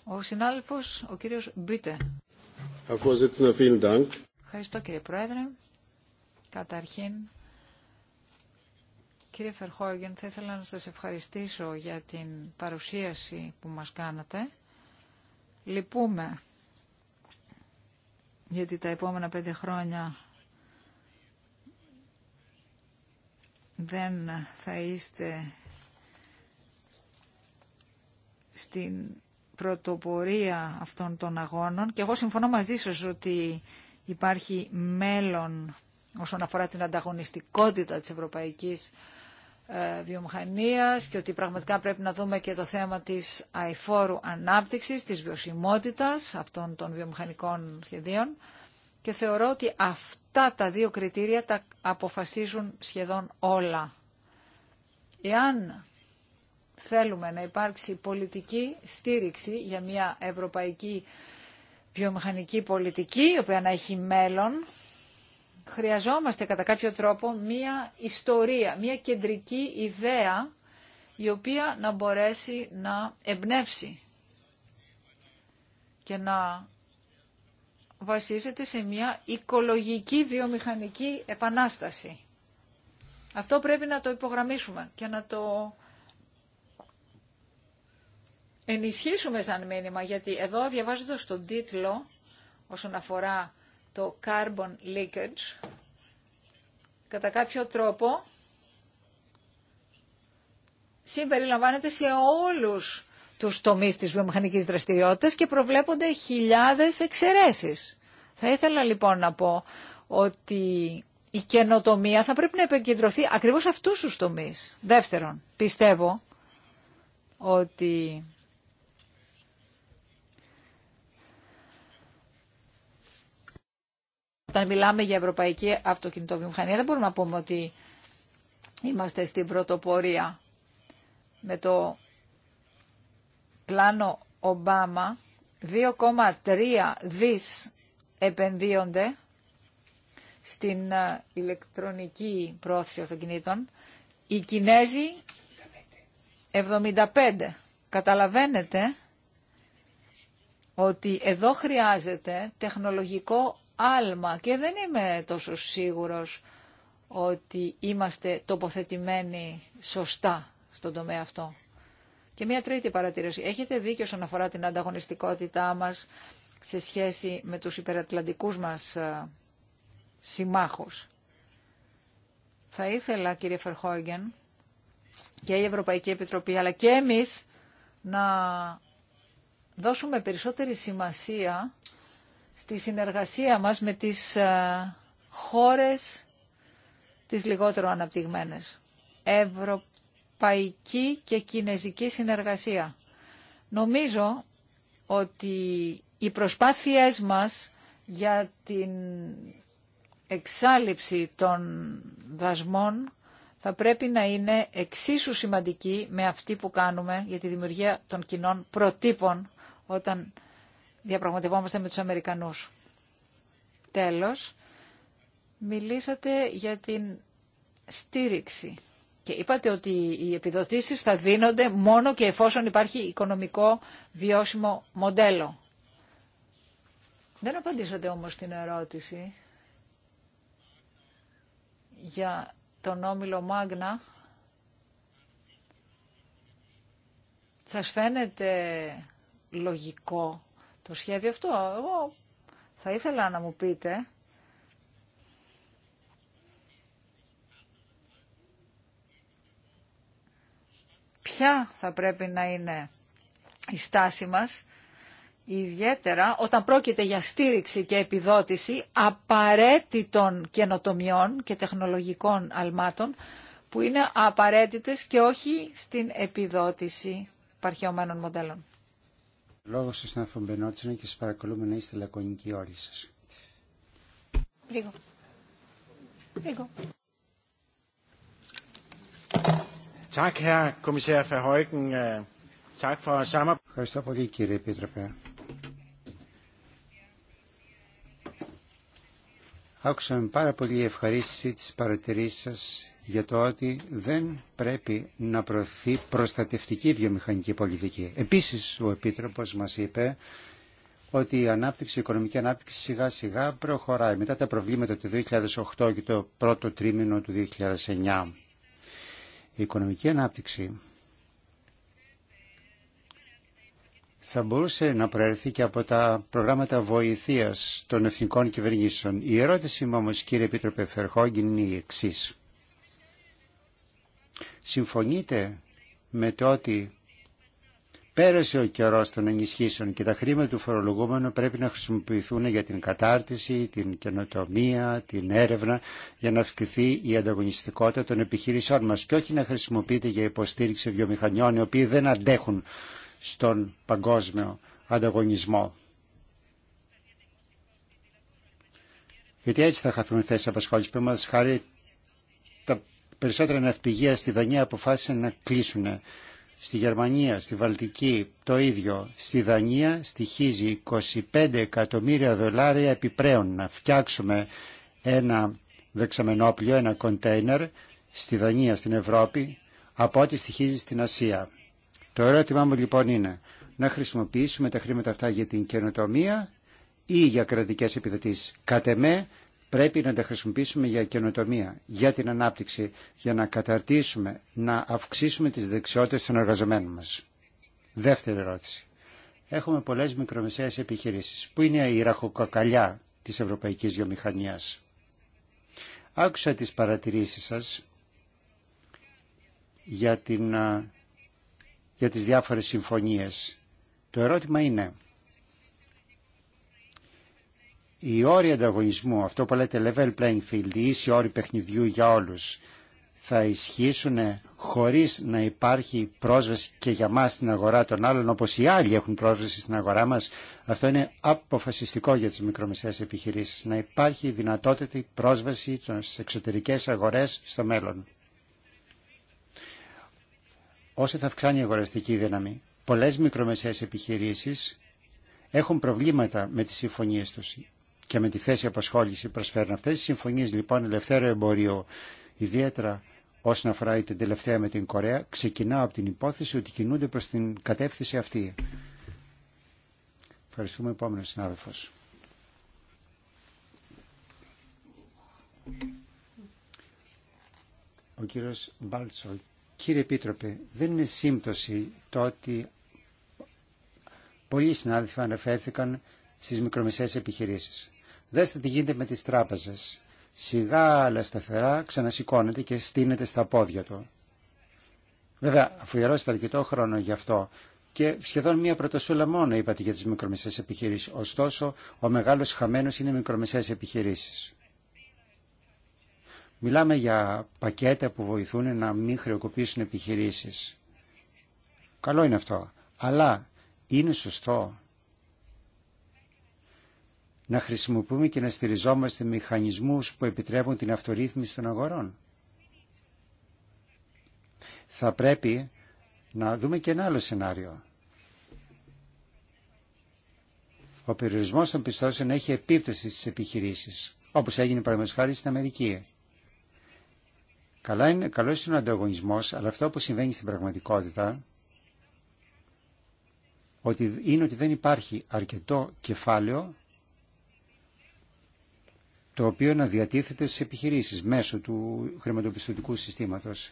Ο συνάδελφο, ο κύριος Μπίτε. Ευχαριστώ κύριε Πρόεδρε. Καταρχήν, κύριε Φερχόγεν, θα ήθελα να σας ευχαριστήσω για την παρουσίαση που μας κάνατε. Λυπούμε, γιατί τα επόμενα πέντε χρόνια δεν θα είστε στην πρωτοπορία αυτών των αγώνων και εγώ συμφωνώ μαζί σας ότι υπάρχει μέλλον όσον αφορά την ανταγωνιστικότητα της ευρωπαϊκής ε, βιομηχανίας και ότι πραγματικά πρέπει να δούμε και το θέμα της αηφόρου ανάπτυξης, της βιωσιμότητας αυτών των βιομηχανικών σχεδίων και θεωρώ ότι αυτά τα δύο κριτήρια τα αποφασίζουν σχεδόν όλα. Εάν Θέλουμε να υπάρξει πολιτική στήριξη για μια ευρωπαϊκή βιομηχανική πολιτική, η οποία να έχει μέλλον. Χρειαζόμαστε κατά κάποιο τρόπο μια ιστορία, μια κεντρική ιδέα, η οποία να μπορέσει να εμπνεύσει και να βασίζεται σε μια οικολογική βιομηχανική επανάσταση. Αυτό πρέπει να το υπογραμμίσουμε και να το ενισχύσουμε σαν μήνυμα, γιατί εδώ διαβάζοντα τον τίτλο όσον αφορά το carbon leakage, κατά κάποιο τρόπο συμπεριλαμβάνεται σε όλους τους τομείς της βιομηχανικής δραστηριότητας και προβλέπονται χιλιάδες εξαιρέσεις. Θα ήθελα λοιπόν να πω ότι η καινοτομία θα πρέπει να επικεντρωθεί ακριβώς αυτούς τους τομείς. Δεύτερον, πιστεύω ότι όταν μιλάμε για ευρωπαϊκή αυτοκινητοβιομηχανία δεν μπορούμε να πούμε ότι είμαστε στην πρωτοπορία. Με το πλάνο Ομπάμα 2,3 δις επενδύονται στην ε, ηλεκτρονική πρόθεση αυτοκινήτων. Οι Κινέζοι 75. Καταλαβαίνετε ότι εδώ χρειάζεται τεχνολογικό άλμα και δεν είμαι τόσο σίγουρος ότι είμαστε τοποθετημένοι σωστά στον τομέα αυτό. Και μια τρίτη παρατήρηση. Έχετε δίκιο όσον αφορά την ανταγωνιστικότητά μας σε σχέση με τους υπερατλαντικούς μας ε, συμμάχους. Θα ήθελα, κύριε Φερχόγγεν, και η Ευρωπαϊκή Επιτροπή, αλλά και εμείς, να δώσουμε περισσότερη σημασία στη συνεργασία μας με τις ε, χώρες τις λιγότερο αναπτυγμένες. Ευρωπαϊκή και Κινέζικη συνεργασία. Νομίζω ότι οι προσπάθειές μας για την εξάλληψη των δασμών θα πρέπει να είναι εξίσου σημαντική με αυτή που κάνουμε για τη δημιουργία των κοινών προτύπων όταν διαπραγματευόμαστε με τους Αμερικανούς. Τέλος, μιλήσατε για την στήριξη και είπατε ότι οι επιδοτήσεις θα δίνονται μόνο και εφόσον υπάρχει οικονομικό βιώσιμο μοντέλο. Δεν απαντήσατε όμως την ερώτηση για τον Όμιλο Μάγνα. Σας φαίνεται λογικό το σχέδιο αυτό. Εγώ θα ήθελα να μου πείτε ποια θα πρέπει να είναι η στάση μας, ιδιαίτερα όταν πρόκειται για στήριξη και επιδότηση απαραίτητων καινοτομιών και τεχνολογικών αλμάτων, που είναι απαραίτητες και όχι στην επιδότηση παρχαιωμένων μοντέλων. Λόγω σας να Μπενότσινα και σας παρακολούμε να είστε λακωνικοί όλοι σας. Øh, Ευχαριστώ πολύ κύριε Επίτροπε. Άκουσα με πάρα πολύ ευχαρίστηση τις παρατηρήσεις σας για το ότι δεν πρέπει να προωθεί προστατευτική βιομηχανική πολιτική. Επίσης, ο Επίτροπος μας είπε ότι η ανάπτυξη, η οικονομική ανάπτυξη σιγά σιγά προχωράει μετά τα προβλήματα του 2008 και το πρώτο τρίμηνο του 2009. Η οικονομική ανάπτυξη θα μπορούσε να προέρθει και από τα προγράμματα βοηθείας των εθνικών κυβερνήσεων. Η ερώτηση μου όμως κύριε Επίτροπε Φερχόγγιν είναι η εξής. Συμφωνείτε με το ότι πέρασε ο καιρός των ενισχύσεων και τα χρήματα του φορολογούμενου πρέπει να χρησιμοποιηθούν για την κατάρτιση, την καινοτομία, την έρευνα για να αυξηθεί η ανταγωνιστικότητα των επιχειρήσεών μας και όχι να χρησιμοποιείται για υποστήριξη βιομηχανιών οι οποίοι δεν αντέχουν στον παγκόσμιο ανταγωνισμό. Γιατί έτσι θα χαθούν θέσει απασχόληση. Πρέπει χάρη τα περισσότερα ναυπηγεία στη Δανία αποφάσισαν να κλείσουν. Στη Γερμανία, στη Βαλτική το ίδιο. Στη Δανία στοιχίζει 25 εκατομμύρια δολάρια επιπρέον να φτιάξουμε ένα δεξαμενόπλιο, ένα κοντέινερ στη Δανία, στην Ευρώπη, από ό,τι στοιχίζει στην Ασία. Το ερώτημά μου λοιπόν είναι να χρησιμοποιήσουμε τα χρήματα αυτά για την καινοτομία ή για κρατικές επιδοτήσεις. Κατ' Πρέπει να τα χρησιμοποιήσουμε για καινοτομία, για την ανάπτυξη, για να καταρτήσουμε, να αυξήσουμε τις δεξιότητες των εργαζομένων μας. Δεύτερη ερώτηση. Έχουμε πολλές μικρομεσαίες επιχειρήσεις. Πού είναι η ραχοκακαλιά της ευρωπαϊκής βιομηχανίας. Άκουσα τις παρατηρήσεις σας για, την, για τις διάφορες συμφωνίες. Το ερώτημα είναι οι όροι ανταγωνισμού, αυτό που λέτε level playing field, οι ίσοι όροι παιχνιδιού για όλους, θα ισχύσουν χωρίς να υπάρχει πρόσβαση και για μας στην αγορά των άλλων, όπως οι άλλοι έχουν πρόσβαση στην αγορά μας. Αυτό είναι αποφασιστικό για τις μικρομεσαίες επιχειρήσεις, να υπάρχει δυνατότητα πρόσβαση στις εξωτερικές αγορές στο μέλλον. Όσο θα αυξάνει η αγοραστική δύναμη, πολλές μικρομεσαίες επιχειρήσεις έχουν προβλήματα με τις συμφωνίες τους και με τη θέση απασχόληση προσφέρουν αυτές. Οι συμφωνίες λοιπόν ελευθέρω εμπορίο, ιδιαίτερα όσον αφορά την τελευταία με την Κορέα, ξεκινά από την υπόθεση ότι κινούνται προς την κατεύθυνση αυτή. Ευχαριστούμε επόμενο συνάδελφος. Ο κύριος Μπάλτσο, κύριε Επίτροπε, δεν είναι σύμπτωση το ότι πολλοί συνάδελφοι αναφέρθηκαν στις μικρομεσαίες επιχειρήσεις. Δέστε τι γίνεται με τις τράπεζες. Σιγά αλλά σταθερά ξανασηκώνεται και στείνεται στα πόδια του. Βέβαια, αφιερώσετε αρκετό χρόνο γι' αυτό και σχεδόν μία πρωτοσούλα μόνο είπατε για τις μικρομεσαίες επιχειρήσεις. Ωστόσο, ο μεγάλος χαμένος είναι οι μικρομεσαίες επιχειρήσεις. Μιλάμε για πακέτα που βοηθούν να μην χρεοκοπήσουν επιχειρήσεις. Καλό είναι αυτό. Αλλά είναι σωστό να χρησιμοποιούμε και να στηριζόμαστε μηχανισμούς που επιτρέπουν την αυτορύθμιση των αγορών. Θα πρέπει να δούμε και ένα άλλο σενάριο. Ο περιορισμός των πιστώσεων έχει επίπτωση στις επιχειρήσεις, όπως έγινε παραδείγματος χάρη στην Αμερική. Καλά είναι, καλός είναι ο ανταγωνισμός, αλλά αυτό που συμβαίνει στην πραγματικότητα ότι είναι ότι δεν υπάρχει αρκετό κεφάλαιο το οποίο να διατίθεται στις επιχειρήσεις μέσω του χρηματοπιστωτικού συστήματος.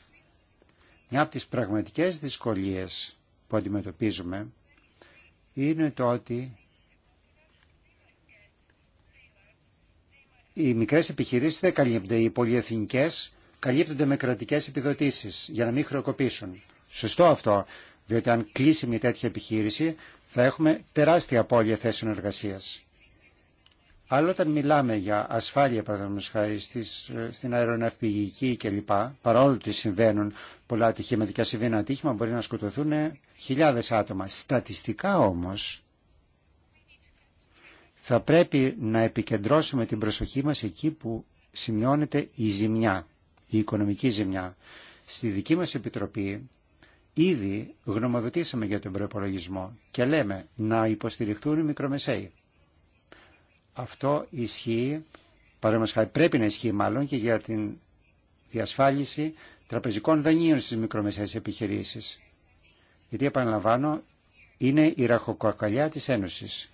Μια από τις πραγματικές δυσκολίες που αντιμετωπίζουμε είναι το ότι οι μικρές επιχειρήσεις δεν καλύπτονται, οι πολυεθνικές καλύπτονται με κρατικές επιδοτήσεις για να μην χρεοκοπήσουν. Σωστό αυτό, διότι αν κλείσει μια τέτοια επιχείρηση θα έχουμε τεράστια απώλεια θέσεων εργασίας. Αλλά όταν μιλάμε για ασφάλεια, παραδείγματο χάρη ε, στην αεροναυπηγική κλπ., παρόλο ότι συμβαίνουν πολλά ατυχήματα και συμβαίνει ένα ατύχημα, μπορεί να σκοτωθούν χιλιάδε άτομα. Στατιστικά όμω, θα πρέπει να επικεντρώσουμε την προσοχή μας εκεί που σημειώνεται η ζημιά, η οικονομική ζημιά. Στη δική μας Επιτροπή ήδη γνωμοδοτήσαμε για τον προπολογισμό και λέμε να υποστηριχθούν οι μικρομεσαίοι. Αυτό ισχύει, παραδείγματος πρέπει να ισχύει μάλλον και για την διασφάλιση τραπεζικών δανείων στις μικρομεσαίες επιχειρήσεις. Γιατί επαναλαμβάνω, είναι η ραχοκοκαλιά της Ένωσης.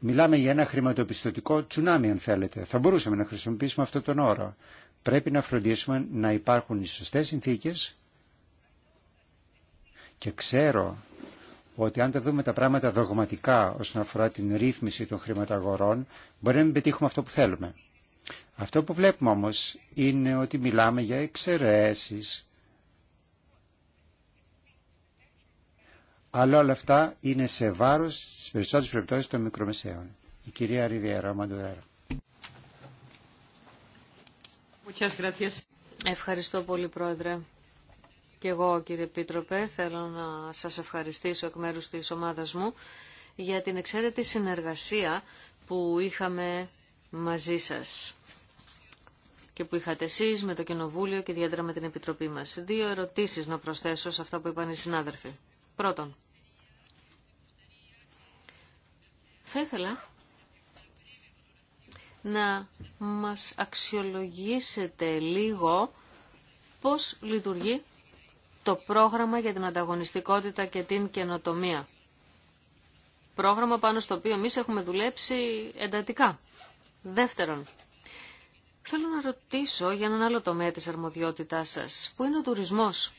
Μιλάμε για ένα χρηματοπιστωτικό τσουνάμι, αν θέλετε. Θα μπορούσαμε να χρησιμοποιήσουμε αυτόν τον όρο. Πρέπει να φροντίσουμε να υπάρχουν οι σωστές συνθήκες και ξέρω ότι αν τα δούμε τα πράγματα δογματικά όσον αφορά την ρύθμιση των χρηματαγορών, μπορεί να μην πετύχουμε αυτό που θέλουμε. Αυτό που βλέπουμε όμως είναι ότι μιλάμε για εξαιρέσει. Αλλά όλα αυτά είναι σε βάρος στις περισσότερες περιπτώσεις των μικρομεσαίων. Η κυρία Ριβιέρα Μαντουρέρα. Ευχαριστώ πολύ, Πρόεδρε. Και εγώ κύριε Πίτροπε, θέλω να σας ευχαριστήσω εκ μέρους της ομάδας μου για την εξαίρετη συνεργασία που είχαμε μαζί σας και που είχατε εσείς με το Κοινοβούλιο και ιδιαίτερα με την Επιτροπή μας. Δύο ερωτήσεις να προσθέσω σε αυτά που είπαν οι συνάδελφοι. Πρώτον, θα ήθελα να μας αξιολογήσετε λίγο πώς λειτουργεί το πρόγραμμα για την ανταγωνιστικότητα και την καινοτομία. Πρόγραμμα πάνω στο οποίο εμείς έχουμε δουλέψει εντατικά. Δεύτερον, θέλω να ρωτήσω για έναν άλλο τομέα της αρμοδιότητάς σας, που είναι ο τουρισμός.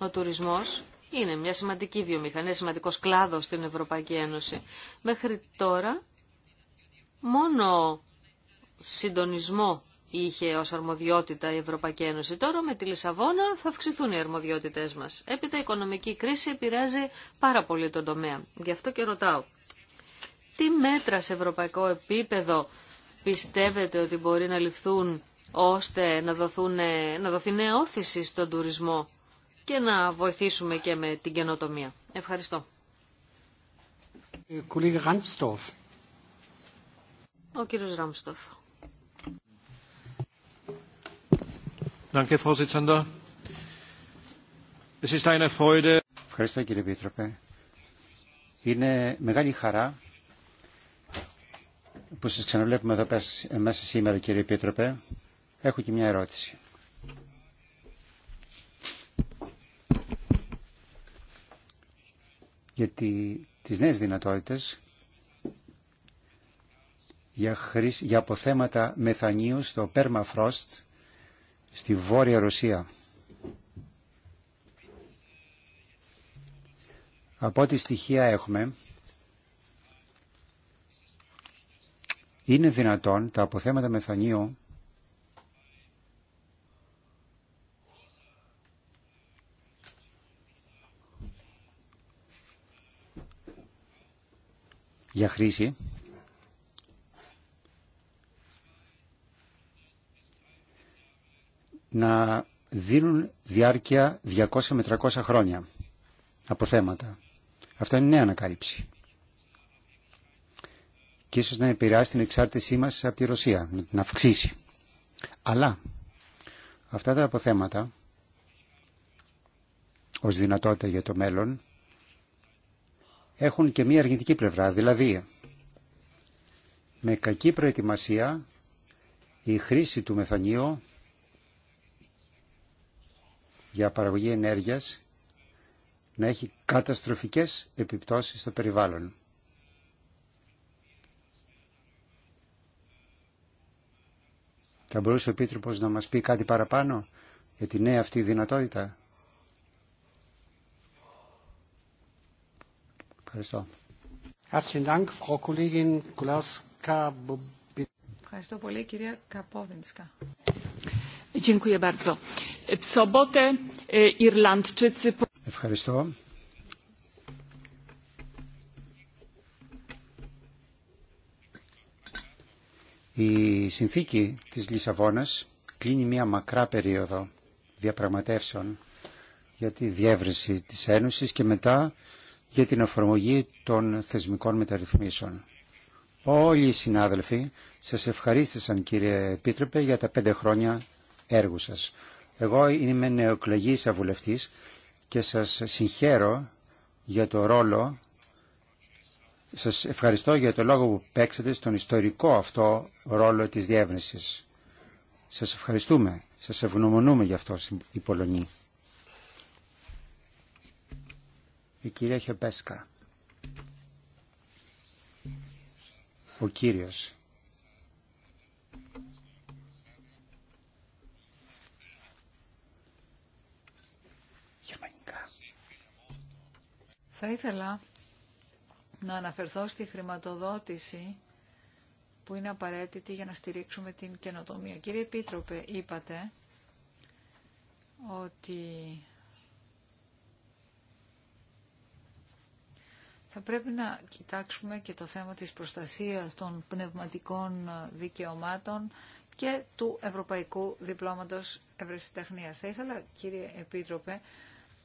Ο τουρισμός είναι μια σημαντική βιομηχανία, σημαντικός κλάδος στην Ευρωπαϊκή Ένωση. Μέχρι τώρα, μόνο συντονισμό είχε ως αρμοδιότητα η Ευρωπαϊκή Ένωση. Τώρα με τη Λισαβόνα θα αυξηθούν οι αρμοδιότητές μας. Έπειτα η οικονομική κρίση επηρεάζει πάρα πολύ τον τομέα. Γι' αυτό και ρωτάω, τι μέτρα σε ευρωπαϊκό επίπεδο πιστεύετε ότι μπορεί να ληφθούν ώστε να, δοθούν, να δοθεί νέα όθηση στον τουρισμό και να βοηθήσουμε και με την καινοτομία. Ευχαριστώ. Ο κύριος Ραμστοφ. Ευχαριστώ κύριε Πίτροπε. Είναι μεγάλη χαρά που σας ξαναβλέπουμε εδώ μέσα σήμερα κύριε Πίτροπε. Έχω και μια ερώτηση. Γιατί τις νέες δυνατότητες για, αποθέματα μεθανίου στο permafrost στη Βόρεια Ρωσία. Από ό,τι στοιχεία έχουμε, είναι δυνατόν τα αποθέματα μεθανίου για χρήση να δίνουν διάρκεια 200 με 300 χρόνια από θέματα. Αυτό είναι νέα ανακάλυψη. Και ίσως να επηρεάσει την εξάρτησή μας από τη Ρωσία, να την αυξήσει. Αλλά αυτά τα αποθέματα ως δυνατότητα για το μέλλον έχουν και μία αρνητική πλευρά, δηλαδή με κακή προετοιμασία η χρήση του μεθανίου για παραγωγή ενέργειας να έχει καταστροφικές επιπτώσεις στο περιβάλλον. Θα μπορούσε ο Επίτροπος να μας πει κάτι παραπάνω για τη νέα αυτή δυνατότητα. Ευχαριστώ. Ευχαριστώ πολύ κυρία Καπόβινσκα. E, Ευχαριστώ. Η συνθήκη της Λισαβόνας κλείνει μια μακρά περίοδο διαπραγματεύσεων για τη διεύρυνση της Ένωσης και μετά για την εφαρμογή των θεσμικών μεταρρυθμίσεων. Όλοι οι συνάδελφοι σας ευχαρίστησαν κύριε Επίτροπε για τα πέντε χρόνια έργου σας. Εγώ είμαι νεοεκλεγής αβουλευτής και σας συγχαίρω για το ρόλο, σας ευχαριστώ για το λόγο που παίξατε στον ιστορικό αυτό ρόλο της διεύρυνση. Σας ευχαριστούμε, σας ευγνωμονούμε γι' αυτό στην Πολωνή. Η κυρία Χεπέσκα. Ο κύριος. Θα ήθελα να αναφερθώ στη χρηματοδότηση που είναι απαραίτητη για να στηρίξουμε την καινοτομία. Κύριε Επίτροπε, είπατε ότι θα πρέπει να κοιτάξουμε και το θέμα της προστασίας των πνευματικών δικαιωμάτων και του Ευρωπαϊκού Διπλώματος Ευρεσιτεχνίας. Θα ήθελα, κύριε Επίτροπε,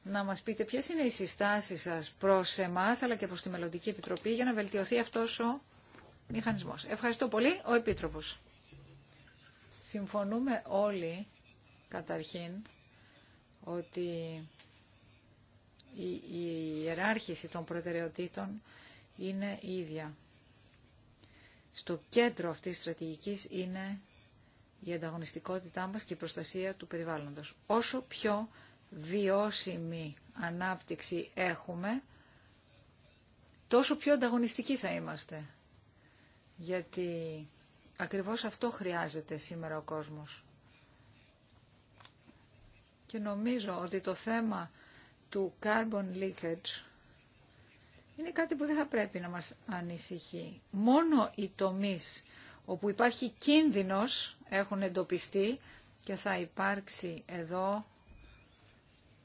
να μας πείτε ποιες είναι οι συστάσεις σας προς εμάς αλλά και προς τη Μελλοντική Επιτροπή για να βελτιωθεί αυτός ο μηχανισμός. Ευχαριστώ πολύ. Ο Επίτροπος. Συμφωνούμε όλοι καταρχήν ότι η, η ιεράρχηση των προτεραιοτήτων είναι ίδια. Στο κέντρο αυτής της στρατηγικής είναι η ανταγωνιστικότητά μας και η προστασία του περιβάλλοντος. Όσο πιο βιώσιμη ανάπτυξη έχουμε, τόσο πιο ανταγωνιστικοί θα είμαστε. Γιατί ακριβώς αυτό χρειάζεται σήμερα ο κόσμος. Και νομίζω ότι το θέμα του carbon leakage είναι κάτι που δεν θα πρέπει να μας ανησυχεί. Μόνο οι τομείς όπου υπάρχει κίνδυνος έχουν εντοπιστεί και θα υπάρξει εδώ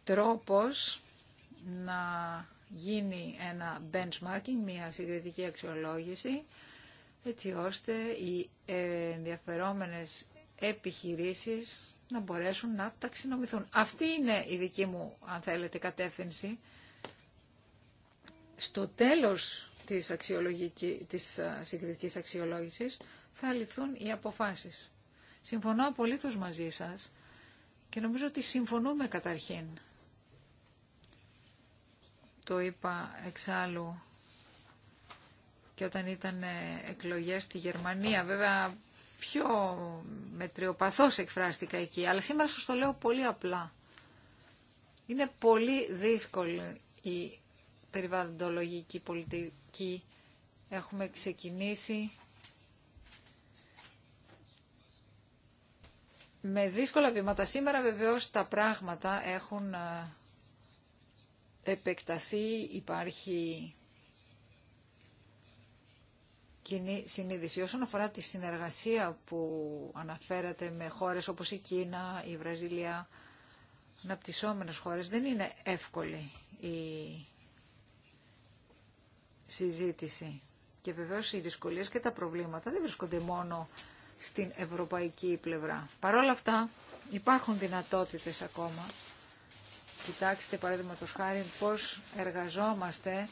τρόπος να γίνει ένα benchmarking, μια συγκριτική αξιολόγηση, έτσι ώστε οι ενδιαφερόμενες επιχειρήσεις να μπορέσουν να ταξινομηθούν. Αυτή είναι η δική μου, αν θέλετε, κατεύθυνση. Στο τέλος της, αξιολογική, της συγκριτικής αξιολόγησης θα ληφθούν οι αποφάσεις. Συμφωνώ απολύτως μαζί σας και νομίζω ότι συμφωνούμε καταρχήν το είπα εξάλλου και όταν ήταν εκλογές στη Γερμανία. Βέβαια πιο μετριοπαθώς εκφράστηκα εκεί, αλλά σήμερα σας το λέω πολύ απλά. Είναι πολύ δύσκολη η περιβαλλοντολογική πολιτική. Έχουμε ξεκινήσει με δύσκολα βήματα. Σήμερα βεβαίως τα πράγματα έχουν ε, επεκταθεί, υπάρχει κοινή συνείδηση. Όσον αφορά τη συνεργασία που αναφέρατε με χώρες όπως η Κίνα, η Βραζιλία, αναπτυσσόμενες χώρες, δεν είναι εύκολη η συζήτηση. Και βεβαίως οι δυσκολίες και τα προβλήματα δεν βρίσκονται μόνο στην ευρωπαϊκή πλευρά. Παρ' όλα αυτά υπάρχουν δυνατότητες ακόμα Κοιτάξτε, παραδείγματος χάρη πώς εργαζόμαστε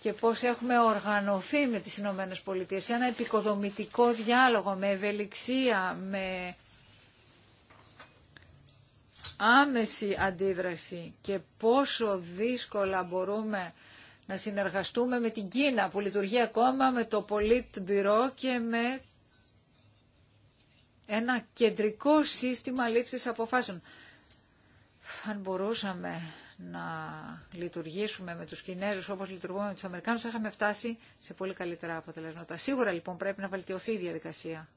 και πώς έχουμε οργανωθεί με τις Ηνωμένε Πολιτείες σε ένα επικοδομητικό διάλογο με ευελιξία, με άμεση αντίδραση και πόσο δύσκολα μπορούμε να συνεργαστούμε με την Κίνα που λειτουργεί ακόμα με το Πολιτμπυρό και με ένα κεντρικό σύστημα λήψης αποφάσεων αν μπορούσαμε να λειτουργήσουμε με τους Κινέζους όπως λειτουργούμε με τους Αμερικάνους, θα είχαμε φτάσει σε πολύ καλύτερα αποτελέσματα. Σίγουρα λοιπόν πρέπει να βελτιωθεί η διαδικασία.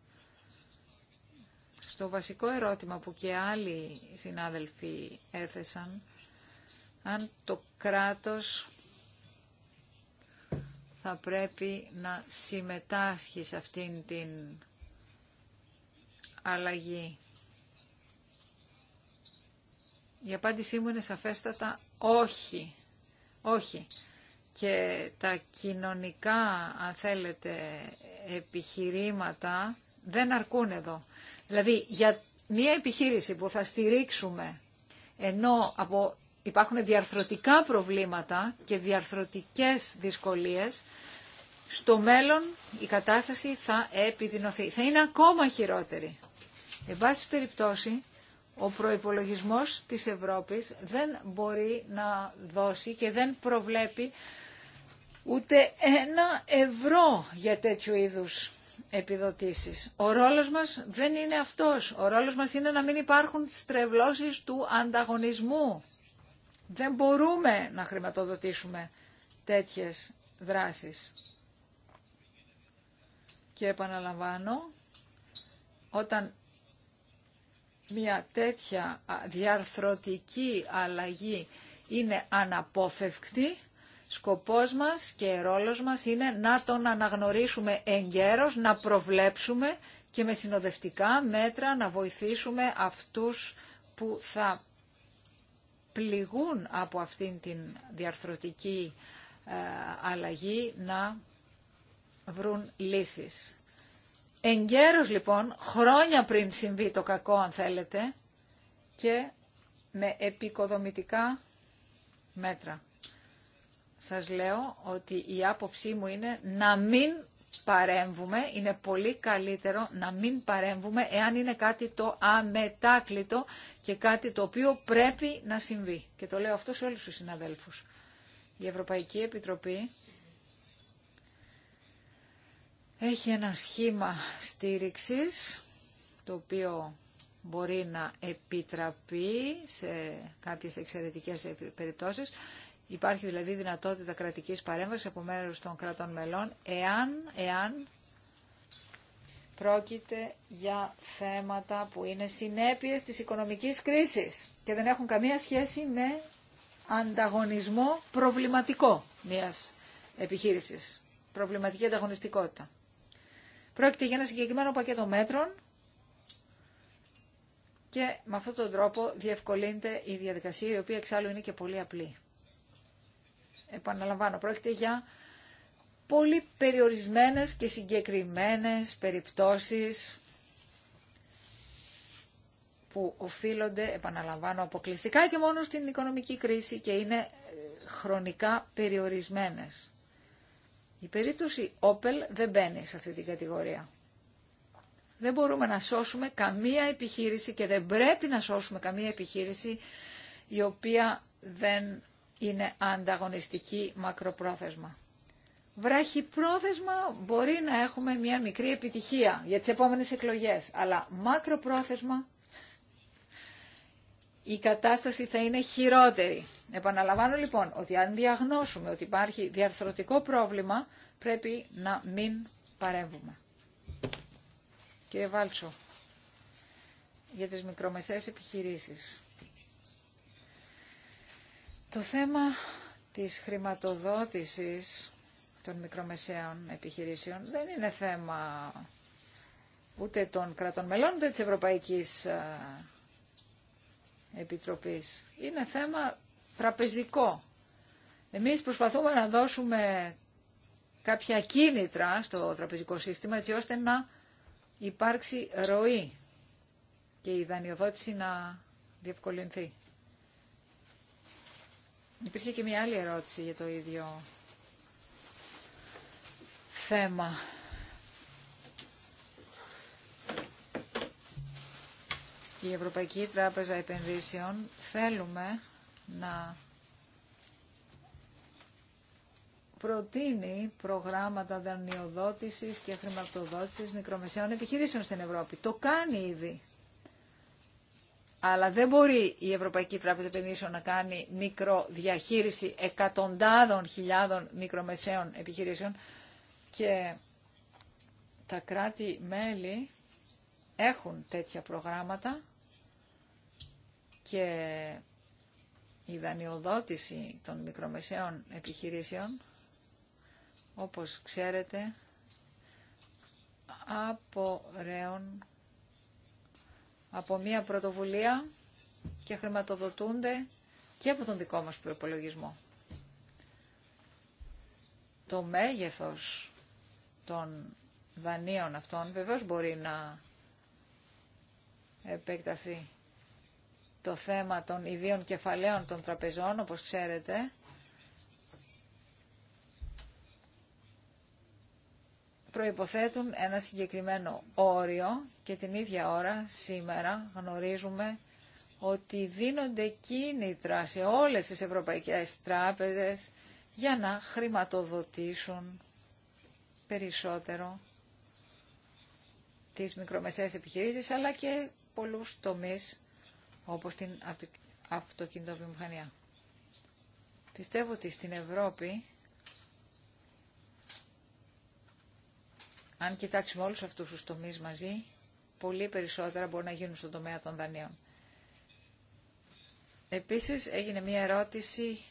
Στο βασικό ερώτημα που και άλλοι συνάδελφοι έθεσαν, αν το κράτος θα πρέπει να συμμετάσχει σε αυτήν την αλλαγή η απάντησή μου είναι σαφέστατα όχι. Όχι. Και τα κοινωνικά, αν θέλετε, επιχειρήματα δεν αρκούν εδώ. Δηλαδή, για μια επιχείρηση που θα στηρίξουμε, ενώ από υπάρχουν διαρθρωτικά προβλήματα και διαρθρωτικές δυσκολίες, στο μέλλον η κατάσταση θα επιδεινωθεί. Θα είναι ακόμα χειρότερη. Εν πάση περιπτώσει, ο προϋπολογισμός της Ευρώπης δεν μπορεί να δώσει και δεν προβλέπει ούτε ένα ευρώ για τέτοιου είδους επιδοτήσεις. Ο ρόλος μας δεν είναι αυτός. Ο ρόλος μας είναι να μην υπάρχουν στρεβλώσεις του ανταγωνισμού. Δεν μπορούμε να χρηματοδοτήσουμε τέτοιες δράσεις. Και επαναλαμβάνω, όταν μια τέτοια διαρθρωτική αλλαγή είναι αναπόφευκτη, σκοπός μας και ρόλος μας είναι να τον αναγνωρίσουμε εγκαίρως, να προβλέψουμε και με συνοδευτικά μέτρα να βοηθήσουμε αυτούς που θα πληγούν από αυτήν την διαρθρωτική ε, αλλαγή να βρουν λύσεις. Εγκαίρως λοιπόν, χρόνια πριν συμβεί το κακό αν θέλετε και με επικοδομητικά μέτρα. Σας λέω ότι η άποψή μου είναι να μην παρέμβουμε, είναι πολύ καλύτερο να μην παρέμβουμε εάν είναι κάτι το αμετάκλητο και κάτι το οποίο πρέπει να συμβεί. Και το λέω αυτό σε όλους τους συναδέλφους. Η Ευρωπαϊκή Επιτροπή έχει ένα σχήμα στήριξης το οποίο μπορεί να επιτραπεί σε κάποιες εξαιρετικές περιπτώσεις. Υπάρχει δηλαδή δυνατότητα κρατικής παρέμβασης από μέρους των κρατών μελών εάν, εάν πρόκειται για θέματα που είναι συνέπειες της οικονομικής κρίσης και δεν έχουν καμία σχέση με ανταγωνισμό προβληματικό μιας επιχείρησης, προβληματική ανταγωνιστικότητα. Πρόκειται για ένα συγκεκριμένο πακέτο μέτρων και με αυτόν τον τρόπο διευκολύνεται η διαδικασία, η οποία εξάλλου είναι και πολύ απλή. Επαναλαμβάνω, πρόκειται για πολύ περιορισμένες και συγκεκριμένες περιπτώσεις που οφείλονται, επαναλαμβάνω, αποκλειστικά και μόνο στην οικονομική κρίση και είναι ε, χρονικά περιορισμένες. Η περίπτωση Opel δεν μπαίνει σε αυτή την κατηγορία. Δεν μπορούμε να σώσουμε καμία επιχείρηση και δεν πρέπει να σώσουμε καμία επιχείρηση η οποία δεν είναι ανταγωνιστική μακροπρόθεσμα. Βράχει πρόθεσμα μπορεί να έχουμε μια μικρή επιτυχία για τις επόμενες εκλογές, αλλά μακροπρόθεσμα η κατάσταση θα είναι χειρότερη. Επαναλαμβάνω λοιπόν ότι αν διαγνώσουμε ότι υπάρχει διαρθρωτικό πρόβλημα, πρέπει να μην παρέμβουμε. Κύριε Βάλτσο, για τις μικρομεσαίες επιχειρήσεις. Το θέμα της χρηματοδότησης των μικρομεσαίων επιχειρήσεων δεν είναι θέμα ούτε των κρατών μελών, ούτε της Ευρωπαϊκής ε, Επιτροπής. Είναι θέμα τραπεζικό. Εμείς προσπαθούμε να δώσουμε κάποια κίνητρα στο τραπεζικό σύστημα έτσι ώστε να υπάρξει ροή και η δανειοδότηση να διευκολυνθεί. Υπήρχε και μια άλλη ερώτηση για το ίδιο θέμα. η Ευρωπαϊκή Τράπεζα Επενδύσεων θέλουμε να προτείνει προγράμματα δανειοδότησης και χρηματοδότησης μικρομεσαίων επιχειρήσεων στην Ευρώπη. Το κάνει ήδη. Αλλά δεν μπορεί η Ευρωπαϊκή Τράπεζα Επενδύσεων να κάνει μικροδιαχείριση εκατοντάδων χιλιάδων μικρομεσαίων επιχειρήσεων και τα κράτη-μέλη έχουν τέτοια προγράμματα και η δανειοδότηση των μικρομεσαίων επιχειρήσεων, όπως ξέρετε, από ρέων, από μία πρωτοβουλία και χρηματοδοτούνται και από τον δικό μας προπολογισμό. Το μέγεθος των δανείων αυτών βεβαίως μπορεί να επεκταθεί το θέμα των ιδίων κεφαλαίων των τραπεζών, όπως ξέρετε. προϋποθέτουν ένα συγκεκριμένο όριο και την ίδια ώρα σήμερα γνωρίζουμε ότι δίνονται κίνητρα σε όλες τις ευρωπαϊκές τράπεζες για να χρηματοδοτήσουν περισσότερο τις μικρομεσαίες επιχειρήσεις αλλά και πολλούς τομείς όπως την αυτοκινητοβιομηχανία. Πιστεύω ότι στην Ευρώπη, αν κοιτάξουμε όλους αυτούς τους τομείς μαζί, πολύ περισσότερα μπορεί να γίνουν στον τομέα των δανείων. Επίσης έγινε μία ερώτηση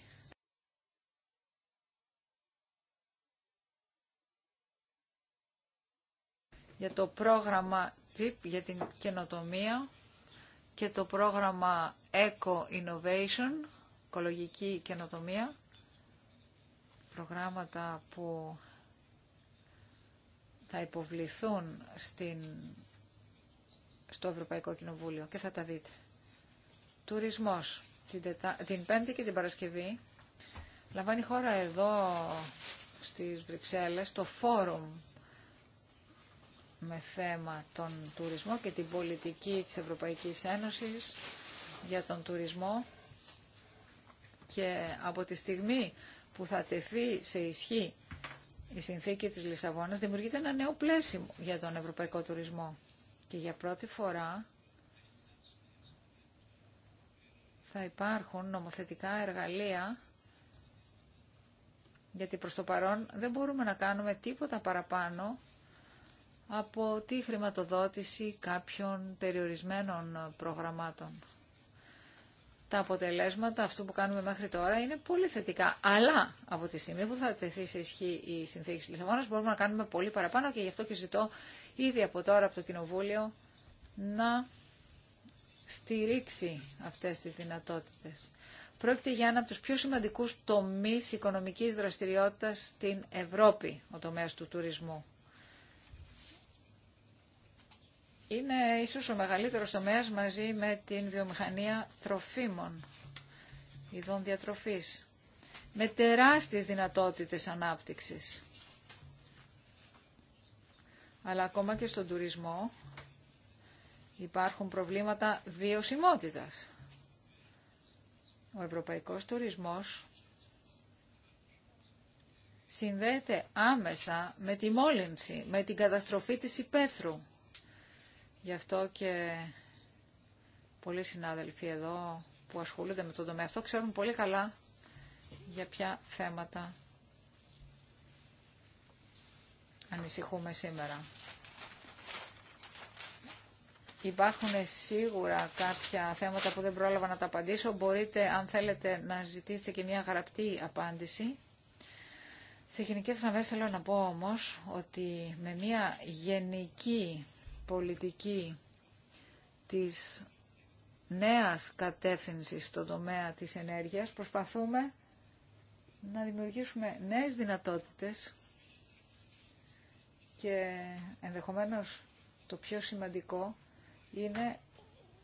για το πρόγραμμα trip για την καινοτομία και το πρόγραμμα Eco Innovation, οικολογική καινοτομία, προγράμματα που θα υποβληθούν στην, στο Ευρωπαϊκό Κοινοβούλιο και θα τα δείτε. Τουρισμός. Την, τετα... την Πέμπτη και την Παρασκευή λαμβάνει χώρα εδώ στις Βρυξέλλες το Φόρουμ με θέμα τον τουρισμό και την πολιτική της Ευρωπαϊκής Ένωσης για τον τουρισμό και από τη στιγμή που θα τεθεί σε ισχύ η συνθήκη της Λισαβόνας δημιουργείται ένα νέο πλαίσιο για τον ευρωπαϊκό τουρισμό και για πρώτη φορά θα υπάρχουν νομοθετικά εργαλεία γιατί προς το παρόν δεν μπορούμε να κάνουμε τίποτα παραπάνω από τη χρηματοδότηση κάποιων περιορισμένων προγραμμάτων. Τα αποτελέσματα αυτού που κάνουμε μέχρι τώρα είναι πολύ θετικά. Αλλά από τη στιγμή που θα τεθεί σε ισχύ η συνθήκη τη Λισαβόνας μπορούμε να κάνουμε πολύ παραπάνω και γι' αυτό και ζητώ ήδη από τώρα από το Κοινοβούλιο να στηρίξει αυτές τις δυνατότητες. Πρόκειται για ένα από τους πιο σημαντικούς τομείς οικονομικής δραστηριότητας στην Ευρώπη, ο τομέας του τουρισμού. είναι ίσως ο μεγαλύτερος τομέας μαζί με την βιομηχανία τροφίμων, ειδών διατροφής, με τεράστιες δυνατότητες ανάπτυξης. Αλλά ακόμα και στον τουρισμό υπάρχουν προβλήματα βιωσιμότητας. Ο ευρωπαϊκός τουρισμός συνδέεται άμεσα με τη μόλυνση, με την καταστροφή της υπαίθρου. Γι' αυτό και πολλοί συνάδελφοι εδώ που ασχολούνται με τον τομέα αυτό ξέρουν πολύ καλά για ποια θέματα ανησυχούμε σήμερα. Υπάρχουν σίγουρα κάποια θέματα που δεν πρόλαβα να τα απαντήσω. Μπορείτε, αν θέλετε, να ζητήσετε και μια γραπτή απάντηση. Σε γενικές γραμμές θέλω να πω όμως ότι με μια γενική πολιτική της νέας κατεύθυνσης στον τομέα της ενέργειας προσπαθούμε να δημιουργήσουμε νέες δυνατότητες και ενδεχομένως το πιο σημαντικό είναι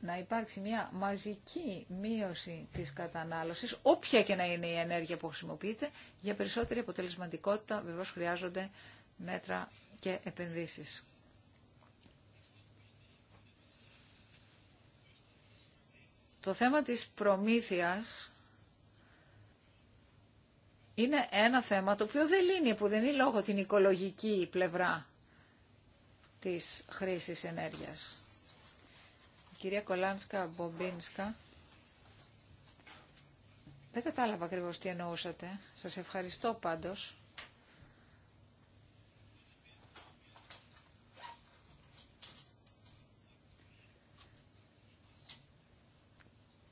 να υπάρξει μια μαζική μείωση της κατανάλωσης, όποια και να είναι η ενέργεια που χρησιμοποιείται, για περισσότερη αποτελεσματικότητα βεβαίως χρειάζονται μέτρα και επενδύσεις. Το θέμα της προμήθειας είναι ένα θέμα το οποίο δεν λύνει, που δεν είναι λόγο την οικολογική πλευρά της χρήσης ενέργειας. κυρία Κολάνσκα Μπομπίνσκα, δεν κατάλαβα ακριβώς τι εννοούσατε. Σας ευχαριστώ πάντως.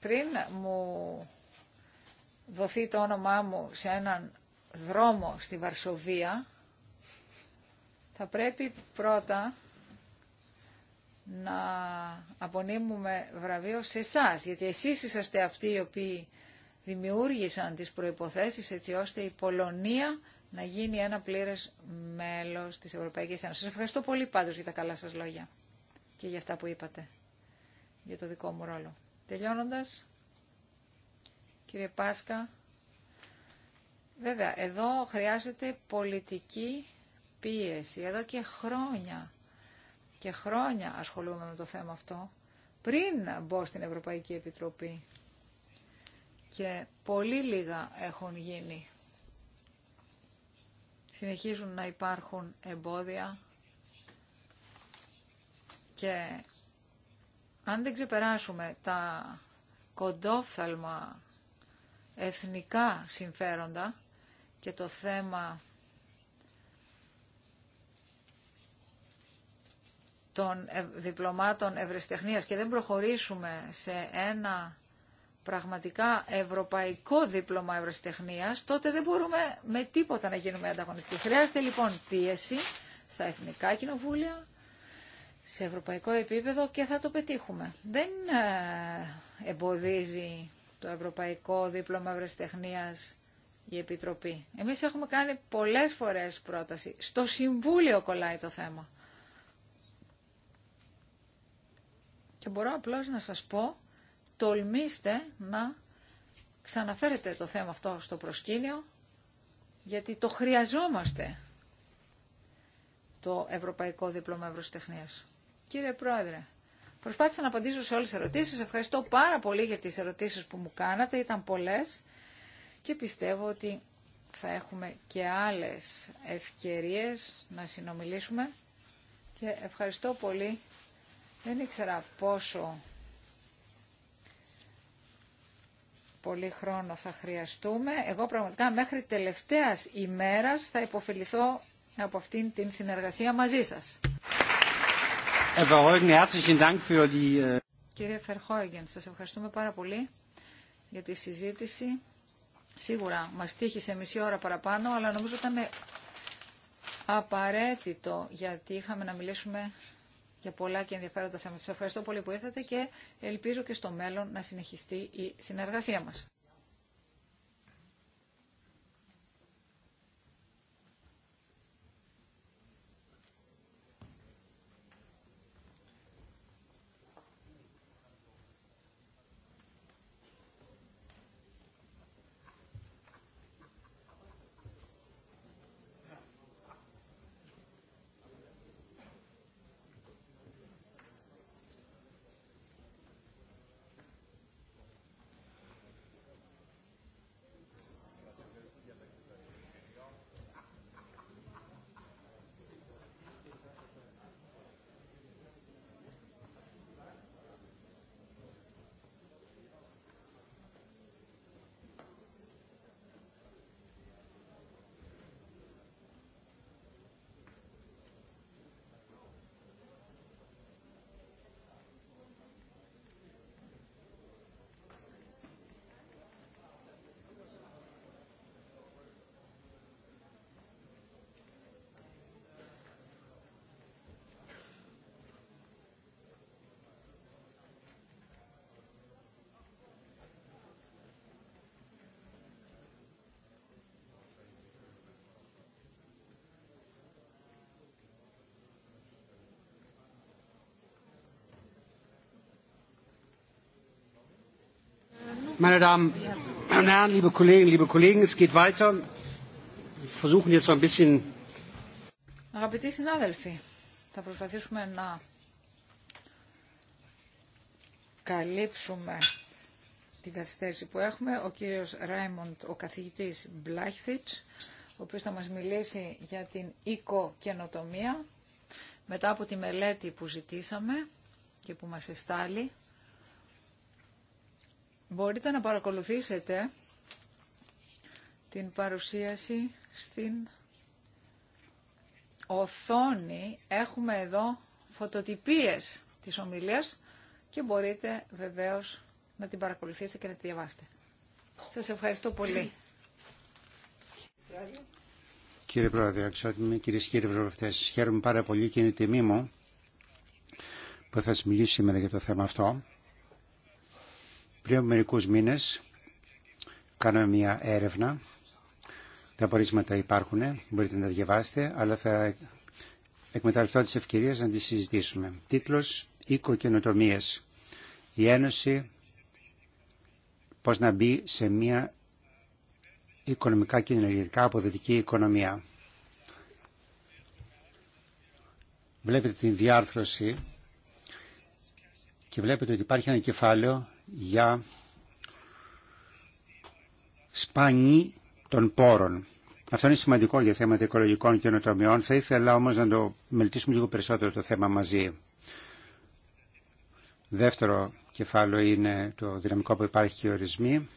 πριν μου δοθεί το όνομά μου σε έναν δρόμο στη Βαρσοβία, θα πρέπει πρώτα να απονείμουμε βραβείο σε εσά, γιατί εσείς είσαστε αυτοί οι οποίοι δημιούργησαν τις προϋποθέσεις έτσι ώστε η Πολωνία να γίνει ένα πλήρες μέλος της Ευρωπαϊκής Ένωσης. Σας ευχαριστώ πολύ πάντως για τα καλά σας λόγια και για αυτά που είπατε, για το δικό μου ρόλο. Τελειώνοντας, κύριε Πάσκα, βέβαια εδώ χρειάζεται πολιτική πίεση. Εδώ και χρόνια και χρόνια ασχολούμαι με το θέμα αυτό πριν μπω στην Ευρωπαϊκή Επιτροπή και πολύ λίγα έχουν γίνει. Συνεχίζουν να υπάρχουν εμπόδια και αν δεν ξεπεράσουμε τα κοντόφθαλμα εθνικά συμφέροντα και το θέμα των διπλωμάτων ευρεσιτεχνίας και δεν προχωρήσουμε σε ένα πραγματικά ευρωπαϊκό δίπλωμα ευρεσιτεχνίας, τότε δεν μπορούμε με τίποτα να γίνουμε ανταγωνιστικοί. Χρειάζεται λοιπόν πίεση στα εθνικά κοινοβούλια, σε ευρωπαϊκό επίπεδο και θα το πετύχουμε. Δεν ε, εμποδίζει το Ευρωπαϊκό Δίπλωμα Ευρεσιτεχνίας η Επιτροπή. Εμείς έχουμε κάνει πολλές φορές πρόταση. Στο Συμβούλιο κολλάει το θέμα. Και μπορώ απλώς να σας πω, τολμήστε να ξαναφέρετε το θέμα αυτό στο προσκήνιο, γιατί το χρειαζόμαστε το Ευρωπαϊκό Δίπλωμα Ευρωστεχνίας. Κύριε Πρόεδρε, προσπάθησα να απαντήσω σε όλες τις ερωτήσεις. Ευχαριστώ πάρα πολύ για τις ερωτήσεις που μου κάνατε. Ήταν πολλές και πιστεύω ότι θα έχουμε και άλλες ευκαιρίες να συνομιλήσουμε. Και ευχαριστώ πολύ. Δεν ήξερα πόσο πολύ χρόνο θα χρειαστούμε. Εγώ πραγματικά μέχρι τελευταίας ημέρας θα υποφεληθώ από αυτήν την συνεργασία μαζί σας. Äh, Κύριε Φερχόγγεν, σας ευχαριστούμε πάρα πολύ για τη συζήτηση. Σίγουρα μας τύχησε μισή ώρα παραπάνω, αλλά νομίζω ήταν απαραίτητο γιατί είχαμε να μιλήσουμε για πολλά και ενδιαφέροντα θέματα. Σας ευχαριστώ πολύ που ήρθατε και ελπίζω και στο μέλλον να συνεχιστεί η συνεργασία μας. Meine Damen und Herren, liebe Kolleginnen, liebe Kollegen, es geht weiter. Wir versuchen jetzt ein bisschen. Αγαπητοί συνάδελφοι, θα προσπαθήσουμε να καλύψουμε την καθυστέρηση που έχουμε. Ο κύριος Ράιμοντ, ο καθηγητής Μπλάχφιτς, ο οποίος θα μας μιλήσει για την οικοκαινοτομία μετά από τη μελέτη που ζητήσαμε και που μας εστάλει μπορείτε να παρακολουθήσετε την παρουσίαση στην οθόνη. Έχουμε εδώ φωτοτυπίες της ομιλίας και μπορείτε βεβαίως να την παρακολουθήσετε και να τη διαβάσετε. Σας ευχαριστώ πολύ. Κύριε Πρόεδρε, αξιότιμοι κυρίε και κύριοι Ευρωβουλευτέ, χαίρομαι πάρα πολύ και είναι τιμή μου που θα σας μιλήσω σήμερα για το θέμα αυτό. Πριν από μερικούς μήνες κάναμε μια έρευνα. Τα απορίσματα υπάρχουν, μπορείτε να τα διαβάσετε, αλλά θα εκμεταλλευτώ τις ευκαιρίες να τις συζητήσουμε. Τίτλος καινοτομίε. Η Ένωση πώ να μπει σε μια οικονομικά και ενεργητικά αποδοτική οικονομία». Βλέπετε την διάρθρωση και βλέπετε ότι υπάρχει ένα κεφάλαιο για σπάνι των πόρων. Αυτό είναι σημαντικό για θέματα οικολογικών καινοτομιών. Θα ήθελα όμως να το μελετήσουμε λίγο περισσότερο το θέμα μαζί. Δεύτερο κεφάλαιο είναι το δυναμικό που υπάρχει και ορισμοί.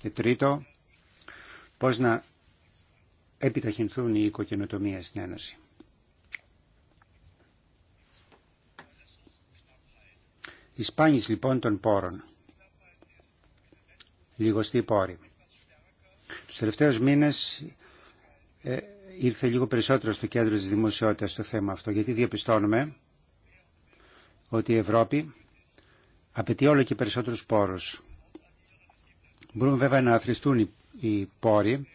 Και τρίτο, πώς να επιταχυνθούν οι οικοκαινοτομίες στην Ένωση. Η σπάνιση λοιπόν των πόρων οι πόροι. Τους τελευταίους μήνες ε, ήρθε λίγο περισσότερο στο κέντρο της δημοσιότητας το θέμα αυτό, γιατί διαπιστώνουμε ότι η Ευρώπη απαιτεί όλο και περισσότερους πόρους. Μπορούν βέβαια να αθρηστούν οι πόροι.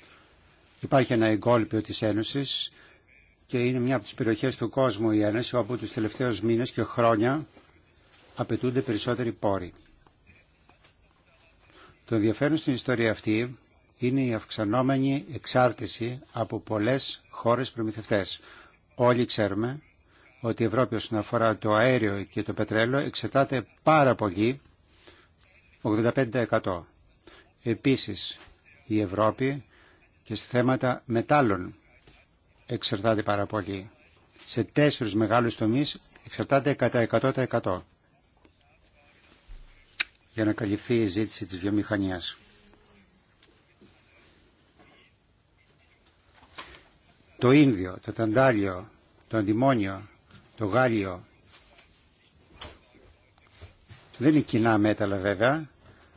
Υπάρχει ένα εγκόλπιο της Ένωσης και είναι μια από τις περιοχές του κόσμου η Ένωση όπου τους τελευταίους μήνες και χρόνια απαιτούνται περισσότεροι πόροι. Το ενδιαφέρον στην ιστορία αυτή είναι η αυξανόμενη εξάρτηση από πολλές χώρες προμηθευτές. Όλοι ξέρουμε ότι η Ευρώπη όσον αφορά το αέριο και το πετρέλαιο εξαρτάται πάρα πολύ, 85%. Επίσης, η Ευρώπη και σε θέματα μετάλλων εξαρτάται πάρα πολύ. Σε τέσσερις μεγάλους τομείς εξαρτάται κατά 100% για να καλυφθεί η ζήτηση της βιομηχανίας. Το ίνδιο, το ταντάλιο, το αντιμόνιο, το γάλιο δεν είναι κοινά μέταλλα βέβαια,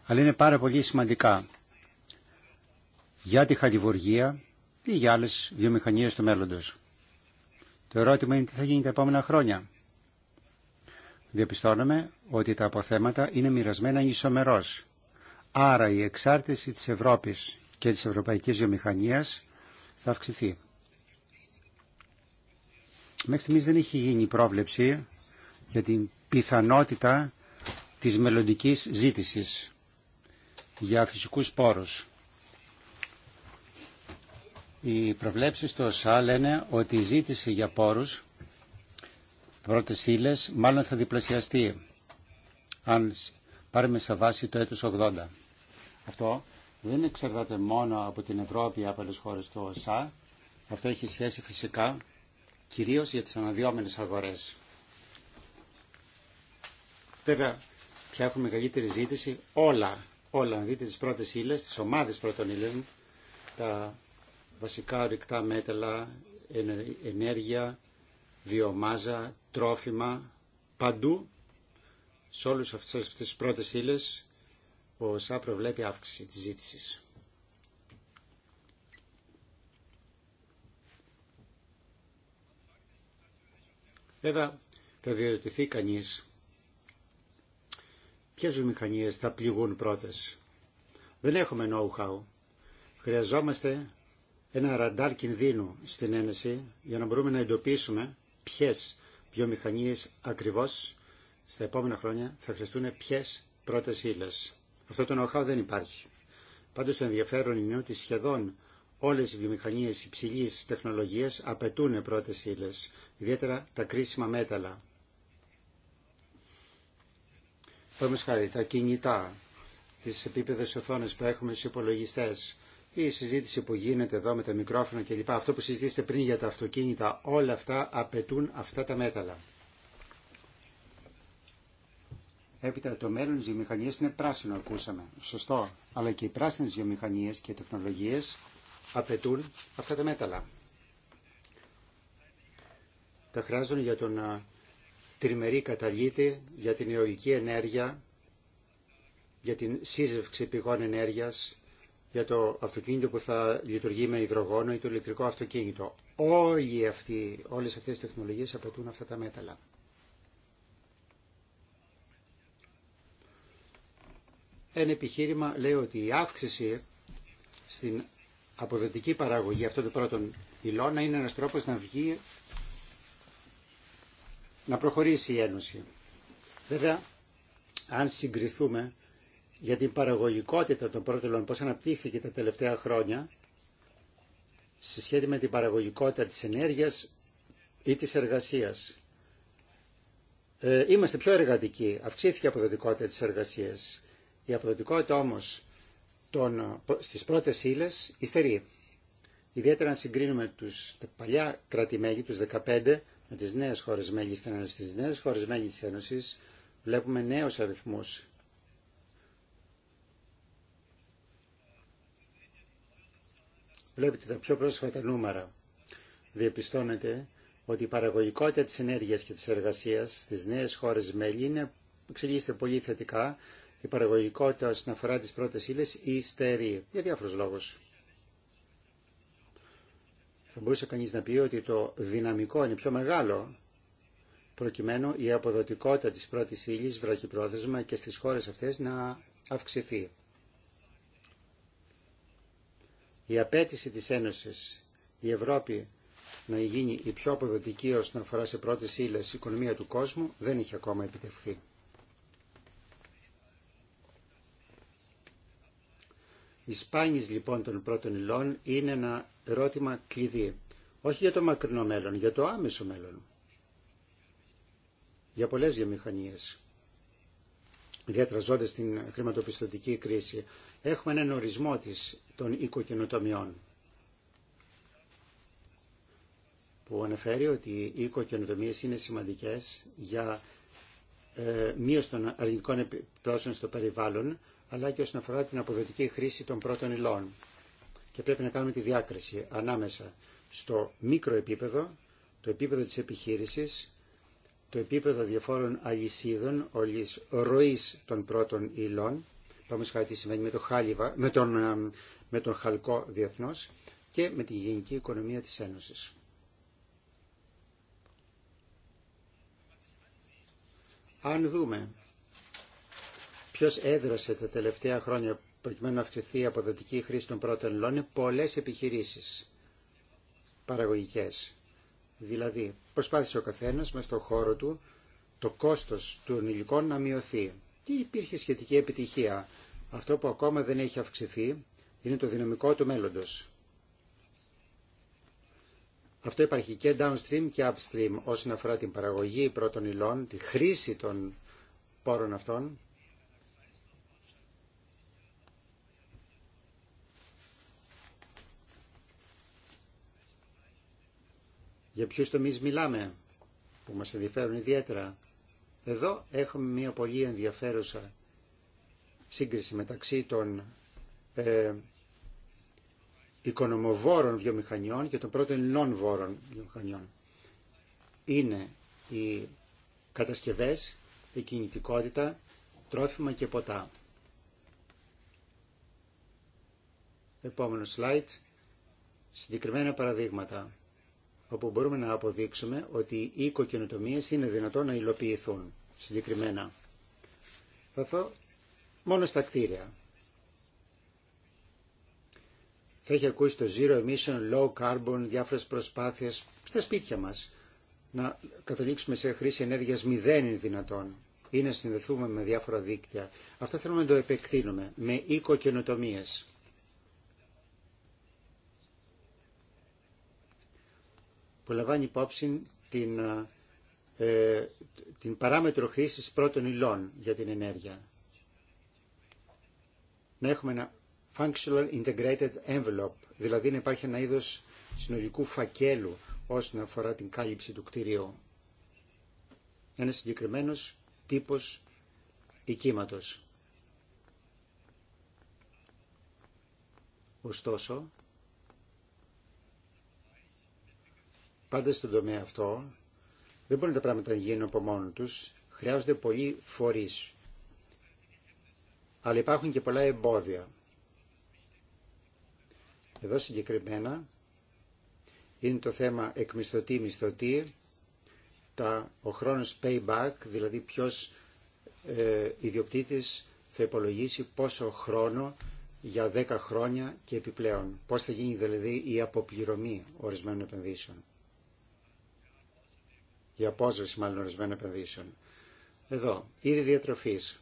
αλλά είναι πάρα πολύ σημαντικά για τη χαλιβουργία ή για άλλες βιομηχανίες του μέλλοντος. Το ερώτημα είναι τι θα γίνει τα επόμενα χρόνια διαπιστώνουμε ότι τα αποθέματα είναι μοιρασμένα ισομερώς. Άρα η εξάρτηση της Ευρώπης και της ευρωπαϊκής βιομηχανίας θα αυξηθεί. Μέχρι στιγμής δεν έχει γίνει πρόβλεψη για την πιθανότητα της μελλοντική ζήτησης για φυσικούς πόρους. Οι προβλέψεις του ΩΣΑ λένε ότι η ζήτηση για πόρους Πρώτε ύλε, μάλλον θα διπλασιαστεί αν πάρουμε σε βάση το έτος 80. Αυτό δεν εξαρτάται μόνο από την Ευρώπη ή από άλλες χώρες του ΩΣΑ. Αυτό έχει σχέση φυσικά κυρίως για τις αναδυόμενες αγορές. Βέβαια, πια έχουμε μεγαλύτερη ζήτηση όλα, όλα, αν δείτε τις πρώτες ύλες, τις ομάδες πρώτων ύλων, τα βασικά ορυκτά μέταλλα, ενέργεια, βιομάζα, τρόφιμα, παντού, σε όλες αυτές τις πρώτες ύλε, ο σά προβλέπει αύξηση της ζήτησης. Βέβαια, θα διερωτηθεί κανείς ποιες βιομηχανίες θα πληγούν πρώτες. Δεν έχουμε know-how. Χρειαζόμαστε ένα ραντάρ κινδύνου στην Ένεση για να μπορούμε να εντοπίσουμε ποιες βιομηχανίες ακριβώς στα επόμενα χρόνια θα χρειαστούν ποιες πρώτες ύλες. Αυτό το know-how δεν υπάρχει. Πάντως το ενδιαφέρον είναι ότι σχεδόν όλες οι βιομηχανίες υψηλής τεχνολογίας απαιτούν πρώτες ύλες, ιδιαίτερα τα κρίσιμα μέταλλα. Παραδείγματος χάρη, τα κινητά, τις επίπεδες οθόνες που έχουμε στους υπολογιστές, η συζήτηση που γίνεται εδώ με τα μικρόφωνα και λοιπά, Αυτό που συζητήσετε πριν για τα αυτοκίνητα, όλα αυτά απαιτούν αυτά τα μέταλλα. Έπειτα το μέλλον της βιομηχανίας είναι πράσινο, ακούσαμε. Σωστό. Αλλά και οι πράσινες βιομηχανίες και τεχνολογίες απαιτούν αυτά τα μέταλλα. Τα χρειάζονται για τον τριμερή καταλήτη, για την αιωλική ενέργεια, για την σύζευξη πηγών ενέργειας, για το αυτοκίνητο που θα λειτουργεί με υδρογόνο ή το ηλεκτρικό αυτοκίνητο. Όλοι αυτοί, όλες αυτές οι τεχνολογίες απαιτούν αυτά τα μέταλλα. Ένα επιχείρημα λέει ότι η αύξηση στην αποδοτική παραγωγή αυτών των πρώτων υλών είναι ένας τρόπος να βγει να προχωρήσει η Ένωση. Βέβαια, αν συγκριθούμε για την παραγωγικότητα των πρώτων πώς αναπτύχθηκε τα τελευταία χρόνια σε σχέση με την παραγωγικότητα της ενέργειας ή της εργασίας. Ε, είμαστε πιο εργατικοί, αυξήθηκε η αποδοτικότητα της εργασίας. Η αποδοτικότητα όμως των, στις πρώτες ύλε υστερεί. Ιδιαίτερα αν συγκρίνουμε τους, τα παλιά κράτη-μέλη, τους 15, με τις νέες χώρες μέλη Ένωσης βλέπουμε νέους αριθμούς Βλέπετε τα πιο πρόσφατα νούμερα. Διεπιστώνεται ότι η παραγωγικότητα της ενέργειας και της εργασίας στις νέες χώρες μέλη είναι, εξηγήστε πολύ θετικά, η παραγωγικότητα στην αφορά τις πρώτες ύλες υστερεί, για διάφορους λόγους. Θα μπορούσε κανείς να πει ότι το δυναμικό είναι πιο μεγάλο, προκειμένου η αποδοτικότητα της πρώτης ύλης βραχυπρόθεσμα και στις χώρες αυτές να αυξηθεί. Η απέτηση της Ένωσης η Ευρώπη να γίνει η πιο αποδοτική όσον αφορά σε πρώτες ύλες οικονομία του κόσμου δεν είχε ακόμα επιτευχθεί. Η σπάνιες λοιπόν των πρώτων υλών είναι ένα ερώτημα κλειδί. Όχι για το μακρινό μέλλον, για το άμεσο μέλλον. Για πολλές βιομηχανίες. διατραζώντας την χρηματοπιστωτική κρίση έχουμε έναν ορισμό της, των οικοκαινοτομιών που αναφέρει ότι οι οικοκαινοτομίες είναι σημαντικές για ε, μείωση των αρνητικών επιπτώσεων στο περιβάλλον, αλλά και όσον αφορά την αποδοτική χρήση των πρώτων υλών. Και πρέπει να κάνουμε τη διάκριση ανάμεσα στο μικρό επίπεδο, το επίπεδο της επιχείρησης, το επίπεδο διαφόρων αλυσίδων, όλης ροής των πρώτων υλών πάμε σχετικά τι συμβαίνει με, το χάλιβα, με, τον, ε, με τον χαλκό διεθνώ και με τη γενική οικονομία της Ένωσης. Αν δούμε ποιος έδρασε τα τελευταία χρόνια προκειμένου να αυξηθεί η αποδοτική χρήση των πρώτων λόγων, είναι πολλές επιχειρήσεις παραγωγικές. Δηλαδή, προσπάθησε ο καθένας μέσα στον χώρο του το κόστος των υλικών να μειωθεί και υπήρχε σχετική επιτυχία. Αυτό που ακόμα δεν έχει αυξηθεί είναι το δυναμικό του μέλλοντος. Αυτό υπάρχει και downstream και upstream όσον αφορά την παραγωγή πρώτων υλών, τη χρήση των πόρων αυτών. Για ποιους τομείς μιλάμε που μας ενδιαφέρουν ιδιαίτερα. Εδώ έχουμε μια πολύ ενδιαφέρουσα σύγκριση μεταξύ των ε, οικονομοβόρων βιομηχανιών και των πρώτων ελληνών βόρων βιομηχανιών. Είναι οι κατασκευές, η κινητικότητα, τρόφιμα και ποτά. Επόμενο slide. Συγκεκριμένα παραδείγματα όπου μπορούμε να αποδείξουμε ότι οι οικοκαινοτομίες είναι δυνατόν να υλοποιηθούν συγκεκριμένα. Θα δω μόνο στα κτίρια. Θα έχει ακούσει το Zero Emission, Low Carbon, διάφορες προσπάθειες στα σπίτια μας. Να καταλήξουμε σε χρήση ενέργειας μηδέν είναι δυνατόν ή να συνδεθούμε με διάφορα δίκτυα. Αυτό θέλουμε να το επεκτείνουμε με οικοκαινοτομίες. που λαμβάνει υπόψη την, ε, ε, την παράμετρο χρήσης πρώτων υλών για την ενέργεια. Να έχουμε ένα functional integrated envelope, δηλαδή να υπάρχει ένα είδος συνολικού φακέλου όσον αφορά την κάλυψη του κτηρίου. Ένα συγκεκριμένος τύπος οικίματος. Ωστόσο, Πάντα στον τομέα αυτό δεν μπορεί τα πράγματα να γίνουν από μόνο τους. Χρειάζονται πολλοί φορείς. Αλλά υπάρχουν και πολλά εμπόδια. Εδώ συγκεκριμένα είναι το θέμα εκμισθωτή-μισθωτή, τα, ο χρόνος payback, δηλαδή ποιος ε, ιδιοκτήτης θα υπολογίσει πόσο χρόνο για 10 χρόνια και επιπλέον. Πώς θα γίνει δηλαδή η αποπληρωμή ορισμένων επενδύσεων η απόσβεση μάλλον ορισμένων επενδύσεων. Εδώ, είδη διατροφής,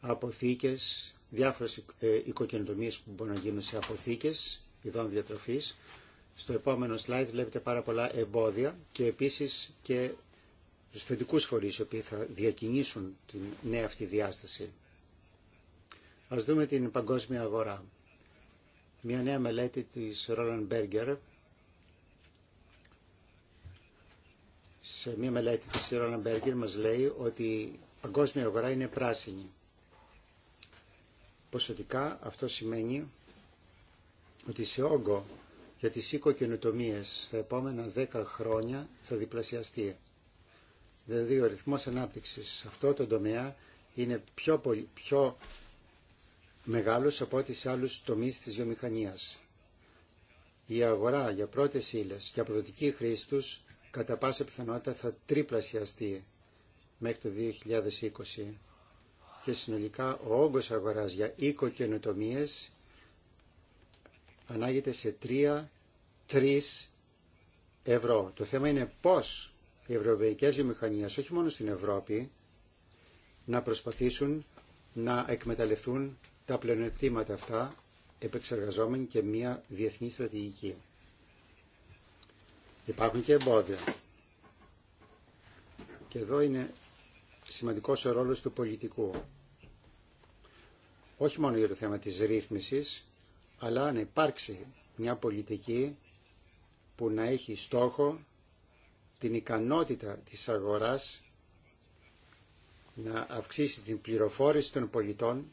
αποθήκες, διάφορες ε, οικοκαινοτομίες που μπορούν να γίνουν σε αποθήκες ειδών διατροφής. Στο επόμενο slide βλέπετε πάρα πολλά εμπόδια και επίσης και τους θετικούς φορείς οι οποίοι θα διακινήσουν την νέα αυτή διάσταση. Ας δούμε την παγκόσμια αγορά. Μια νέα μελέτη της Roland Berger σε μια μελέτη της Σιρόνα Μπέργκερ μας λέει ότι η παγκόσμια αγορά είναι πράσινη. Ποσοτικά αυτό σημαίνει ότι σε όγκο για τις οικοκαινοτομίες στα επόμενα 10 χρόνια θα διπλασιαστεί. Δηλαδή ο ρυθμός ανάπτυξης σε αυτό το τομέα είναι πιο, πολύ, πιο μεγάλος από ό,τι σε άλλους τομείς της βιομηχανίας. Η αγορά για πρώτες ύλες και αποδοτική χρήση τους κατά πάσα πιθανότητα θα τριπλασιαστεί μέχρι το 2020 και συνολικά ο όγκος αγοράς για οικοκαινοτομίες ανάγεται σε 3-3 ευρώ. Το θέμα είναι πώς οι ευρωπαϊκές βιομηχανίες, όχι μόνο στην Ευρώπη, να προσπαθήσουν να εκμεταλλευτούν τα πλεονεκτήματα αυτά επεξεργαζόμενοι και μια διεθνή στρατηγική. Υπάρχουν και εμπόδια. Και εδώ είναι σημαντικός ο ρόλος του πολιτικού. Όχι μόνο για το θέμα της ρύθμισης, αλλά να υπάρξει μια πολιτική που να έχει στόχο την ικανότητα της αγοράς να αυξήσει την πληροφόρηση των πολιτών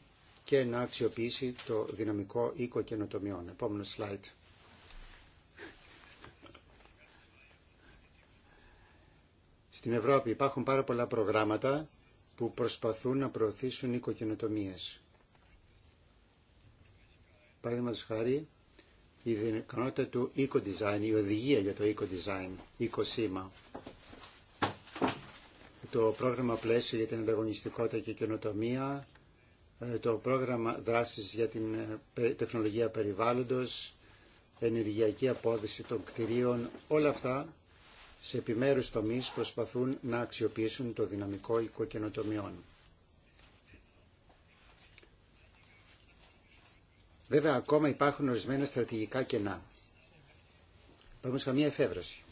και να αξιοποιήσει το δυναμικό οίκο καινοτομιών. Επόμενο slide. Στην Ευρώπη υπάρχουν πάρα πολλά προγράμματα που προσπαθούν να προωθήσουν οικοκαινοτομίες. Παραδείγματο χάρη, η δυνατότητα του eco-design, η οδηγία για το eco-design, Το πρόγραμμα πλαίσιο για την ανταγωνιστικότητα και καινοτομία, ε, το πρόγραμμα δράσης για την ε, τεχνολογία περιβάλλοντος, ενεργειακή απόδοση των κτηρίων, όλα αυτά σε επιμέρους τομείς προσπαθούν να αξιοποιήσουν το δυναμικό οικοκαινοτομιών. Βέβαια, ακόμα υπάρχουν ορισμένα στρατηγικά κενά. Πάμε σε μια εφεύρεση.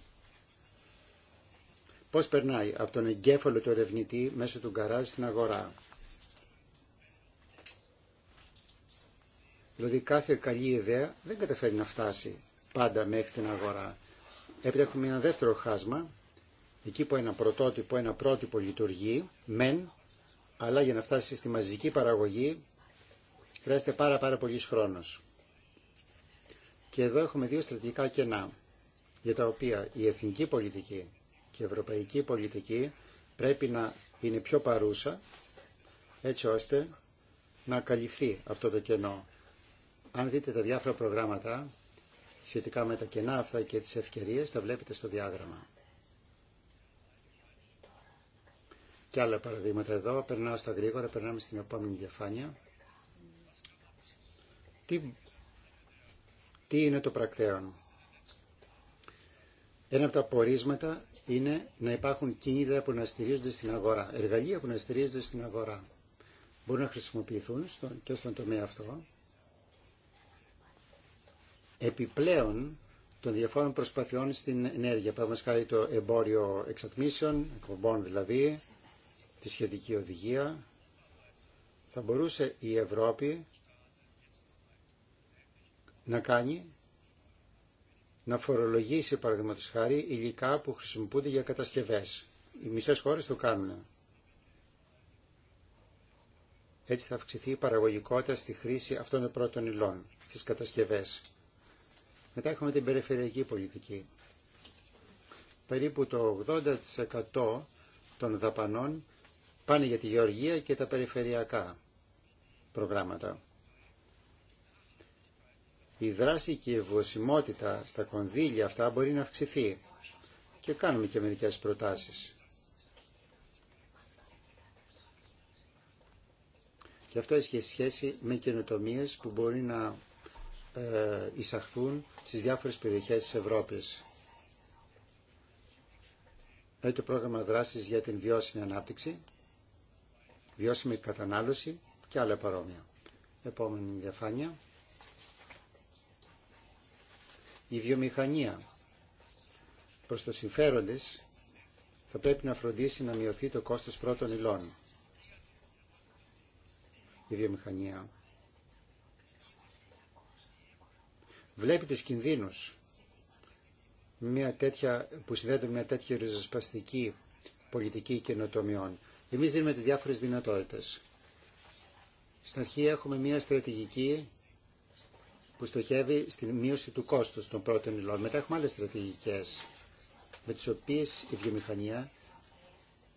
Πώς περνάει από τον εγκέφαλο του ερευνητή μέσω του γκαράζ στην αγορά. Δηλαδή κάθε καλή ιδέα δεν καταφέρει να φτάσει πάντα μέχρι την αγορά. Έπειτα έχουμε ένα δεύτερο χάσμα, εκεί που ένα πρωτότυπο, ένα πρότυπο λειτουργεί, μεν, αλλά για να φτάσει στη μαζική παραγωγή χρειάζεται πάρα πάρα πολύς χρόνος. Και εδώ έχουμε δύο στρατηγικά κενά, για τα οποία η εθνική πολιτική και η ευρωπαϊκή πολιτική πρέπει να είναι πιο παρούσα, έτσι ώστε να καλυφθεί αυτό το κενό. Αν δείτε τα διάφορα προγράμματα σχετικά με τα κενά αυτά και τις ευκαιρίες τα βλέπετε στο διάγραμμα. Και άλλα παραδείγματα εδώ, περνάω στα γρήγορα, περνάμε στην επόμενη διαφάνεια. Τι, τι είναι το πρακτέον. Ένα από τα πορίσματα είναι να υπάρχουν κίνητρα που να στηρίζονται στην αγορά, εργαλεία που να στηρίζονται στην αγορά. Μπορούν να χρησιμοποιηθούν και στον τομέα αυτό επιπλέον των διαφόρων προσπαθειών στην ενέργεια. Παραδείγματο χάρη το εμπόριο εξατμίσεων, εκπομπών δηλαδή, τη σχετική οδηγία. Θα μπορούσε η Ευρώπη να κάνει να φορολογήσει παραδείγματο χάρη υλικά που χρησιμοποιούνται για κατασκευέ. Οι μισέ χώρε το κάνουν. Έτσι θα αυξηθεί η παραγωγικότητα στη χρήση αυτών των πρώτων υλών στις κατασκευές. Μετά έχουμε την περιφερειακή πολιτική. Περίπου το 80% των δαπανών πάνε για τη γεωργία και τα περιφερειακά προγράμματα. Η δράση και η στα κονδύλια αυτά μπορεί να αυξηθεί και κάνουμε και μερικές προτάσεις. Και αυτό έχει σχέση με καινοτομίες που μπορεί να ε, εισαχθούν στις διάφορες περιοχές της Ευρώπης. Έχει το πρόγραμμα δράσης για την βιώσιμη ανάπτυξη, βιώσιμη κατανάλωση και άλλα παρόμοια. Επόμενη διαφάνεια. Η βιομηχανία προς το συμφέρον της θα πρέπει να φροντίσει να μειωθεί το κόστος πρώτων υλών. Η βιομηχανία βλέπει τους κινδύνους μια τέτοια, που συνδέεται με μια τέτοια ριζοσπαστική πολιτική καινοτομιών. Εμείς δίνουμε τις διάφορες δυνατότητες. Στην αρχή έχουμε μια στρατηγική που στοχεύει στη μείωση του κόστους των πρώτων υλών. Μετά έχουμε άλλες στρατηγικές με τις οποίες η βιομηχανία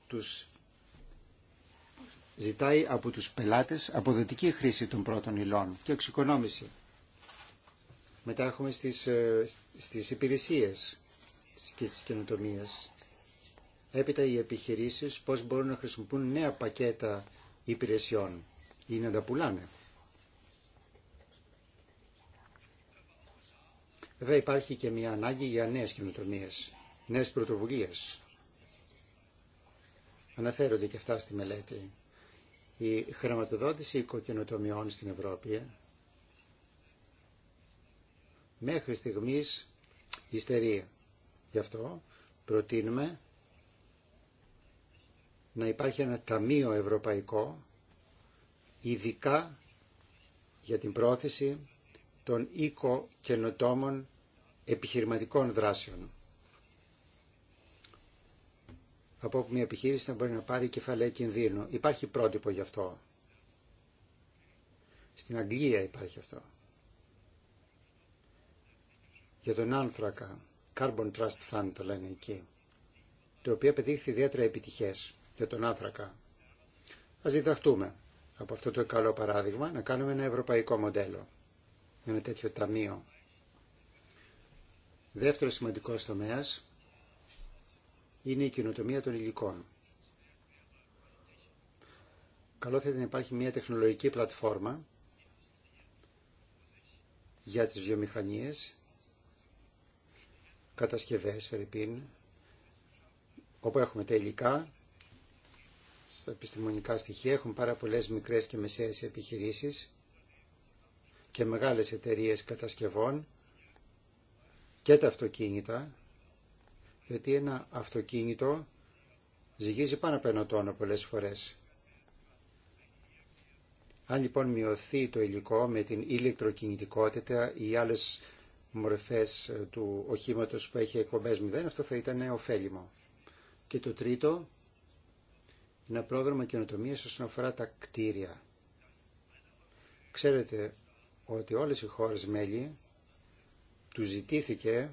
τους ζητάει από τους πελάτες αποδοτική χρήση των πρώτων υλών και εξοικονόμηση. Μετά έχουμε στις, ε, στις υπηρεσίες και στις καινοτομίες. Έπειτα οι επιχειρήσεις πώς μπορούν να χρησιμοποιούν νέα πακέτα υπηρεσιών ή να τα πουλάνε. Βέβαια υπάρχει και μια ανάγκη για νέες καινοτομίες, νέες πρωτοβουλίες. Αναφέρονται και αυτά στη μελέτη. Η χρηματοδότηση οικοκαινοτομιών στην Ευρώπη μέχρι στιγμής υστερεί. Γι' αυτό προτείνουμε να υπάρχει ένα ταμείο ευρωπαϊκό ειδικά για την πρόθεση των οίκο-καινοτόμων επιχειρηματικών δράσεων. Από όπου μια επιχείρηση να μπορεί να πάρει κεφαλαία κινδύνου. Υπάρχει πρότυπο γι' αυτό. Στην Αγγλία υπάρχει αυτό για τον άνθρακα, Carbon Trust Fund το λένε εκεί, το οποίο επιδείχθη ιδιαίτερα επιτυχές για τον άνθρακα. Ας διδαχτούμε από αυτό το καλό παράδειγμα να κάνουμε ένα ευρωπαϊκό μοντέλο, ένα τέτοιο ταμείο. Δεύτερο σημαντικό τομέα είναι η κοινοτομία των υλικών. Καλό θα ήταν να υπάρχει μια τεχνολογική πλατφόρμα για τις βιομηχανίες κατασκευές, Φερρυπίν, όπου έχουμε τα υλικά, στα επιστημονικά στοιχεία, έχουν πάρα πολλές μικρές και μεσαίες επιχειρήσεις και μεγάλες εταιρείες κατασκευών και τα αυτοκίνητα, γιατί ένα αυτοκίνητο ζυγίζει πάνω από ένα τόνο πολλές φορές. Αν λοιπόν μειωθεί το υλικό με την ηλεκτροκινητικότητα ή άλλες μορφές ε, του οχήματος που έχει εκπομπές μηδέν, αυτό θα ήταν ωφέλιμο. Και το τρίτο, ένα πρόγραμμα καινοτομία όσον αφορά τα κτίρια. Ξέρετε ότι όλες οι χώρες μέλη του ζητήθηκε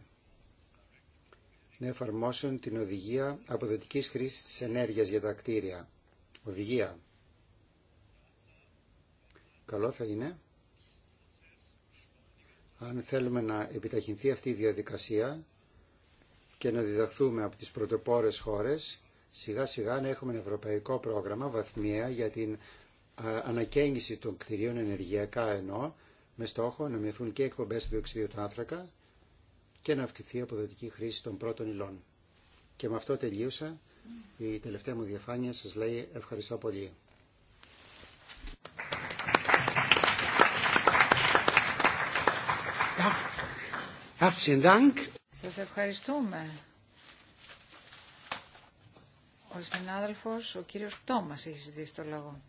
να εφαρμόσουν την οδηγία αποδοτικής χρήσης της ενέργειας για τα κτίρια. Οδηγία. Καλό θα είναι αν θέλουμε να επιταχυνθεί αυτή η διαδικασία και να διδαχθούμε από τις πρωτοπόρες χώρες, σιγά σιγά να έχουμε ένα ευρωπαϊκό πρόγραμμα βαθμία για την ανακαίνιση των κτηρίων ενεργειακά ενώ, με στόχο να μειωθούν και εκπομπές του διοξιδίου του άνθρακα και να αυξηθεί η αποδοτική χρήση των πρώτων υλών. Και με αυτό τελείωσα. Η τελευταία μου διαφάνεια σας λέει ευχαριστώ πολύ. Σας ευχαριστούμε. Ο συνάδελφος, ο κύριος Τόμας, έχει ζητήσει το λόγο.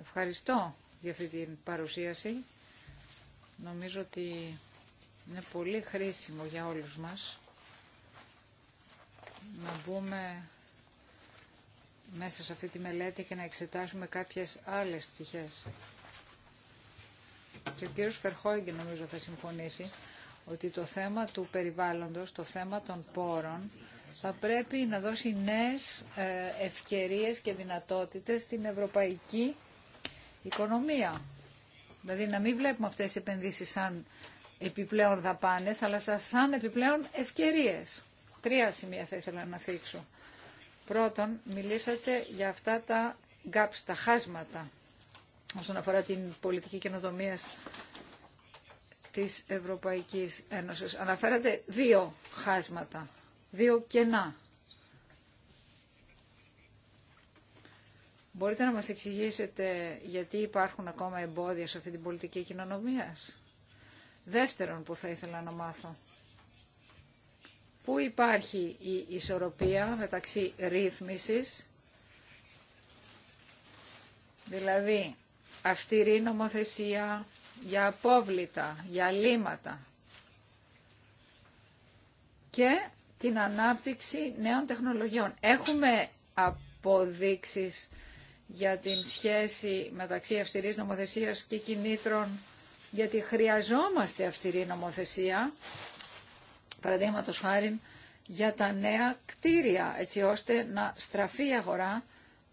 Ευχαριστώ για αυτή την παρουσίαση. Νομίζω ότι είναι πολύ χρήσιμο για όλους μας να μπούμε μέσα σε αυτή τη μελέτη και να εξετάσουμε κάποιες άλλες πτυχές και ο κύριος Φερχόγγι νομίζω θα συμφωνήσει ότι το θέμα του περιβάλλοντος, το θέμα των πόρων θα πρέπει να δώσει νέες ε, ευκαιρίες και δυνατότητες στην ευρωπαϊκή οικονομία. Δηλαδή να μην βλέπουμε αυτές τις επενδύσεις σαν επιπλέον δαπάνες, αλλά σαν επιπλέον ευκαιρίες. Τρία σημεία θα ήθελα να θίξω. Πρώτον, μιλήσατε για αυτά τα gaps, τα χάσματα όσον αφορά την πολιτική καινοτομία της Ευρωπαϊκής Ένωσης. Αναφέρατε δύο χάσματα, δύο κενά. Μπορείτε να μας εξηγήσετε γιατί υπάρχουν ακόμα εμπόδια σε αυτή την πολιτική κοινωνία. Δεύτερον που θα ήθελα να μάθω. Πού υπάρχει η ισορροπία μεταξύ ρύθμισης, δηλαδή αυστηρή νομοθεσία για απόβλητα, για λύματα και την ανάπτυξη νέων τεχνολογιών. Έχουμε αποδείξεις για την σχέση μεταξύ αυστηρής νομοθεσίας και κινήτρων, γιατί χρειαζόμαστε αυστηρή νομοθεσία, παραδείγματο χάρη για τα νέα κτίρια, έτσι ώστε να στραφεί η αγορά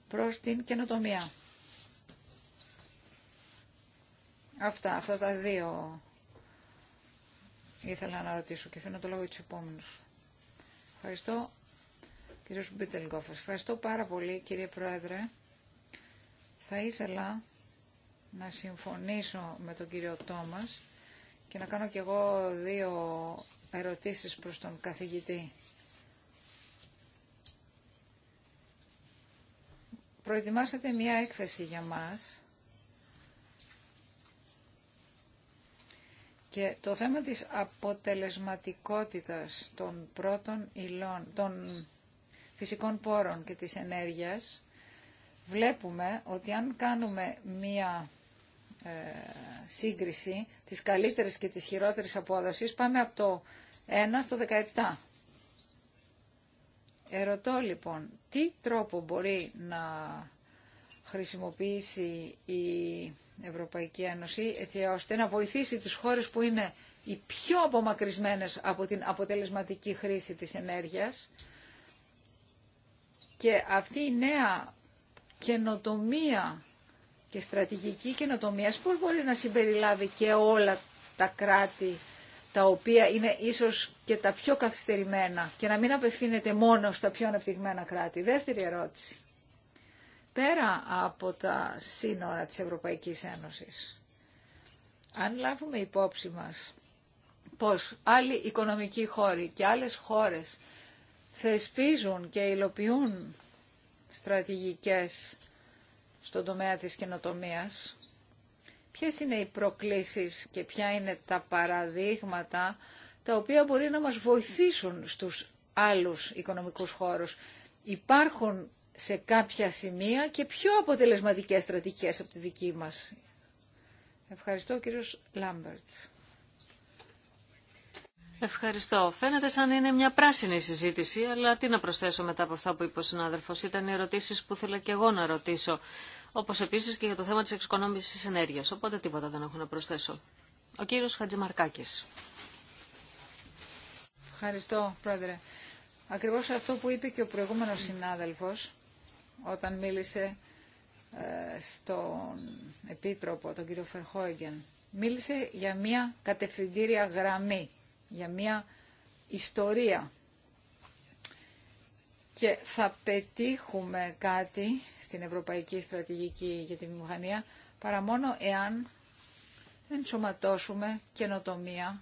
προς την καινοτομία. Αυτά, αυτά τα δύο ήθελα να ρωτήσω και φαίνω το λόγο του επόμενου. Ευχαριστώ, κύριος Μπίτελγκόφος. Ευχαριστώ πάρα πολύ, κύριε Πρόεδρε. Θα ήθελα να συμφωνήσω με τον κύριο Τόμας και να κάνω κι εγώ δύο ερωτήσεις προς τον καθηγητή. Προετοιμάσατε μία έκθεση για μας Και το θέμα της αποτελεσματικότητας των πρώτων υλών, των φυσικών πόρων και της ενέργειας, βλέπουμε ότι αν κάνουμε μία ε, σύγκριση της καλύτερης και της χειρότερης απόδοσης, πάμε από το 1 στο 17. Ερωτώ λοιπόν, τι τρόπο μπορεί να χρησιμοποιήσει η Ευρωπαϊκή Ένωση έτσι ώστε να βοηθήσει τις χώρες που είναι οι πιο απομακρυσμένες από την αποτελεσματική χρήση της ενέργειας και αυτή η νέα καινοτομία και στρατηγική καινοτομία πώς μπορεί να συμπεριλάβει και όλα τα κράτη τα οποία είναι ίσως και τα πιο καθυστερημένα και να μην απευθύνεται μόνο στα πιο αναπτυγμένα κράτη. Δεύτερη ερώτηση πέρα από τα σύνορα της Ευρωπαϊκής Ένωσης. Αν λάβουμε υπόψη μας πως άλλοι οικονομικοί χώροι και άλλες χώρες θεσπίζουν και υλοποιούν στρατηγικές στον τομέα της καινοτομίας, ποιες είναι οι προκλήσεις και ποια είναι τα παραδείγματα τα οποία μπορεί να μας βοηθήσουν στους άλλους οικονομικούς χώρους. Υπάρχουν σε κάποια σημεία και πιο αποτελεσματικές στρατηγικές από τη δική μας. Ευχαριστώ κύριος Λάμπερτς. Ευχαριστώ. Φαίνεται σαν είναι μια πράσινη συζήτηση, αλλά τι να προσθέσω μετά από αυτά που είπε ο συνάδελφο. Ήταν οι ερωτήσει που ήθελα και εγώ να ρωτήσω. Όπω επίση και για το θέμα τη εξοικονόμηση ενέργεια. Οπότε τίποτα δεν έχω να προσθέσω. Ο κύριο Χατζημαρκάκη. Ευχαριστώ, πρόεδρε. Ακριβώ αυτό που είπε και ο προηγούμενο συνάδελφο όταν μίλησε ε, στον Επίτροπο, τον κύριο Φερχόγγεν. Μίλησε για μια κατευθυντήρια γραμμή, για μια ιστορία. Και θα πετύχουμε κάτι στην Ευρωπαϊκή Στρατηγική για τη Βιομηχανία παρά μόνο εάν ενσωματώσουμε καινοτομία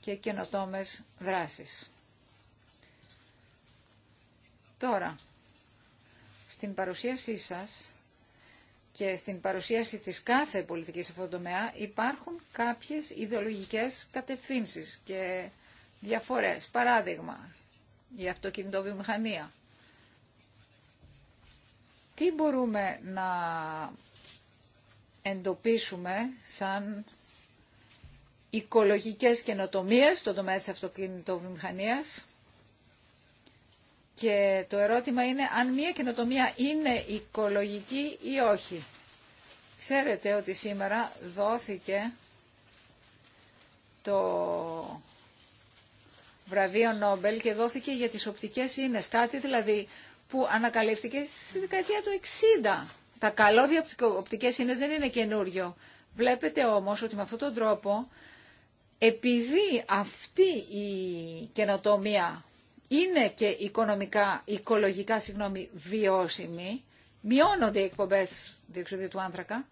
και καινοτόμες δράσεις. Τώρα, στην παρουσίασή σας και στην παρουσίαση της κάθε πολιτικής σε αυτό το τομέα υπάρχουν κάποιες ιδεολογικές κατευθύνσεις και διαφορές. Παράδειγμα, η αυτοκινητοβιομηχανία. Τι μπορούμε να εντοπίσουμε σαν οικολογικές καινοτομίες στον τομέα της αυτοκινητοβιομηχανίας και το ερώτημα είναι αν μια καινοτομία είναι οικολογική ή όχι. Ξέρετε ότι σήμερα δόθηκε το βραβείο Νόμπελ και δόθηκε για τις οπτικές ίνες. Κάτι δηλαδή που ανακαλύφθηκε στη δεκαετία του 60. Τα καλώδια οπτικές ίνες δεν είναι καινούριο. Βλέπετε όμως ότι με αυτόν τον τρόπο, επειδή αυτή η καινοτομία είναι και οικονομικά, οικολογικά συγγνώμη, βιώσιμη, μειώνονται οι εκπομπές διεξουδίου του άνθρακα,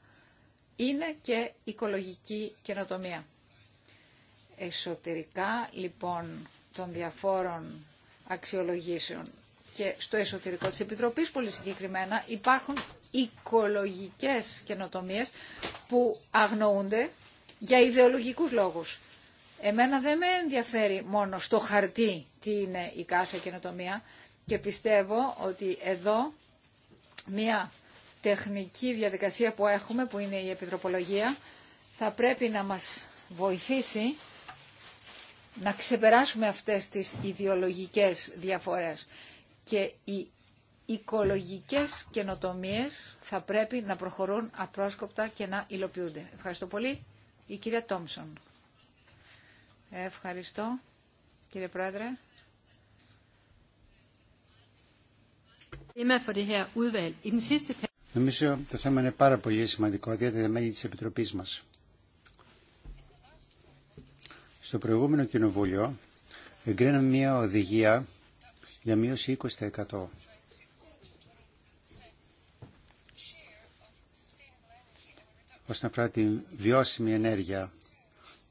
είναι και οικολογική καινοτομία. Εσωτερικά λοιπόν των διαφόρων αξιολογήσεων και στο εσωτερικό της Επιτροπής πολύ συγκεκριμένα υπάρχουν οικολογικές καινοτομίες που αγνοούνται για ιδεολογικούς λόγους. Εμένα δεν με ενδιαφέρει μόνο στο χαρτί τι είναι η κάθε καινοτομία και πιστεύω ότι εδώ μια τεχνική διαδικασία που έχουμε, που είναι η επιτροπολογία, θα πρέπει να μας βοηθήσει να ξεπεράσουμε αυτές τις ιδεολογικές διαφορές. Και οι οικολογικές καινοτομίες θα πρέπει να προχωρούν απρόσκοπτα και να υλοποιούνται. Ευχαριστώ πολύ. Η κυρία Τόμσον. Ευχαριστώ, κύριε Πρόεδρε. Νομίζω το θέμα είναι πάρα πολύ σημαντικό, διότι είναι μέλη της Επιτροπής μας. Στο προηγούμενο κοινοβούλιο εγκρίναμε μια οδηγία για μείωση 20%. όσον αφορά τη βιώσιμη ενέργεια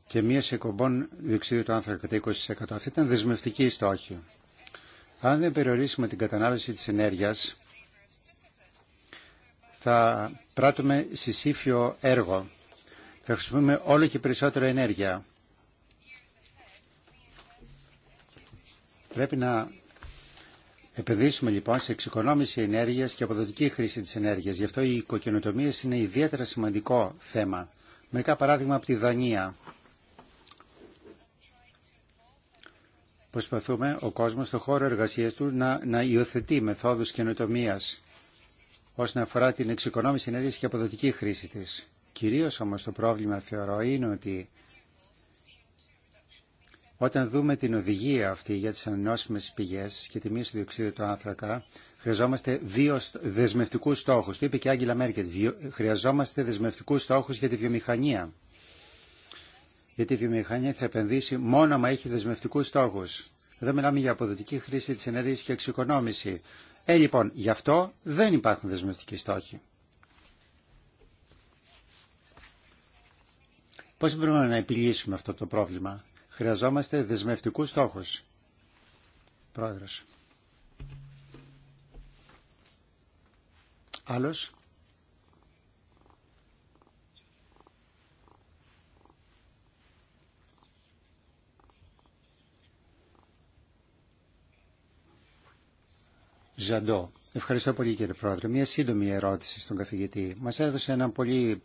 και μία εκπομπών διοξιδίου του άνθρακα κατά 20%. Αυτή ήταν δεσμευτική η στόχη. Αν δεν περιορίσουμε την κατανάλωση της ενέργειας, θα πράττουμε συσήφιο έργο. Θα χρησιμοποιούμε όλο και περισσότερο ενέργεια. Πρέπει να επενδύσουμε λοιπόν σε εξοικονόμηση ενέργειας και αποδοτική χρήση της ενέργειας. Γι' αυτό οι οικοκαινοτομίες είναι ιδιαίτερα σημαντικό θέμα. Μερικά παράδειγμα από τη Δανία. Προσπαθούμε ο κόσμος στον χώρο εργασίας του να, να υιοθετεί μεθόδους καινοτομία όσον αφορά την εξοικονόμηση ενέργειας και αποδοτική χρήση της. Κυρίως όμως το πρόβλημα θεωρώ είναι ότι όταν δούμε την οδηγία αυτή για τις ανανεώσιμες πηγές και τη μείωση του διοξείδιου του άνθρακα, χρειαζόμαστε δύο δεσμευτικούς στόχους. Το είπε και η Άγγελα Μέρκετ. Χρειαζόμαστε δεσμευτικούς στόχους για τη βιομηχανία γιατί η βιομηχανία θα επενδύσει μόνο μα έχει δεσμευτικούς στόχους. Εδώ μιλάμε για αποδοτική χρήση της ενέργειας και εξοικονόμηση. Ε, λοιπόν, γι' αυτό δεν υπάρχουν δεσμευτικοί στόχοι. Πώς μπορούμε να επιλύσουμε αυτό το πρόβλημα. Χρειαζόμαστε δεσμευτικούς στόχους. Πρόεδρος. Άλλος. Ζαντό. Ευχαριστώ πολύ κύριε Πρόεδρε. Μια σύντομη ερώτηση στον καθηγητή. Μας έδωσε ένα πολύ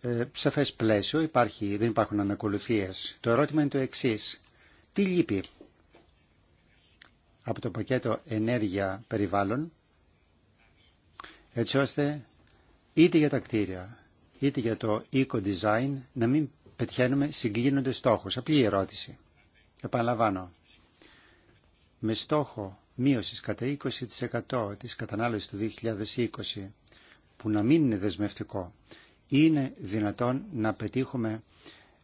ε, σαφές πλαίσιο, Υπάρχει, δεν υπάρχουν ανακολουθίες. Το ερώτημα είναι το εξή. Τι λείπει από το πακέτο ενέργεια περιβάλλον έτσι ώστε είτε για τα κτίρια είτε για το eco-design να μην πετυχαίνουμε συγκλίνοντες στόχους. Απλή ερώτηση. Επαναλαμβάνω. Με στόχο μείωση κατά 20% της κατανάλωσης του 2020 που να μην είναι δεσμευτικό είναι δυνατόν να πετύχουμε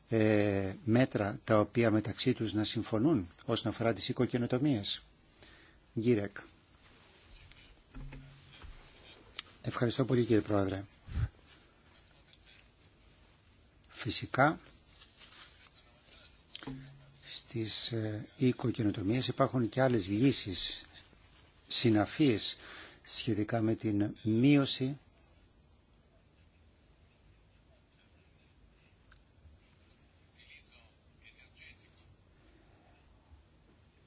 ε, μέτρα τα οποία μεταξύ τους να συμφωνούν όσον αφορά τις οικοκαινοτομίες. Γκίρεκ. Ευχαριστώ πολύ κύριε Πρόεδρε. Φυσικά της ε, οικοκαινοτομίας υπάρχουν και άλλες λύσεις συναφείς σχετικά με την μείωση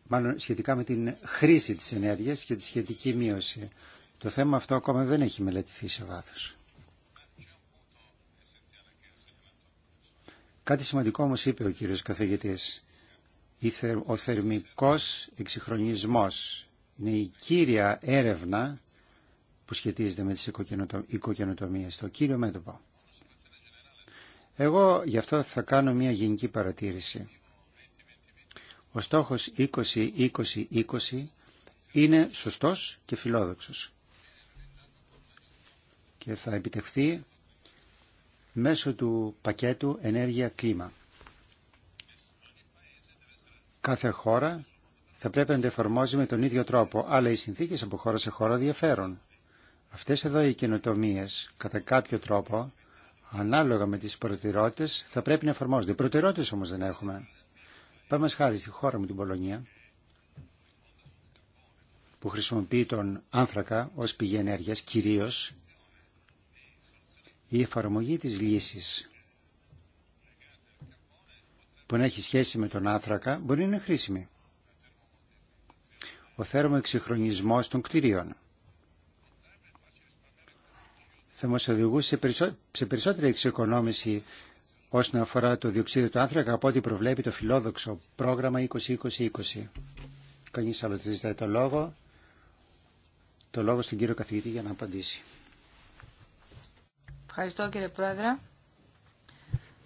μάλλον σχετικά με την χρήση της ενέργειας και τη σχετική μείωση. Το θέμα αυτό ακόμα δεν έχει μελετηθεί σε βάθος. Κάτι σημαντικό όμως είπε ο κύριος καθηγητής ο θερμικός εξυγχρονισμός είναι η κύρια έρευνα που σχετίζεται με τις οικοκαινοτομίες, το κύριο μέτωπο. Εγώ γι' αυτό θα κάνω μια γενική παρατήρηση. Ο στόχος 20-20-20 είναι σωστός και φιλόδοξος και θα επιτευχθεί μέσω του πακέτου ενέργεια-κλίμα. Κάθε χώρα θα πρέπει να εφαρμόζει με τον ίδιο τρόπο, αλλά οι συνθήκες από χώρα σε χώρα διαφέρουν. Αυτές εδώ οι καινοτομίε, κατά κάποιο τρόπο, ανάλογα με τις προτεραιότητε, θα πρέπει να εφαρμόζονται. Οι προτεραιότητες όμως δεν έχουμε. Πάμε χάρη στη χώρα μου την Πολωνία, που χρησιμοποιεί τον άνθρακα ω πηγή ενέργεια κυρίω η εφαρμογή τη λύση που να έχει σχέση με τον άνθρακα μπορεί να είναι χρήσιμη. Ο εξυγχρονισμό των κτηρίων θα μα οδηγούσε σε περισσότερη εξοικονόμηση όσον αφορά το διοξείδιο του άνθρακα από ό,τι προβλέπει το φιλόδοξο πρόγραμμα 2020-2020. Κανείς άλλος δεν ζητάει το λόγο. Το λόγο στον κύριο καθηγητή για να απαντήσει. Ευχαριστώ κύριε Πρόεδρε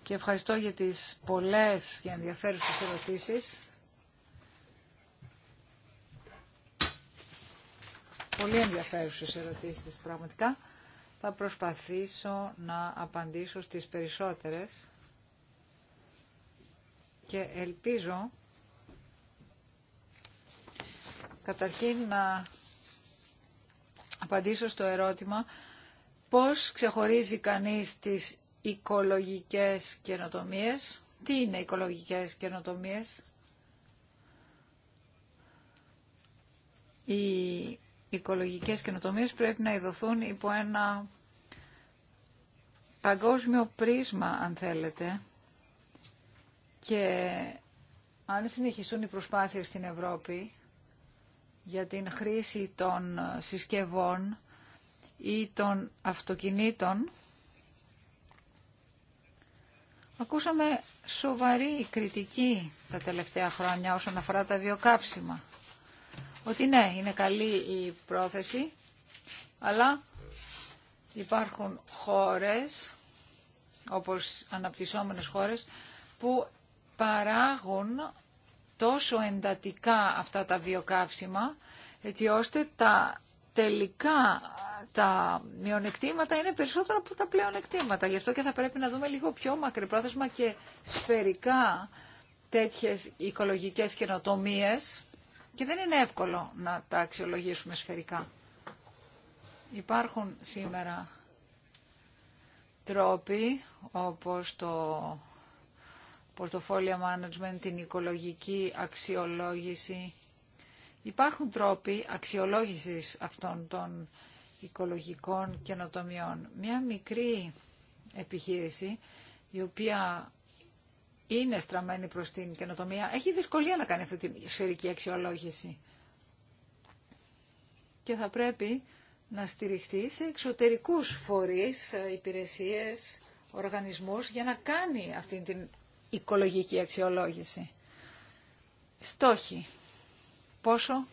και ευχαριστώ για τις πολλές και ενδιαφέρουσες ερωτήσεις. Πολύ ενδιαφέρουσες ερωτήσεις πραγματικά. Θα προσπαθήσω να απαντήσω στις περισσότερες και ελπίζω καταρχήν να απαντήσω στο ερώτημα πώς ξεχωρίζει κανείς τις οικολογικές καινοτομίες. Τι είναι οικολογικές καινοτομίες? Οι οικολογικές καινοτομίες πρέπει να ειδωθούν υπό ένα παγκόσμιο πρίσμα, αν θέλετε, και αν συνεχιστούν οι προσπάθειες στην Ευρώπη για την χρήση των συσκευών ή των αυτοκινήτων, Ακούσαμε σοβαρή κριτική τα τελευταία χρόνια όσον αφορά τα βιοκάψιμα. Ότι ναι, είναι καλή η πρόθεση, αλλά υπάρχουν χώρες, όπως αναπτυσσόμενες χώρες, που παράγουν τόσο εντατικά αυτά τα βιοκάψιμα, έτσι ώστε τα τελικά τα μειονεκτήματα είναι περισσότερα από τα πλεονεκτήματα. Γι' αυτό και θα πρέπει να δούμε λίγο πιο μακρυπρόθεσμα και σφαιρικά τέτοιες οικολογικές καινοτομίες και δεν είναι εύκολο να τα αξιολογήσουμε σφαιρικά. Υπάρχουν σήμερα τρόποι όπως το portfolio management, την οικολογική αξιολόγηση, Υπάρχουν τρόποι αξιολόγησης αυτών των οικολογικών καινοτομιών. Μια μικρή επιχείρηση η οποία είναι στραμμένη προς την καινοτομία έχει δυσκολία να κάνει αυτή τη σφαιρική αξιολόγηση και θα πρέπει να στηριχθεί σε εξωτερικούς φορείς, υπηρεσίες, οργανισμούς για να κάνει αυτή την οικολογική αξιολόγηση. Στόχοι πόσο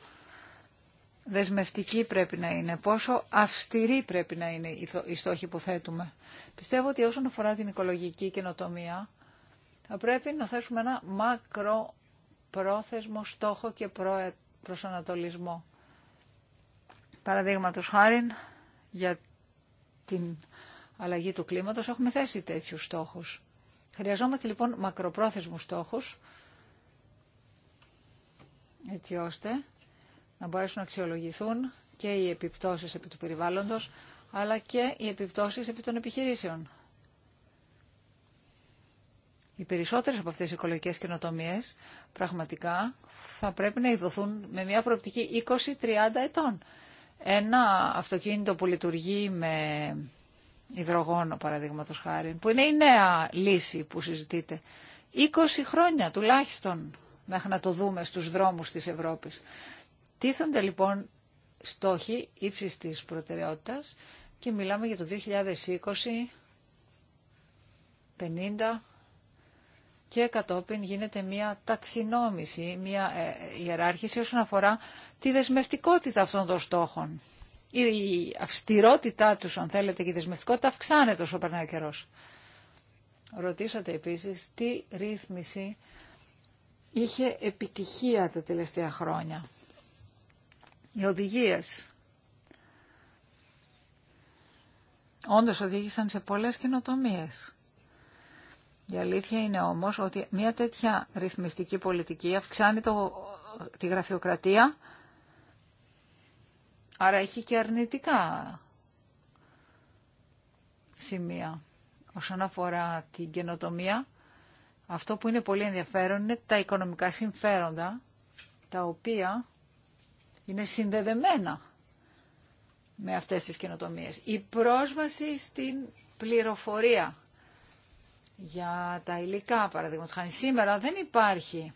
δεσμευτική πρέπει να είναι, πόσο αυστηρή πρέπει να είναι η στόχη που θέτουμε. Πιστεύω ότι όσον αφορά την οικολογική καινοτομία, θα πρέπει να θέσουμε ένα μακροπρόθεσμο στόχο και προσανατολισμό. Παραδείγματο χάρη για την αλλαγή του κλίματος έχουμε θέσει τέτοιους στόχους. Χρειαζόμαστε λοιπόν μακροπρόθεσμους στόχους έτσι ώστε να μπορέσουν να αξιολογηθούν και οι επιπτώσεις επί του περιβάλλοντος, αλλά και οι επιπτώσεις επί των επιχειρήσεων. Οι περισσότερες από αυτές οι οικολογικές καινοτομίες πραγματικά θα πρέπει να ειδωθούν με μια προοπτική 20-30 ετών. Ένα αυτοκίνητο που λειτουργεί με υδρογόνο παραδείγματο χάρη, που είναι η νέα λύση που συζητείτε. 20 χρόνια τουλάχιστον μέχρι να το δούμε στους δρόμους της Ευρώπης. Τίθενται λοιπόν στόχοι ύψης της προτεραιότητας και μιλάμε για το 2020, 50 και κατόπιν γίνεται μια ταξινόμηση, μια ε, ιεράρχηση όσον αφορά τη δεσμευτικότητα αυτών των στόχων. Η αυστηρότητά τους, αν θέλετε, και η δεσμευτικότητα αυξάνεται όσο περνάει ο καιρός. Ρωτήσατε επίσης τι ρύθμιση είχε επιτυχία τα τελευταία χρόνια. Οι οδηγίες όντως οδήγησαν σε πολλές καινοτομίες. Η αλήθεια είναι όμως ότι μια τέτοια ρυθμιστική πολιτική αυξάνει το, τη γραφειοκρατία, άρα έχει και αρνητικά σημεία όσον αφορά την καινοτομία. Αυτό που είναι πολύ ενδιαφέρον είναι τα οικονομικά συμφέροντα, τα οποία είναι συνδεδεμένα με αυτές τις καινοτομίες. Η πρόσβαση στην πληροφορία για τα υλικά, παραδείγματος Σήμερα δεν υπάρχει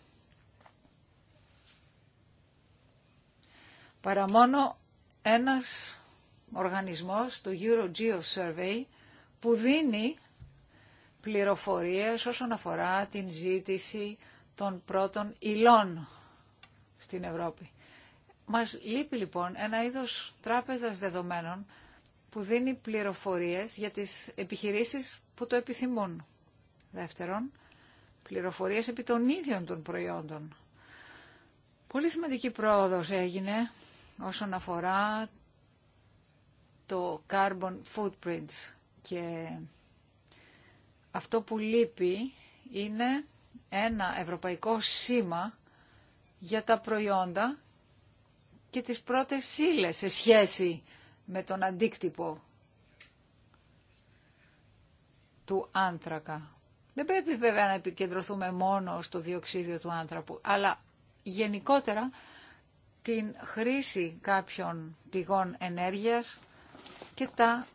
παρά μόνο ένας οργανισμός, το Eurogeo Survey, που δίνει πληροφορίες όσον αφορά την ζήτηση των πρώτων υλών στην Ευρώπη. Μας λείπει λοιπόν ένα είδος τράπεζας δεδομένων που δίνει πληροφορίες για τις επιχειρήσεις που το επιθυμούν. Δεύτερον, πληροφορίες επί των ίδιων των προϊόντων. Πολύ σημαντική πρόοδος έγινε όσον αφορά το carbon footprints και αυτό που λείπει είναι ένα ευρωπαϊκό σήμα για τα προϊόντα και τις πρώτες σύλλες σε σχέση με τον αντίκτυπο του άνθρακα. Δεν πρέπει βέβαια να επικεντρωθούμε μόνο στο διοξίδιο του άνθρακου, αλλά γενικότερα την χρήση κάποιων πηγών ενέργειας και τα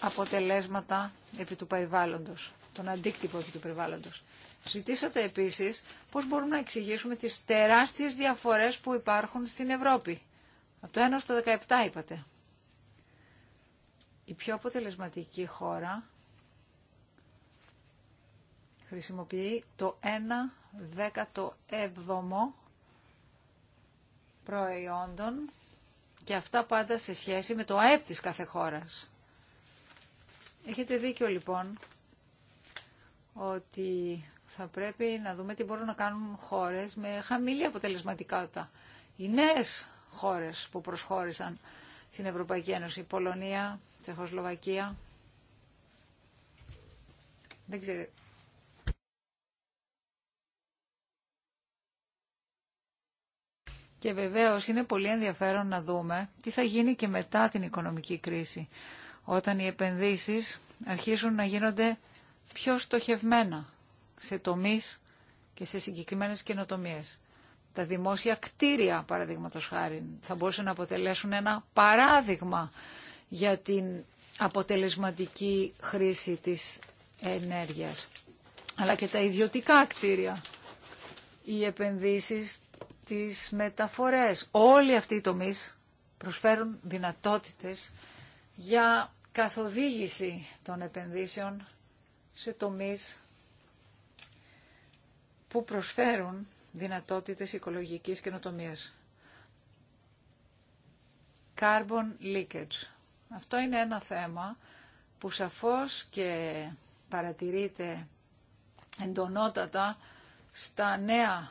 αποτελέσματα επί του περιβάλλοντος, τον αντίκτυπο επί του περιβάλλοντος. Ζητήσατε επίσης πώς μπορούμε να εξηγήσουμε τις τεράστιες διαφορές που υπάρχουν στην Ευρώπη. Από το 1 στο 17 είπατε. Η πιο αποτελεσματική χώρα χρησιμοποιεί το 1 δέκατο προϊόντων και αυτά πάντα σε σχέση με το ΑΕΠ της κάθε χώρας. Έχετε δίκιο λοιπόν ότι θα πρέπει να δούμε τι μπορούν να κάνουν χώρες με χαμηλή αποτελεσματικότητα. Οι νέε χώρες που προσχώρησαν στην Ευρωπαϊκή Ένωση, η Πολωνία, η Τσεχοσλοβακία. Δεν ξέρω. Και βεβαίως είναι πολύ ενδιαφέρον να δούμε τι θα γίνει και μετά την οικονομική κρίση όταν οι επενδύσεις αρχίζουν να γίνονται πιο στοχευμένα σε τομείς και σε συγκεκριμένες καινοτομίε. Τα δημόσια κτίρια, παραδείγματο χάρη, θα μπορούσαν να αποτελέσουν ένα παράδειγμα για την αποτελεσματική χρήση της ενέργειας. Αλλά και τα ιδιωτικά κτίρια, οι επενδύσεις, τις μεταφορές. Όλοι αυτοί οι τομείς προσφέρουν δυνατότητες για καθοδήγηση των επενδύσεων σε τομείς που προσφέρουν δυνατότητες οικολογικής καινοτομίας. Carbon leakage. Αυτό είναι ένα θέμα που σαφώς και παρατηρείται εντονότατα στα νέα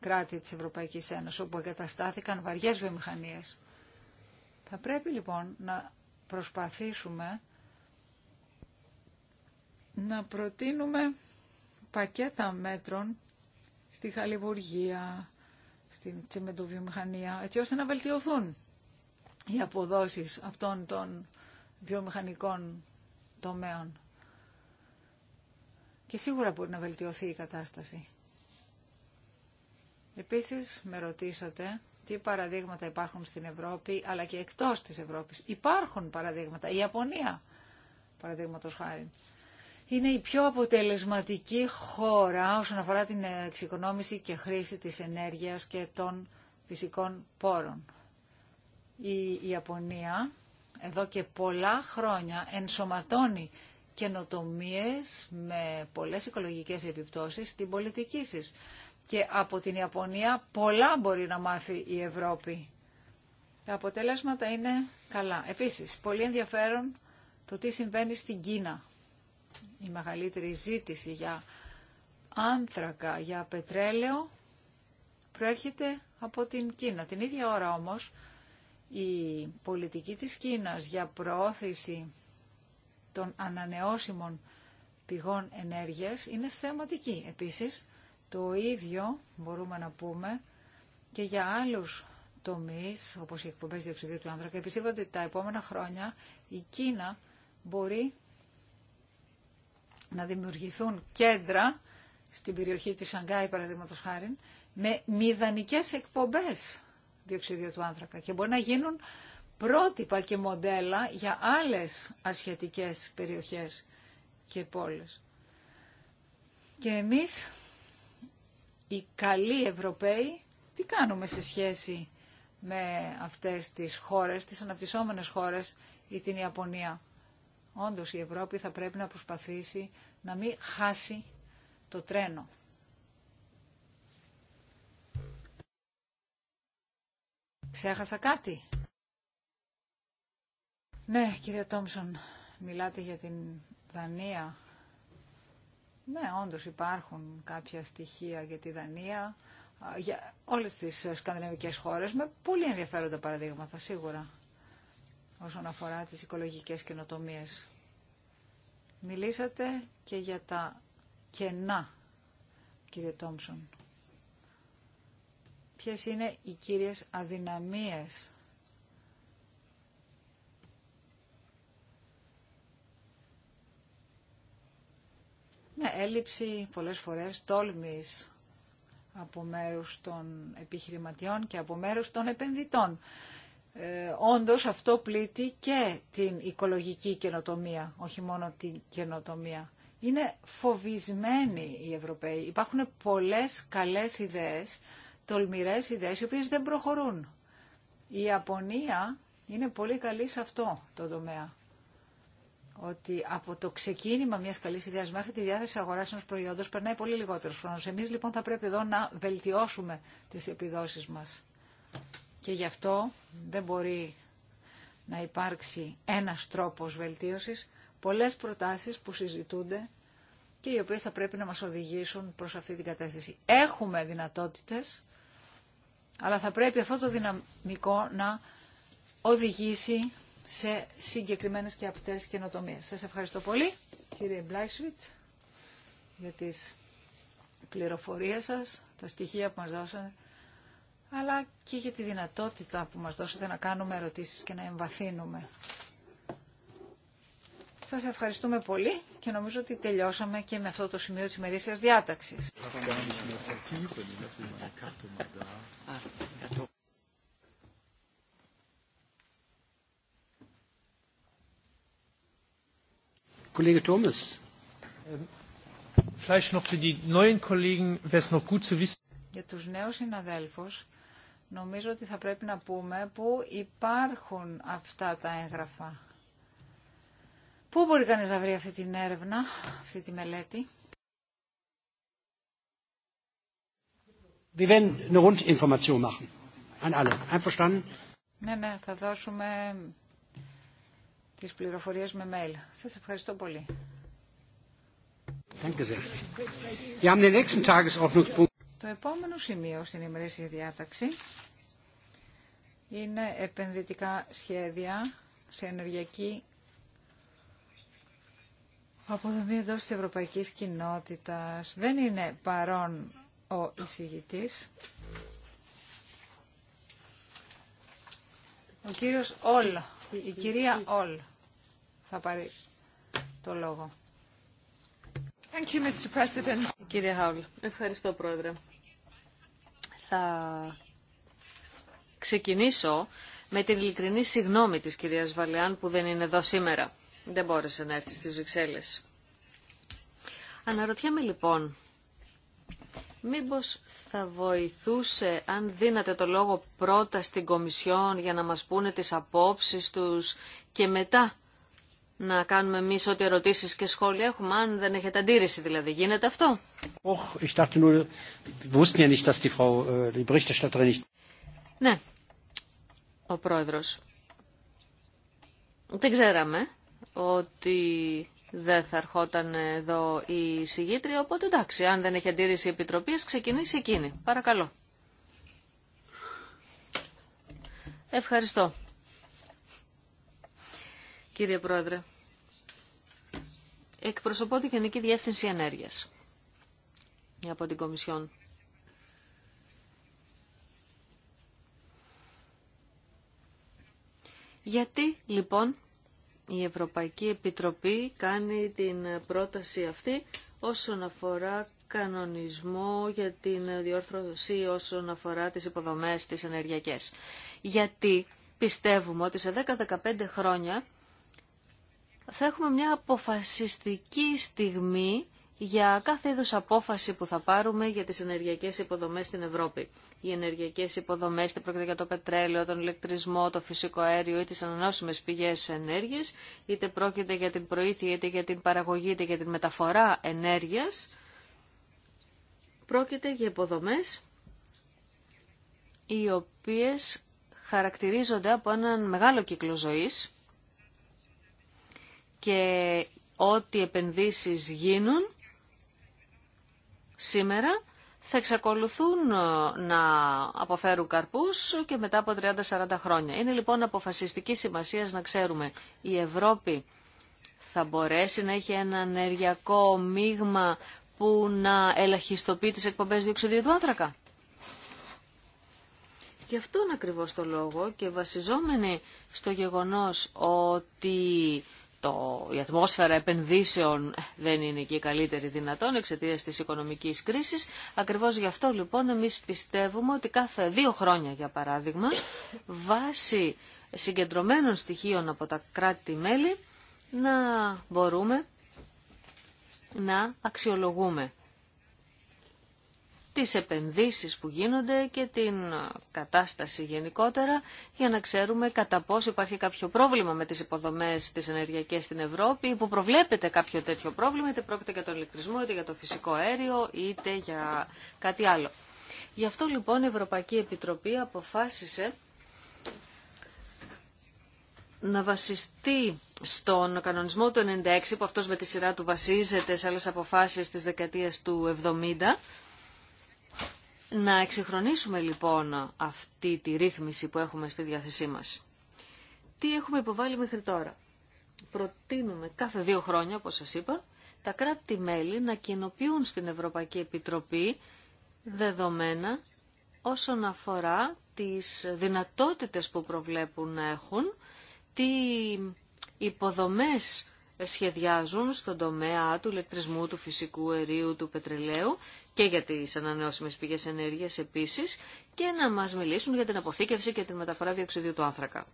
κράτη της Ευρωπαϊκής Ένωσης, όπου εγκαταστάθηκαν βαριές βιομηχανίες. Θα πρέπει λοιπόν να προσπαθήσουμε να προτείνουμε πακέτα μέτρων στη χαλιβουργία, στην τσιμεντοβιομηχανία, έτσι ώστε να βελτιωθούν οι αποδόσεις αυτών των βιομηχανικών τομέων. Και σίγουρα μπορεί να βελτιωθεί η κατάσταση. Επίσης, με ρωτήσατε τι παραδείγματα υπάρχουν στην Ευρώπη, αλλά και εκτός της Ευρώπης. Υπάρχουν παραδείγματα. Η Ιαπωνία, παραδείγματος χάρη. Είναι η πιο αποτελεσματική χώρα όσον αφορά την εξοικονόμηση και χρήση της ενέργειας και των φυσικών πόρων. Η Ιαπωνία εδώ και πολλά χρόνια ενσωματώνει καινοτομίες με πολλές οικολογικές επιπτώσεις στην πολιτική της και από την Ιαπωνία πολλά μπορεί να μάθει η Ευρώπη. Τα αποτελέσματα είναι καλά. Επίσης, πολύ ενδιαφέρον το τι συμβαίνει στην Κίνα. Η μεγαλύτερη ζήτηση για άνθρακα, για πετρέλαιο, προέρχεται από την Κίνα. Την ίδια ώρα όμως, η πολιτική της Κίνας για προώθηση των ανανεώσιμων πηγών ενέργειας είναι θεματική. Επίσης, το ίδιο μπορούμε να πούμε και για άλλους τομείς, όπως οι εκπομπές διοξιδίου του άνθρακα. Επιστεύω ότι τα επόμενα χρόνια η Κίνα μπορεί να δημιουργηθούν κέντρα στην περιοχή της Σανγκάη, παραδείγματο χάρη, με μηδανικές εκπομπές διοξιδίου του άνθρακα και μπορεί να γίνουν πρότυπα και μοντέλα για άλλες ασιατικές περιοχές και πόλεις. Και εμείς οι καλοί Ευρωπαίοι τι κάνουμε σε σχέση με αυτές τις χώρες, τις αναπτυσσόμενες χώρες ή την Ιαπωνία. Όντως η Ευρώπη θα πρέπει να προσπαθήσει να μην χάσει το τρένο. Ξέχασα κάτι. Ναι, κύριε Τόμσον, μιλάτε για την Δανία. Ναι, όντως υπάρχουν κάποια στοιχεία για τη Δανία, για όλες τις σκανδιναβικές χώρες, με πολύ ενδιαφέροντα παραδείγματα, σίγουρα, όσον αφορά τις οικολογικές καινοτομίε. Μιλήσατε και για τα κενά, κύριε Τόμψον. Ποιες είναι οι κύριες αδυναμίες Ναι, έλλειψη πολλές φορές τόλμης από μέρους των επιχειρηματιών και από μέρους των επενδυτών. Ε, όντως αυτό πλήττει και την οικολογική καινοτομία, όχι μόνο την καινοτομία. Είναι φοβισμένοι οι Ευρωπαίοι. Υπάρχουν πολλές καλές ιδέες, τολμηρές ιδέες, οι οποίες δεν προχωρούν. Η Ιαπωνία είναι πολύ καλή σε αυτό το τομέα ότι από το ξεκίνημα μια καλή ιδέα μέχρι τη διάθεση αγοράς ενό προϊόντο περνάει πολύ λιγότερο χρόνο. Εμεί, λοιπόν θα πρέπει εδώ να βελτιώσουμε τις επιδόσεις μας. Και γι' αυτό δεν μπορεί να υπάρξει ένας τρόπος βελτίωσης, πολλές προτάσεις που συζητούνται και οι οποίες θα πρέπει να μας οδηγήσουν προ αυτή την κατάσταση. Έχουμε δυνατότητε, αλλά θα πρέπει αυτό το δυναμικό να οδηγήσει σε συγκεκριμένες και απτές καινοτομίες. Σας ευχαριστώ πολύ, κύριε Μπλάισβιτ, για τις πληροφορίες σας, τα στοιχεία που μας δώσατε, αλλά και για τη δυνατότητα που μας δώσατε να κάνουμε ερωτήσεις και να εμβαθύνουμε. Σας ευχαριστούμε πολύ και νομίζω ότι τελειώσαμε και με αυτό το σημείο της ημερήσιας διάταξης. Kollege Thomas. Vielleicht noch für die neuen Kollegen wäre es noch gut zu wissen. Για τους νέους συναδέλφους, νομίζω ότι θα πρέπει να πούμε πού υπάρχουν αυτά τα έγγραφα. Πού μπορεί κανείς να βρει αυτή την έρευνα, αυτή τη μελέτη. Wir werden eine Rundinformation machen. An alle. Einverstanden? Ναι, ναι, θα δώσουμε τις πληροφορίες με mail. Σας ευχαριστώ πολύ. Το επόμενο σημείο στην ημερήσια διάταξη είναι επενδυτικά σχέδια σε ενεργειακή αποδομή εντό της ευρωπαϊκή Κοινότητας. Δεν είναι παρόν ο εισηγητή. Ο κύριος Όλο η κυρία Όλ θα πάρει το λόγο. Κύριε Χάουλ, ευχαριστώ Πρόεδρε. Θα ξεκινήσω με την ειλικρινή συγνώμη της κυρίας Βαλεάν που δεν είναι εδώ σήμερα. Δεν μπόρεσε να έρθει στις Βρυξέλλες. Αναρωτιέμαι λοιπόν Μήπως θα βοηθούσε αν δίνατε το λόγο πρώτα στην Κομισιόν για να μας πούνε τις απόψεις τους και μετά να κάνουμε εμεί ό,τι ερωτήσεις και σχόλια έχουμε, αν δεν έχετε αντίρρηση δηλαδή. Γίνεται αυτό. Ναι, ο Πρόεδρος. Δεν ξέραμε ότι δεν θα ερχόταν εδώ η συγγήτρια, οπότε εντάξει, αν δεν έχει αντίρρηση η Επιτροπή, ξεκινήσει εκείνη. Παρακαλώ. Ευχαριστώ. Κύριε Πρόεδρε, εκπροσωπώ τη Γενική Διεύθυνση ενέργεια από την Κομισιόν. Γιατί λοιπόν η Ευρωπαϊκή Επιτροπή κάνει την πρόταση αυτή όσον αφορά κανονισμό για την διόρθρωση όσον αφορά τις υποδομές τις ενεργειακές. Γιατί πιστεύουμε ότι σε 10-15 χρόνια θα έχουμε μια αποφασιστική στιγμή για κάθε είδους απόφαση που θα πάρουμε για τις ενεργειακές υποδομές στην Ευρώπη. Οι ενεργειακές υποδομές, είτε πρόκειται για το πετρέλαιο, τον ηλεκτρισμό, το φυσικό αέριο ή τις ανανεώσιμες πηγές ενέργειας, είτε πρόκειται για την προήθεια, είτε για την παραγωγή, είτε για την μεταφορά ενέργειας, πρόκειται για υποδομές οι οποίες χαρακτηρίζονται από έναν μεγάλο κύκλο ζωής και ό,τι επενδύσεις γίνουν σήμερα θα εξακολουθούν ε, να αποφέρουν καρπούς και μετά από 30-40 χρόνια. Είναι λοιπόν αποφασιστική σημασία να ξέρουμε η Ευρώπη θα μπορέσει να έχει ένα ενεργειακό μείγμα που να ελαχιστοποιεί τις εκπομπές διοξιδίου του άνθρακα. Γι' αυτόν ακριβώς το λόγο και βασιζόμενοι στο γεγονός ότι το, η ατμόσφαιρα επενδύσεων δεν είναι και η καλύτερη δυνατόν εξαιτίας της οικονομικής κρίσης. Ακριβώς γι' αυτό λοιπόν εμείς πιστεύουμε ότι κάθε δύο χρόνια για παράδειγμα βάσει συγκεντρωμένων στοιχείων από τα κράτη-μέλη να μπορούμε να αξιολογούμε τις επενδύσεις που γίνονται και την κατάσταση γενικότερα για να ξέρουμε κατά πόσο υπάρχει κάποιο πρόβλημα με τις υποδομές της ενεργειακές στην Ευρώπη που προβλέπεται κάποιο τέτοιο πρόβλημα είτε πρόκειται για τον ηλεκτρισμό είτε για το φυσικό αέριο είτε για κάτι άλλο. Γι' αυτό λοιπόν η Ευρωπαϊκή Επιτροπή αποφάσισε να βασιστεί στον κανονισμό του 96 που αυτός με τη σειρά του βασίζεται σε άλλες αποφάσεις της δεκαετίας του 70 να εξυγχρονίσουμε λοιπόν αυτή τη ρύθμιση που έχουμε στη διάθεσή μας. Τι έχουμε υποβάλει μέχρι τώρα. Προτείνουμε κάθε δύο χρόνια, όπως σας είπα, τα κράτη-μέλη να κοινοποιούν στην Ευρωπαϊκή Επιτροπή δεδομένα όσον αφορά τις δυνατότητες που προβλέπουν να έχουν, τι υποδομές σχεδιάζουν στον τομέα του ηλεκτρισμού, του φυσικού αερίου, του πετρελαίου και για τις ανανεώσιμες πηγές ενέργειας επίσης και να μας μιλήσουν για την αποθήκευση και την μεταφορά διοξιδίου του άνθρακα.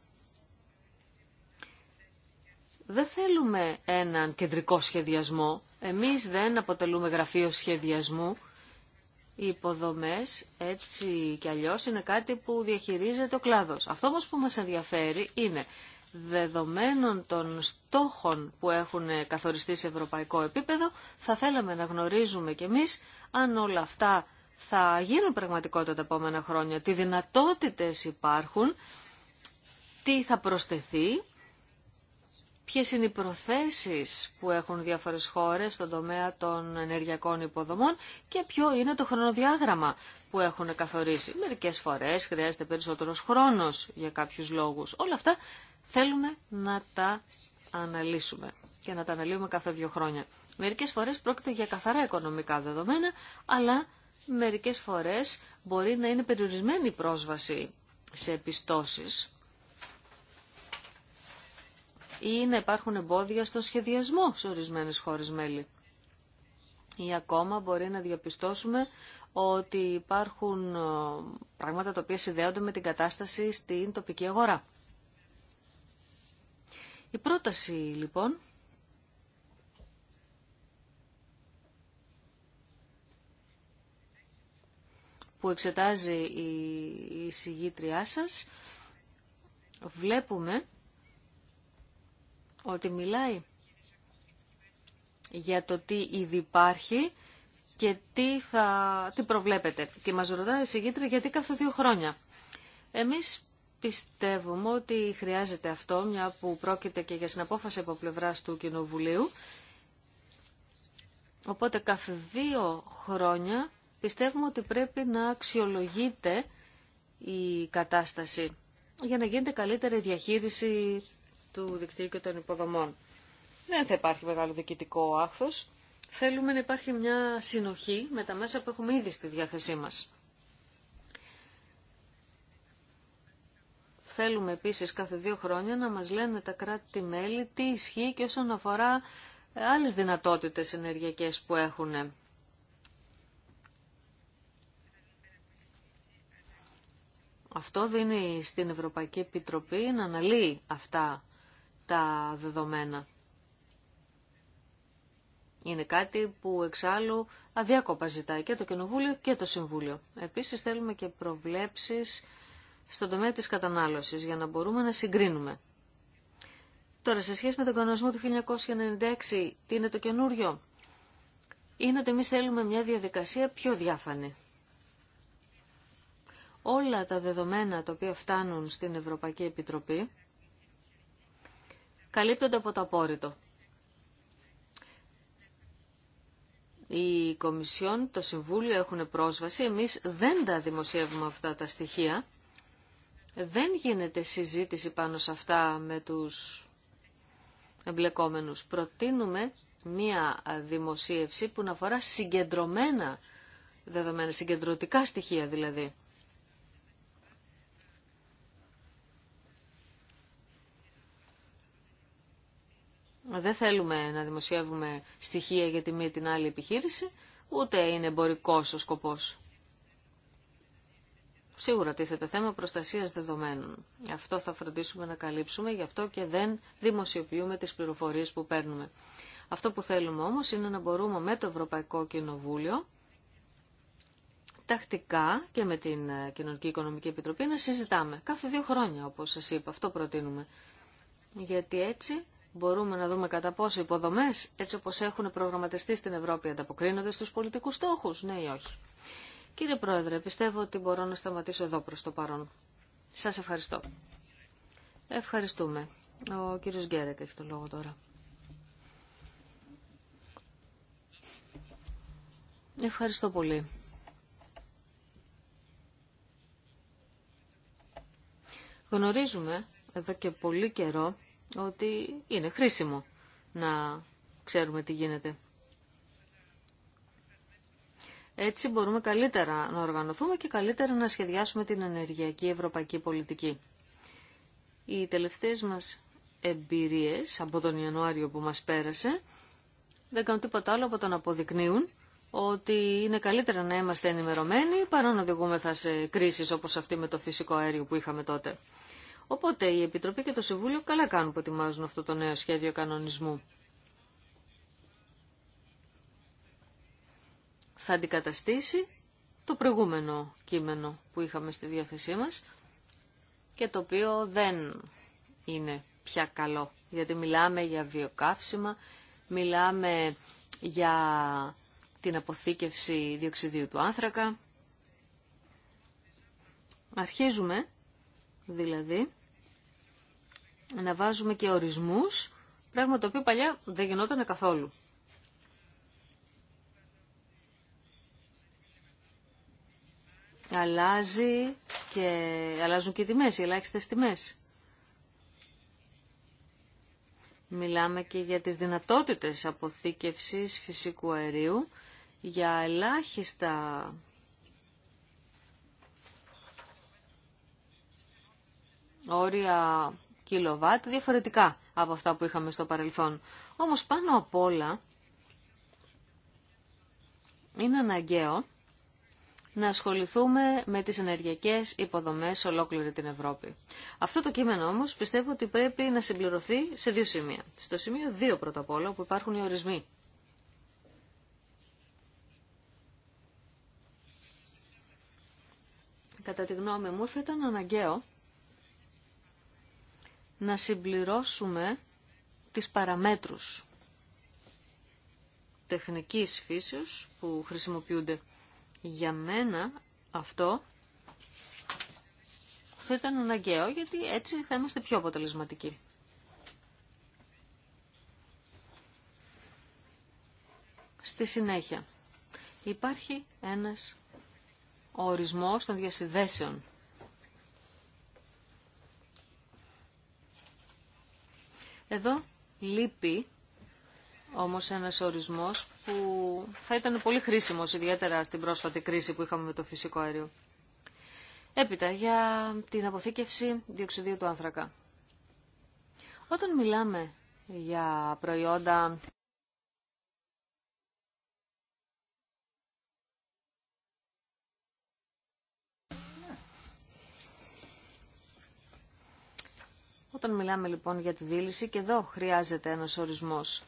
Δεν θέλουμε έναν κεντρικό σχεδιασμό. Εμείς δεν αποτελούμε γραφείο σχεδιασμού. Οι υποδομές έτσι κι αλλιώς είναι κάτι που διαχειρίζεται ο κλάδος. Αυτό όμως που μας ενδιαφέρει είναι δεδομένων των στόχων που έχουν καθοριστεί σε ευρωπαϊκό επίπεδο, θα θέλαμε να γνωρίζουμε κι εμείς αν όλα αυτά θα γίνουν πραγματικότητα τα επόμενα χρόνια, τι δυνατότητες υπάρχουν, τι θα προσθεθεί, ποιες είναι οι προθέσεις που έχουν διάφορες χώρες στον τομέα των ενεργειακών υποδομών και ποιο είναι το χρονοδιάγραμμα που έχουν καθορίσει. Μερικές φορές χρειάζεται περισσότερος χρόνος για κάποιους λόγους. Όλα αυτά θέλουμε να τα αναλύσουμε και να τα αναλύουμε κάθε δύο χρόνια. Μερικές φορές πρόκειται για καθαρά οικονομικά δεδομένα, αλλά μερικές φορές μπορεί να είναι περιορισμένη η πρόσβαση σε επιστώσεις ή να υπάρχουν εμπόδια στον σχεδιασμό σε ορισμένες χώρες μέλη. Ή ακόμα μπορεί να διαπιστώσουμε ότι υπάρχουν ε, πράγματα τα οποία συνδέονται με την κατάσταση στην τοπική αγορά. Η πρόταση λοιπόν που εξετάζει η συγγήτριά σας, βλέπουμε ότι μιλάει για το τι ήδη υπάρχει και τι, θα, τι προβλέπετε. Και μας ρωτάει η συγγήτρια γιατί κάθε δύο χρόνια. Εμείς πιστεύουμε ότι χρειάζεται αυτό, μια που πρόκειται και για συναπόφαση από πλευρά του Κοινοβουλίου. Οπότε κάθε δύο χρόνια πιστεύουμε ότι πρέπει να αξιολογείται η κατάσταση για να γίνεται καλύτερη διαχείριση του δικτύου και των υποδομών. Δεν θα υπάρχει μεγάλο διοικητικό άχθος. Θέλουμε να υπάρχει μια συνοχή με τα μέσα που έχουμε ήδη στη διάθεσή μας. Θέλουμε επίσης κάθε δύο χρόνια να μας λένε τα κράτη-μέλη τι ισχύει και όσον αφορά άλλες δυνατότητες ενεργειακές που έχουν Αυτό δίνει στην Ευρωπαϊκή Επιτροπή να αναλύει αυτά τα δεδομένα. Είναι κάτι που εξάλλου αδιάκοπα ζητάει και το Κοινοβούλιο και το Συμβούλιο. Επίσης θέλουμε και προβλέψεις στον τομέα της κατανάλωσης για να μπορούμε να συγκρίνουμε. Τώρα, σε σχέση με τον κανονισμό του 1996, τι είναι το καινούριο. Είναι ότι εμεί θέλουμε μια διαδικασία πιο διάφανη όλα τα δεδομένα τα οποία φτάνουν στην Ευρωπαϊκή Επιτροπή καλύπτονται από το απόρριτο. Η Κομισιόν, το Συμβούλιο έχουν πρόσβαση, εμείς δεν τα δημοσιεύουμε αυτά τα στοιχεία. Δεν γίνεται συζήτηση πάνω σε αυτά με τους εμπλεκόμενους. Προτείνουμε μία δημοσίευση που να αφορά συγκεντρωμένα δεδομένα, συγκεντρωτικά στοιχεία δηλαδή. Δεν θέλουμε να δημοσιεύουμε στοιχεία για τη μία την άλλη επιχείρηση, ούτε είναι εμπορικό ο σκοπός. Σίγουρα τίθεται θέμα προστασίας δεδομένων. Αυτό θα φροντίσουμε να καλύψουμε, γι' αυτό και δεν δημοσιοποιούμε τις πληροφορίες που παίρνουμε. Αυτό που θέλουμε όμως είναι να μπορούμε με το Ευρωπαϊκό Κοινοβούλιο τακτικά και με την ε, Κοινωνική Οικονομική Επιτροπή να συζητάμε. Κάθε δύο χρόνια, όπως σας είπα, αυτό προτείνουμε. Γιατί έτσι μπορούμε να δούμε κατά πόσο οι υποδομές, έτσι όπως έχουν προγραμματιστεί στην Ευρώπη, ανταποκρίνονται στους πολιτικούς στόχου. ναι ή όχι. Κύριε Πρόεδρε, πιστεύω ότι μπορώ να σταματήσω εδώ προς το παρόν. Σας ευχαριστώ. Ευχαριστούμε. Ο κύριος Γκέρεκ έχει το λόγο τώρα. Ευχαριστώ πολύ. Γνωρίζουμε εδώ και πολύ καιρό ότι είναι χρήσιμο να ξέρουμε τι γίνεται. Έτσι μπορούμε καλύτερα να οργανωθούμε και καλύτερα να σχεδιάσουμε την ενεργειακή ευρωπαϊκή πολιτική. Οι τελευταίες μας εμπειρίες από τον Ιανουάριο που μας πέρασε δεν κάνουν τίποτα άλλο από το να αποδεικνύουν ότι είναι καλύτερα να είμαστε ενημερωμένοι παρά να οδηγούμεθα σε κρίσεις όπως αυτή με το φυσικό αέριο που είχαμε τότε. Οπότε η Επιτροπή και το Συμβούλιο καλά κάνουν που ετοιμάζουν αυτό το νέο σχέδιο κανονισμού. Θα αντικαταστήσει το προηγούμενο κείμενο που είχαμε στη διάθεσή μας και το οποίο δεν είναι πια καλό. Γιατί μιλάμε για βιοκαύσιμα, μιλάμε για την αποθήκευση διοξιδίου του άνθρακα. Αρχίζουμε, δηλαδή, να βάζουμε και ορισμούς, πράγμα το οποίο παλιά δεν γινόταν καθόλου. Αλλάζει και... Αλλάζουν και οι τιμές, οι ελάχιστες τιμές. Μιλάμε και για τις δυνατότητες αποθήκευσης φυσικού αερίου, για ελάχιστα όρια κιλοβάτ διαφορετικά από αυτά που είχαμε στο παρελθόν. Όμως πάνω απ' όλα είναι αναγκαίο να ασχοληθούμε με τις ενεργειακές υποδομές σε ολόκληρη την Ευρώπη. Αυτό το κείμενο όμως πιστεύω ότι πρέπει να συμπληρωθεί σε δύο σημεία. Στο σημείο 2 πρώτα απ' όλα που υπάρχουν οι ορισμοί. Κατά τη γνώμη μου θα ήταν αναγκαίο να συμπληρώσουμε τις παραμέτρους τεχνικής φύσεως που χρησιμοποιούνται. Για μένα αυτό θα ήταν αναγκαίο γιατί έτσι θα είμαστε πιο αποτελεσματικοί. Στη συνέχεια υπάρχει ένας ορισμός των διασυνδέσεων Εδώ λείπει όμως ένας ορισμός που θα ήταν πολύ χρήσιμος, ιδιαίτερα στην πρόσφατη κρίση που είχαμε με το φυσικό αέριο. Έπειτα, για την αποθήκευση διοξιδίου του άνθρακα. Όταν μιλάμε για προϊόντα Όταν μιλάμε λοιπόν για τη δίληση και εδώ χρειάζεται ένας ορισμός.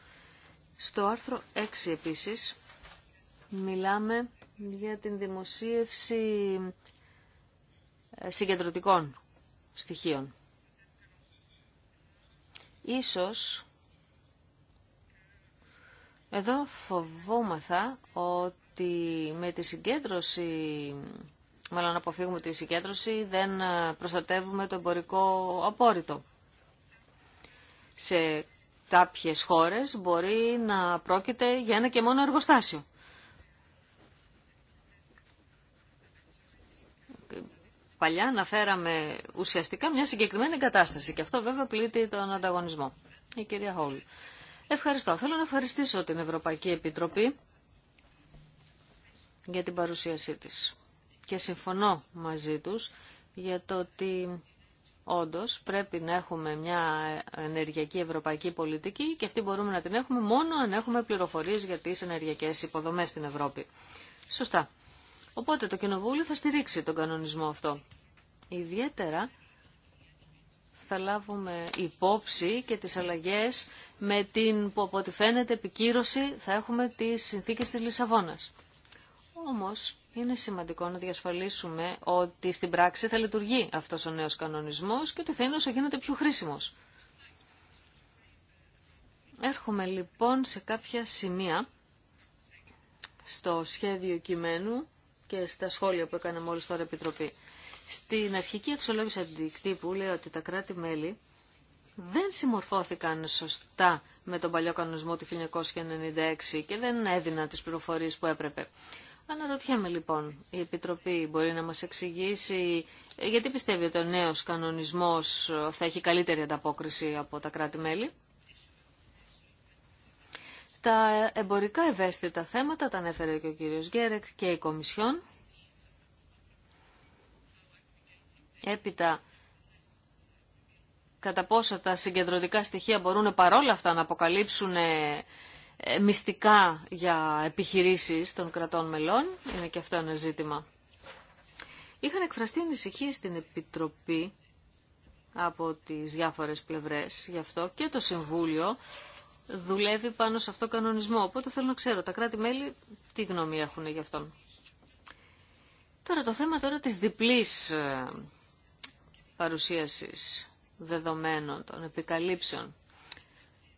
Στο άρθρο 6 επίσης μιλάμε για την δημοσίευση ε, συγκεντρωτικών στοιχείων. Ίσως εδώ φοβόμαθα ότι με τη συγκέντρωση, μάλλον αποφύγουμε τη συγκέντρωση, δεν ε, προστατεύουμε το εμπορικό απόρριτο. Σε κάποιες χώρες μπορεί να πρόκειται για ένα και μόνο εργοστάσιο. Παλιά αναφέραμε ουσιαστικά μια συγκεκριμένη εγκατάσταση και αυτό βέβαια πλήττει τον ανταγωνισμό. Η κυρία Χόλ. Ευχαριστώ. Θέλω να ευχαριστήσω την Ευρωπαϊκή Επιτροπή για την παρουσίασή της. Και συμφωνώ μαζί τους για το ότι Όντως πρέπει να έχουμε μια ενεργειακή ευρωπαϊκή πολιτική και αυτή μπορούμε να την έχουμε μόνο αν έχουμε πληροφορίες για τις ενεργειακές υποδομές στην Ευρώπη. Σωστά. Οπότε το Κοινοβούλιο θα στηρίξει τον κανονισμό αυτό. Ιδιαίτερα θα λάβουμε υπόψη και τις αλλαγές με την που από ό,τι φαίνεται επικύρωση θα έχουμε τις συνθήκες της Λισαβόνας. Όμως είναι σημαντικό να διασφαλίσουμε ότι στην πράξη θα λειτουργεί αυτός ο νέος κανονισμός και ότι θα είναι όσο γίνεται πιο χρήσιμος. Έρχομαι λοιπόν σε κάποια σημεία στο σχέδιο κειμένου και στα σχόλια που έκανε μόλις τώρα η Επιτροπή. Στην αρχική αξιολόγηση αντικτύπου λέει ότι τα κράτη-μέλη δεν συμμορφώθηκαν σωστά με τον παλιό κανονισμό του 1996 και δεν έδιναν τις πληροφορίες που έπρεπε. Αναρωτιέμαι λοιπόν, η Επιτροπή μπορεί να μας εξηγήσει ε, γιατί πιστεύει ότι ο νέος κανονισμός ε, θα έχει καλύτερη ανταπόκριση από τα κράτη-μέλη. Τα εμπορικά ευαίσθητα θέματα τα ανέφερε και ο κύριος Γκέρεκ και η Κομισιόν. Έπειτα, κατά πόσο τα συγκεντρωτικά στοιχεία μπορούν παρόλα αυτά να αποκαλύψουν ε, μυστικά για επιχειρήσεις των κρατών μελών. Είναι και αυτό ένα ζήτημα. Είχαν εκφραστεί ανησυχίε στην Επιτροπή από τις διάφορες πλευρές. Γι' αυτό και το Συμβούλιο δουλεύει πάνω σε αυτό κανονισμό. Οπότε θέλω να ξέρω τα κράτη-μέλη τι γνώμη έχουν γι' αυτόν. Τώρα το θέμα τώρα της διπλής ε, παρουσίασης δεδομένων των επικαλύψεων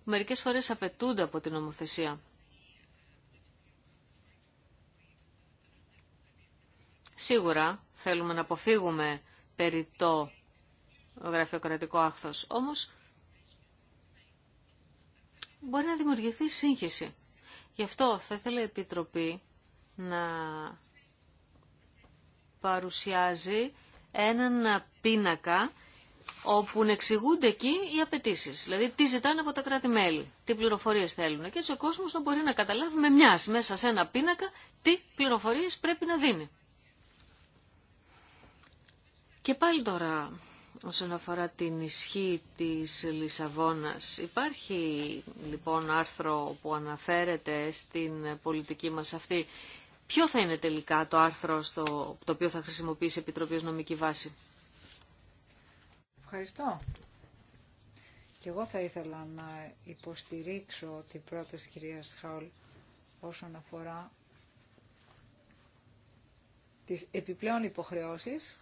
μερικές φορές απαιτούνται από την νομοθεσία. Σίγουρα θέλουμε να αποφύγουμε περί το γραφειοκρατικό άχθος, όμως μπορεί να δημιουργηθεί σύγχυση. Γι' αυτό θα ήθελα η Επιτροπή να παρουσιάζει έναν πίνακα όπου εξηγούνται εκεί οι απαιτήσει. Δηλαδή, τι ζητάνε από τα κράτη-μέλη, τι πληροφορίε θέλουν. Και έτσι ο κόσμο να μπορεί να καταλάβει με μια μέσα σε ένα πίνακα τι πληροφορίε πρέπει να δίνει. Και πάλι τώρα, όσον αφορά την ισχύ της Λισαβόνας, υπάρχει λοιπόν άρθρο που αναφέρεται στην πολιτική μας αυτή. Ποιο θα είναι τελικά το άρθρο στο, το οποίο θα χρησιμοποιήσει η Επιτροπή ως νομική βάση. Ευχαριστώ. Και εγώ θα ήθελα να υποστηρίξω την πρόταση κυρίας Χαουλ όσον αφορά τις επιπλέον υποχρεώσεις.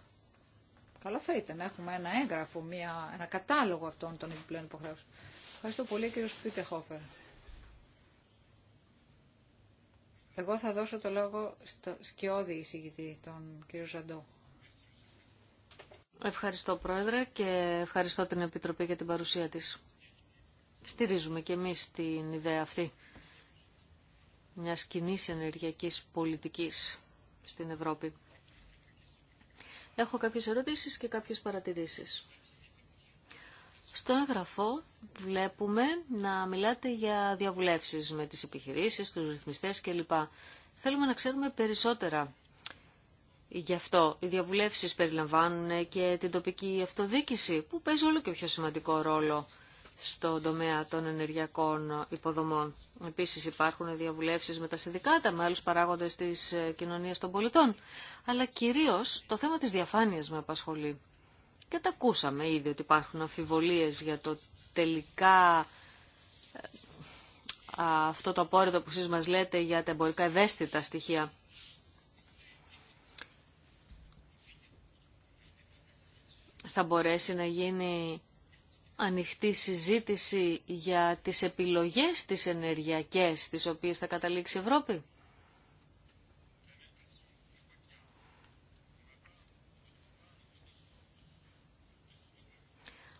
Καλό θα ήταν να έχουμε ένα έγγραφο, μια, ένα κατάλογο αυτών των επιπλέον υποχρεώσεων. Ευχαριστώ πολύ κύριο Σπίτε Χόφερ. Εγώ θα δώσω το λόγο στο σκιώδη εισηγητή, τον κύριο Ζαντό. Ευχαριστώ Πρόεδρε και ευχαριστώ την Επιτροπή για την παρουσία της. Στηρίζουμε και εμείς την ιδέα αυτή μια κοινή ενεργειακής πολιτικής στην Ευρώπη. Έχω κάποιες ερωτήσεις και κάποιες παρατηρήσεις. Στο έγγραφο βλέπουμε να μιλάτε για διαβουλεύσεις με τις επιχειρήσεις, τους ρυθμιστές κλπ. Θέλουμε να ξέρουμε περισσότερα Γι' αυτό οι διαβουλεύσεις περιλαμβάνουν και την τοπική αυτοδίκηση που παίζει όλο και πιο σημαντικό ρόλο στον τομέα των ενεργειακών υποδομών. Επίσης υπάρχουν διαβουλεύσεις με τα συνδικάτα, με άλλους παράγοντες της ε, κοινωνίας των πολιτών. Αλλά κυρίως το θέμα της διαφάνειας με απασχολεί. Και τα ακούσαμε ήδη ότι υπάρχουν αμφιβολίες για το τελικά ε, αυτό το απόρριτο που εσείς μας λέτε για τα εμπορικά ευαίσθητα στοιχεία. θα μπορέσει να γίνει ανοιχτή συζήτηση για τις επιλογές τις ενεργειακές τις οποίες θα καταλήξει η Ευρώπη.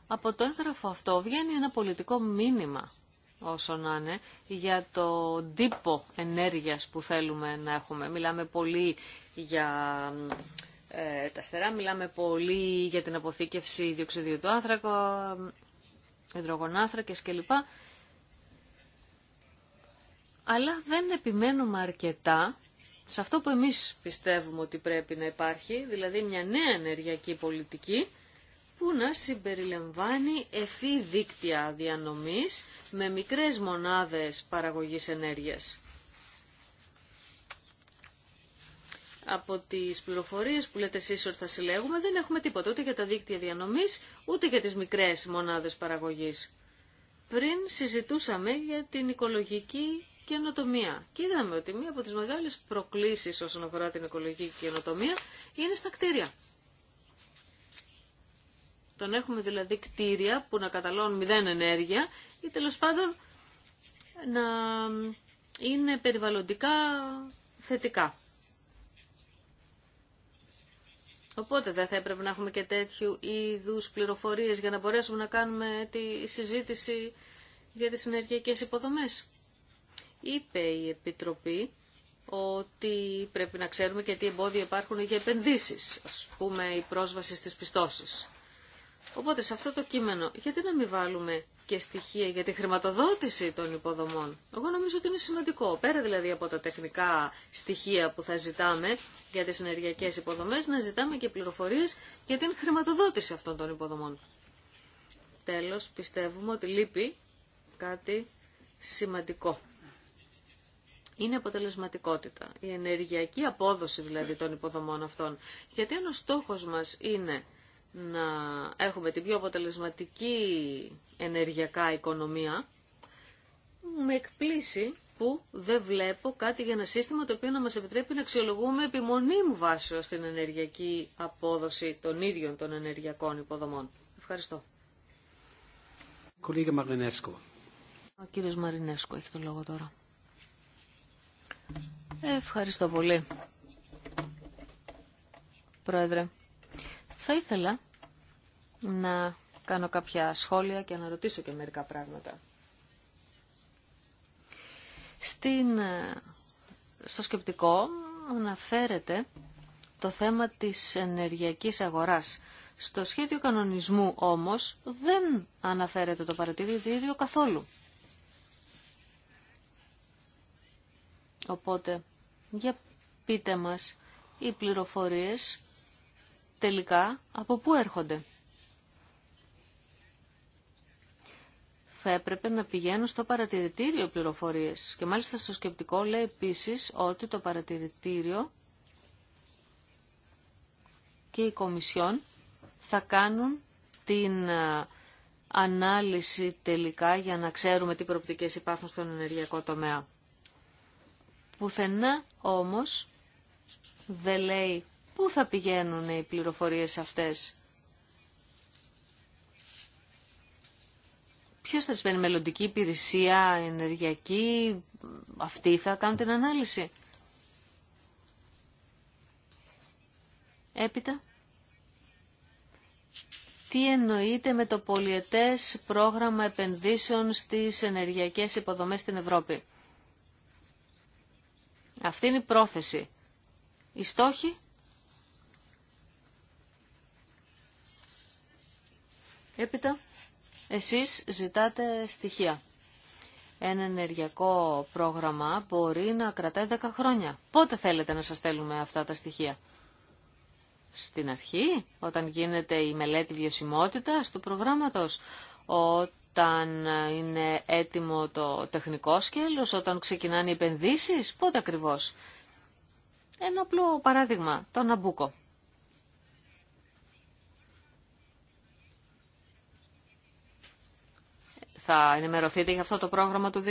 Από το έγγραφο αυτό βγαίνει ένα πολιτικό μήνυμα όσο να είναι, για το τύπο ενέργειας που θέλουμε να έχουμε. Μιλάμε πολύ για ε, τα στερά. Μιλάμε πολύ για την αποθήκευση διοξιδίου του άνθρακα, υδρογονάνθρακες κλπ. Αλλά δεν επιμένουμε αρκετά σε αυτό που εμείς πιστεύουμε ότι πρέπει να υπάρχει, δηλαδή μια νέα ενεργειακή πολιτική που να συμπεριλαμβάνει ευφύ δίκτυα διανομής με μικρές μονάδες παραγωγής ενέργειας. από τις πληροφορίες που λέτε εσείς ότι θα συλλέγουμε δεν έχουμε τίποτα ούτε για τα δίκτυα διανομής ούτε για τις μικρές μονάδες παραγωγής. Πριν συζητούσαμε για την οικολογική καινοτομία και είδαμε ότι μία από τις μεγάλες προκλήσεις όσον αφορά την οικολογική καινοτομία είναι στα κτίρια. Τον έχουμε δηλαδή κτίρια που να καταλώνουν μηδέν ενέργεια ή τέλο πάντων να είναι περιβαλλοντικά θετικά. Οπότε δεν θα έπρεπε να έχουμε και τέτοιου είδου πληροφορίες για να μπορέσουμε να κάνουμε τη συζήτηση για τις ενεργειακές υποδομές. Είπε η Επιτροπή ότι πρέπει να ξέρουμε και τι εμπόδια υπάρχουν για επενδύσεις, ας πούμε η πρόσβαση στις πιστώσεις. Οπότε σε αυτό το κείμενο, γιατί να μην βάλουμε και στοιχεία για τη χρηματοδότηση των υποδομών. Εγώ νομίζω ότι είναι σημαντικό, πέρα δηλαδή από τα τεχνικά στοιχεία που θα ζητάμε για τις ενεργειακές υποδομές, να ζητάμε και πληροφορίες για την χρηματοδότηση αυτών των υποδομών. Τέλος, πιστεύουμε ότι λείπει κάτι σημαντικό. Είναι αποτελεσματικότητα, η ενεργειακή απόδοση δηλαδή των υποδομών αυτών. Γιατί αν ο στόχος μας είναι να έχουμε την πιο αποτελεσματική ενεργειακά οικονομία, με εκπλήσει που δεν βλέπω κάτι για ένα σύστημα το οποίο να μας επιτρέπει να αξιολογούμε επιμονή μου βάσεω στην ενεργειακή απόδοση των ίδιων των ενεργειακών υποδομών. Ευχαριστώ. κολύγε Μαρινέσκο. κύριος Μαρινέσκο έχει το λόγο τώρα. Ευχαριστώ πολύ. Πρόεδρε, θα ήθελα να κάνω κάποια σχόλια και να ρωτήσω και μερικά πράγματα. Στην, ε, στο σκεπτικό αναφέρεται το θέμα της ενεργειακής αγοράς. Στο σχέδιο κανονισμού όμως δεν αναφέρεται το παρατηρητήριο καθόλου. Οπότε, για πείτε μας, οι πληροφορίες τελικά από πού έρχονται. θα έπρεπε να πηγαίνουν στο παρατηρητήριο πληροφορίες. Και μάλιστα στο σκεπτικό λέει επίσης ότι το παρατηρητήριο και η Κομισιόν θα κάνουν την ε, ανάλυση τελικά για να ξέρουμε τι προοπτικές υπάρχουν στον ενεργειακό τομέα. Πουθενά όμως δεν λέει πού θα πηγαίνουν οι πληροφορίες αυτές Ποιο θα τις παίρνει μελλοντική υπηρεσία, ενεργειακή, αυτοί θα κάνουν την ανάλυση. Έπειτα, τι εννοείται με το πολιετές πρόγραμμα επενδύσεων στις ενεργειακές υποδομές στην Ευρώπη. Αυτή είναι η πρόθεση. Η στόχοι. Έπειτα. Εσείς ζητάτε στοιχεία. Ένα ενεργειακό πρόγραμμα μπορεί να κρατάει 10 χρόνια. Πότε θέλετε να σας στέλνουμε αυτά τα στοιχεία. Στην αρχή, όταν γίνεται η μελέτη βιωσιμότητας του προγράμματος, όταν είναι έτοιμο το τεχνικό σκέλος, όταν ξεκινάνε οι επενδύσεις, πότε ακριβώς. Ένα απλό παράδειγμα, το Ναμπούκο. Θα ενημερωθείτε για αυτό το πρόγραμμα του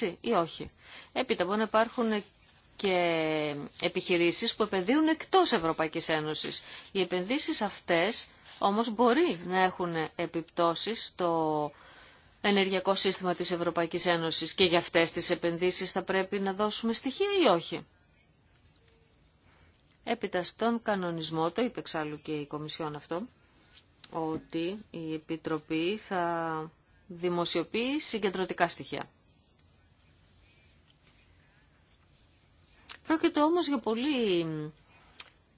2006 ή όχι. Έπειτα μπορεί να υπάρχουν και επιχειρήσεις που επενδύουν εκτός Ευρωπαϊκής Ένωσης. Οι επενδύσεις αυτές όμως μπορεί να έχουν επιπτώσεις στο ενεργειακό σύστημα της Ευρωπαϊκής Ένωσης και για αυτές τις επενδύσεις θα πρέπει να δώσουμε στοιχεία ή όχι. Έπειτα στον κανονισμό, το είπε εξάλλου και η Κομισιόν αυτό, ότι η Επιτροπή θα δημοσιοποιεί συγκεντρωτικά στοιχεία. Πρόκειται όμως για πολύ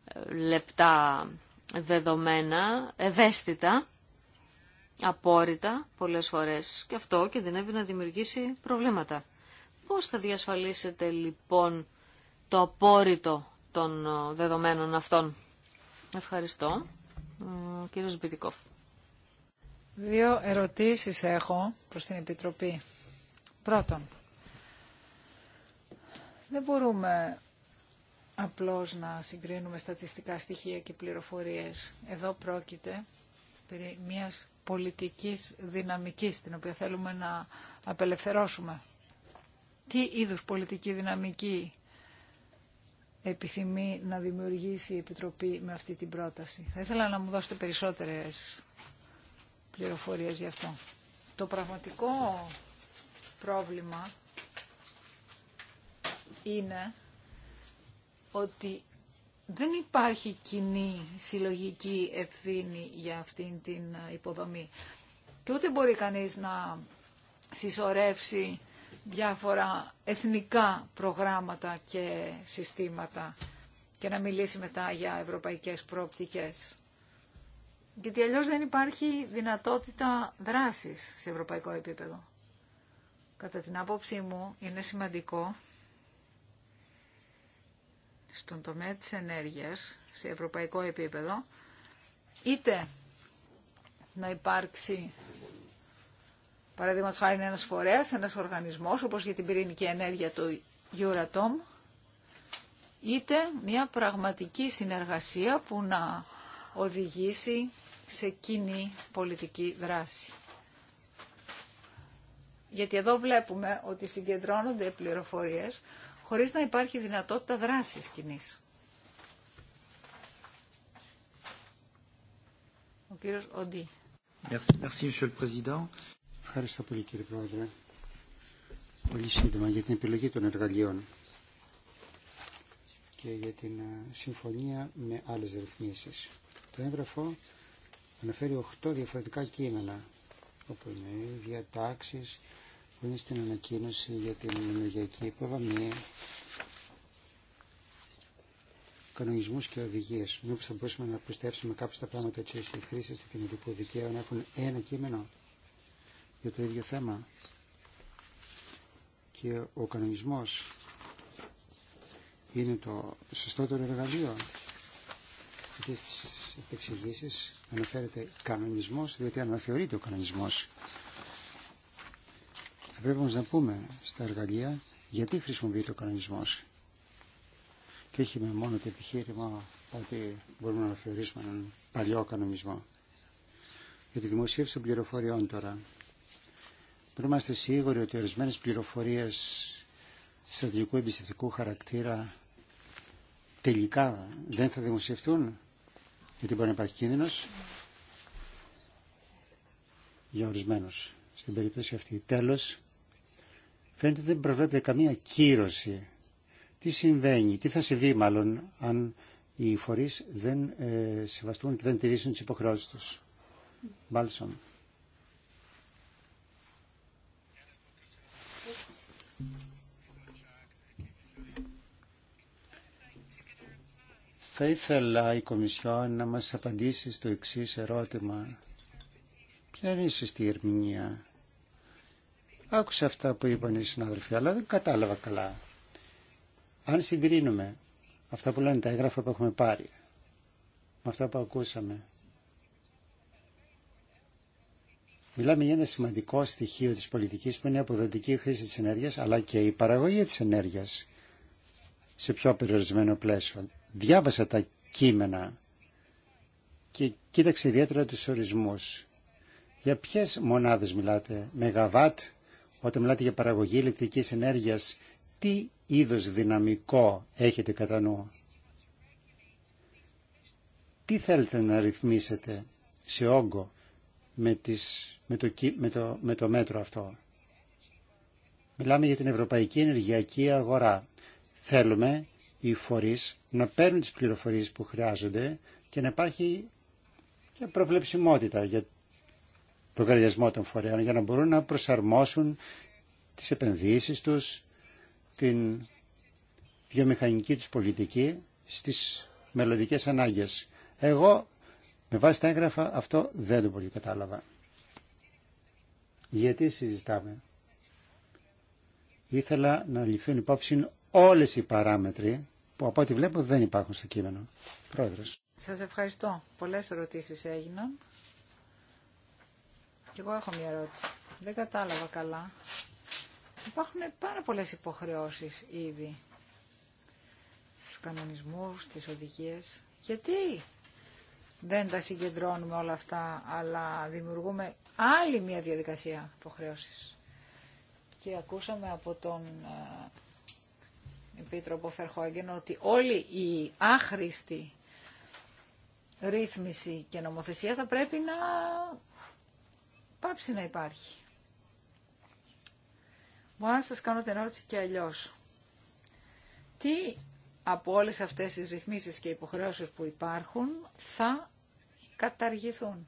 ε, λεπτά δεδομένα, ευαίσθητα, απόρριτα πολλές φορές και αυτό κινδυνεύει να δημιουργήσει προβλήματα. Πώς θα διασφαλίσετε λοιπόν το απόρριτο των ε, δεδομένων αυτών. Ευχαριστώ. κύριος Μπιτικόφ. Δύο ερωτήσεις έχω προς την Επιτροπή. Πρώτον, δεν μπορούμε απλώς να συγκρίνουμε στατιστικά στοιχεία και πληροφορίες. Εδώ πρόκειται περί μιας πολιτικής δυναμικής, την οποία θέλουμε να απελευθερώσουμε. Τι είδους πολιτική δυναμική επιθυμεί να δημιουργήσει η Επιτροπή με αυτή την πρόταση. Θα ήθελα να μου δώσετε περισσότερες πληροφορίες γι' αυτό. Το πραγματικό πρόβλημα είναι ότι δεν υπάρχει κοινή συλλογική ευθύνη για αυτήν την υποδομή. Και ούτε μπορεί κανείς να συσσωρεύσει διάφορα εθνικά προγράμματα και συστήματα και να μιλήσει μετά για ευρωπαϊκές πρόπτικες. Γιατί αλλιώ δεν υπάρχει δυνατότητα δράσης σε ευρωπαϊκό επίπεδο. Κατά την άποψή μου είναι σημαντικό στον τομέα της ενέργειας σε ευρωπαϊκό επίπεδο είτε να υπάρξει παραδείγματος χάρη ένας φορέας, ένας οργανισμός όπως για την πυρηνική ενέργεια του Euratom είτε μια πραγματική συνεργασία που να οδηγήσει σε κοινή πολιτική δράση. Γιατί εδώ βλέπουμε ότι συγκεντρώνονται πληροφορίες χωρίς να υπάρχει δυνατότητα δράσης κοινή. Ο κύριος Οντή. Ευχαριστώ πολύ κύριε Πρόεδρε. Πολύ σύντομα για την επιλογή των εργαλείων και για την ε, συμφωνία με άλλες ρυθμίσεις. Το έγγραφο αναφέρει 8 διαφορετικά κείμενα, όπου είναι οι διατάξεις που είναι στην ανακοίνωση για την ενεργειακή υποδομή, κανονισμού και οδηγίε, Μήπως θα μπορούσαμε να προστεύσουμε κάποια τα πράγματα έτσι ώστε οι χρήστες του κοινωνικού δικαίου να έχουν ένα κείμενο για το ίδιο θέμα και ο κανονισμό είναι το σωστότερο εργαλείο. στις εξηγήσει αναφέρεται κανονισμό διότι αναθεωρείται ο κανονισμός. Θα πρέπει όμως να πούμε στα εργαλεία γιατί χρησιμοποιείται ο κανονισμός. Και όχι με μόνο το επιχείρημα ότι μπορούμε να αναθεωρήσουμε έναν παλιό κανονισμό. Για τη δημοσίευση των πληροφοριών τώρα. Πρέπει να είμαστε σίγουροι ότι ορισμένε πληροφορίε στρατηγικού εμπιστευτικού χαρακτήρα τελικά δεν θα δημοσιευτούν γιατί μπορεί να υπάρχει κίνδυνο για ορισμένου στην περίπτωση αυτή. Τέλο, φαίνεται ότι δεν προβλέπεται καμία κύρωση. Τι συμβαίνει, τι θα συμβεί μάλλον αν οι φορεί δεν ε, σεβαστούν και δεν τηρήσουν τι υποχρεώσει του. Μπάλσον. Θα ήθελα η Κομισιόν να μας απαντήσει στο εξής ερώτημα. Ποια είναι η σωστή ερμηνεία. Άκουσα αυτά που είπαν οι συνάδελφοι, αλλά δεν κατάλαβα καλά. Αν συγκρίνουμε αυτά που λένε τα έγγραφα που έχουμε πάρει με αυτά που ακούσαμε, Μιλάμε για ένα σημαντικό στοιχείο της πολιτικής που είναι η αποδοτική χρήση της ενέργειας αλλά και η παραγωγή της ενέργειας σε πιο περιορισμένο πλαίσιο. Διάβασα τα κείμενα και κοίταξε ιδιαίτερα τους ορισμούς. Για ποιες μονάδες μιλάτε, μεγαβάτ, όταν μιλάτε για παραγωγή ηλεκτρικής ενέργειας, τι είδος δυναμικό έχετε κατά νου. Τι θέλετε να ρυθμίσετε σε όγκο με, τις, με, με το μέτρο αυτό. Μιλάμε για την Ευρωπαϊκή Ενεργειακή Αγορά. Θέλουμε οι φορείς να παίρνουν τις πληροφορίες που χρειάζονται και να υπάρχει και προβλεψιμότητα για τον καρδιασμό των φορέων για να μπορούν να προσαρμόσουν τις επενδύσεις τους, την βιομηχανική τους πολιτική στις μελλοντικές ανάγκες. Εγώ με βάση τα έγγραφα αυτό δεν το πολύ κατάλαβα. Γιατί συζητάμε. Ήθελα να ληφθούν υπόψη όλες οι παράμετροι που από ό,τι βλέπω δεν υπάρχουν στο κείμενο. Πρόεδρος. Σας ευχαριστώ. Πολλές ερωτήσεις έγιναν. Και εγώ έχω μια ερώτηση. Δεν κατάλαβα καλά. Υπάρχουν πάρα πολλές υποχρεώσεις ήδη στους κανονισμούς, στις οδηγίες. Γιατί δεν τα συγκεντρώνουμε όλα αυτά, αλλά δημιουργούμε άλλη μια διαδικασία υποχρεώσεις. Και ακούσαμε από τον ε, Επίτροπο Φερχόγγεν ότι όλη η άχρηστη ρύθμιση και νομοθεσία θα πρέπει να πάψει να υπάρχει. Μπορώ να σας κάνω την ερώτηση και αλλιώς. Τι από όλες αυτές τις ρυθμίσεις και υποχρεώσεις που υπάρχουν θα καταργηθούν.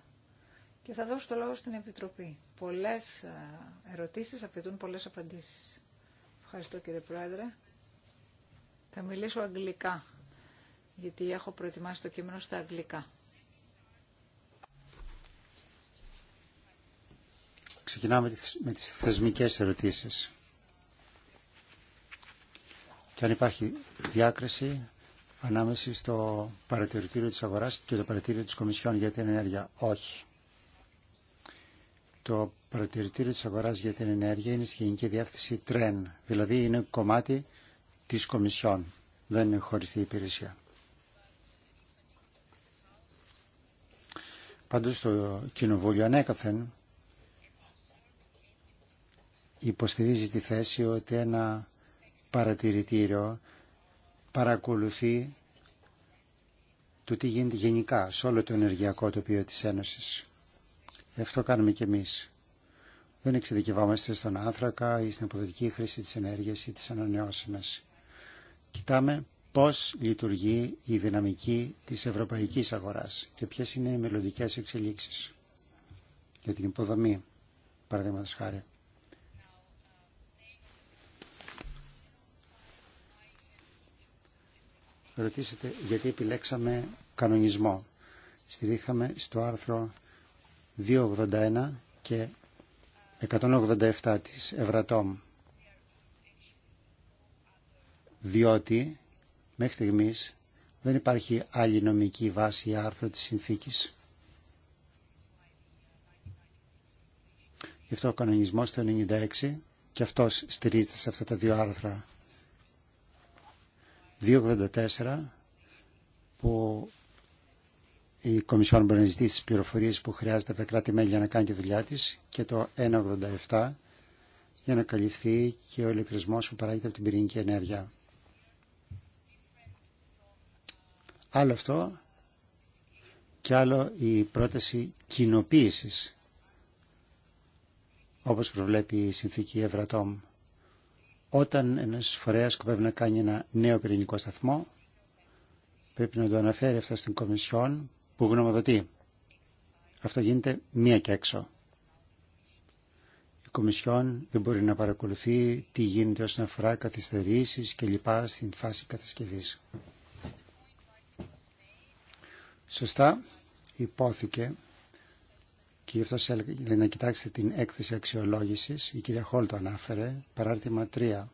Και θα δώσω το λόγο στην Επιτροπή. Πολλές ε, ερωτήσεις απαιτούν πολλές απαντήσεις. Ευχαριστώ κύριε Πρόεδρε. Θα μιλήσω αγγλικά, γιατί έχω προετοιμάσει το κείμενο στα αγγλικά. Ξεκινάμε με τις θεσμικές ερωτήσεις. Και αν υπάρχει διάκριση ανάμεσα στο παρατηρητήριο της αγοράς και το παρατηρητήριο της Κομισιόν για την ενέργεια. Όχι. Το παρατηρητήριο της αγοράς για την ενέργεια είναι στη Γενική Διεύθυνση ΤΡΕΝ, δηλαδή είναι κομμάτι της Κομισιόν. Δεν είναι χωριστή υπηρεσία. Πάντως το Κοινοβούλιο ανέκαθεν υποστηρίζει τη θέση ότι ένα παρατηρητήριο παρακολουθεί το τι γίνεται γενικά σε όλο το ενεργειακό τοπίο της Ένωσης. αυτό κάνουμε και εμείς. Δεν εξειδικευόμαστε στον άνθρακα ή στην αποδοτική χρήση της ενέργειας ή της ανανεώσιμας κοιτάμε πώς λειτουργεί η δυναμική της ευρωπαϊκής αγοράς και ποιες είναι οι μελλοντικέ εξελίξεις για την υποδομή, παραδείγματος χάρη. Ρωτήσετε γιατί επιλέξαμε κανονισμό. Στηρίχαμε στο άρθρο 281 και 187 της Ευρατόμ διότι μέχρι στιγμής δεν υπάρχει άλλη νομική βάση ή άρθρο της συνθήκης. Γι' αυτό ο κανονισμός του 96 και αυτός στηρίζεται σε αυτά τα δύο άρθρα. 284 που η Κομισιόν μπορεί να ζητήσει τις πληροφορίες που χρειάζεται από τα κράτη-μέλη για να κάνει τη δουλειά της και το 187 για να καλυφθεί και ο ηλεκτρισμός που παράγεται από την πυρηνική ενέργεια. Άλλο αυτό και άλλο η πρόταση κοινοποίηση όπως προβλέπει η συνθήκη Ευρατόμ. Όταν ένας φορέας σκοπεύει να κάνει ένα νέο πυρηνικό σταθμό, πρέπει να το αναφέρει αυτό στην Κομισιόν που γνωμοδοτεί. Αυτό γίνεται μία και έξω. Η Κομισιόν δεν μπορεί να παρακολουθεί τι γίνεται όσον αφορά καθυστερήσεις και λοιπά στην φάση κατασκευή. Σωστά υπόθηκε και γι' αυτό σας να κοιτάξετε την έκθεση αξιολόγησης. Η κυρία Χόλ το ανάφερε, παράρτημα 3.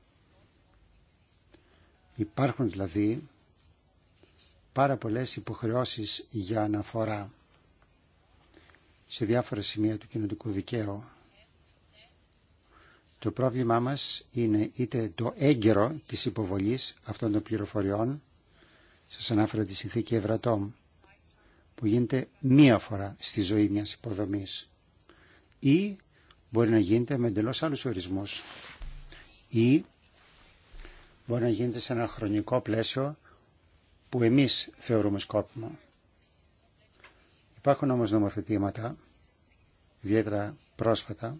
Υπάρχουν δηλαδή πάρα πολλές υποχρεώσεις για αναφορά σε διάφορα σημεία του κοινωνικού δικαίου. Το πρόβλημά μας είναι είτε το έγκαιρο της υποβολής αυτών των πληροφοριών, σας ανάφερα τη συνθήκη Ευρατόμ, που γίνεται μία φορά στη ζωή ή ή μπορεί να γίνεται με εντελώ άλλους ορισμού. ή μπορεί να γίνεται σε ένα χρονικό πλαίσιο που εμείς θεωρούμε σκόπιμο. Υπάρχουν όμως νομοθετήματα, ιδιαίτερα πρόσφατα,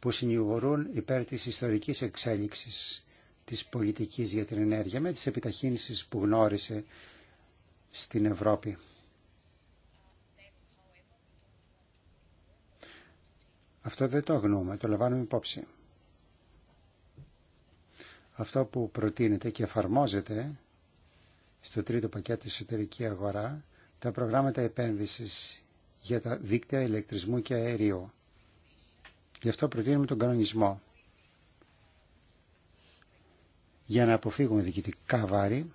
που συνηγορούν υπέρ της ιστορικής εξέλιξης της πολιτικής για την ενέργεια με τις επιταχύνσεις που γνώρισε στην Ευρώπη. Αυτό δεν το αγνοούμε, το λαμβάνουμε υπόψη. Αυτό που προτείνεται και εφαρμόζεται στο τρίτο πακέτο εσωτερική αγορά, τα προγράμματα επένδυσης για τα δίκτυα ηλεκτρισμού και αερίου. Γι' αυτό προτείνουμε τον κανονισμό για να αποφύγουμε διοικητικά βάρη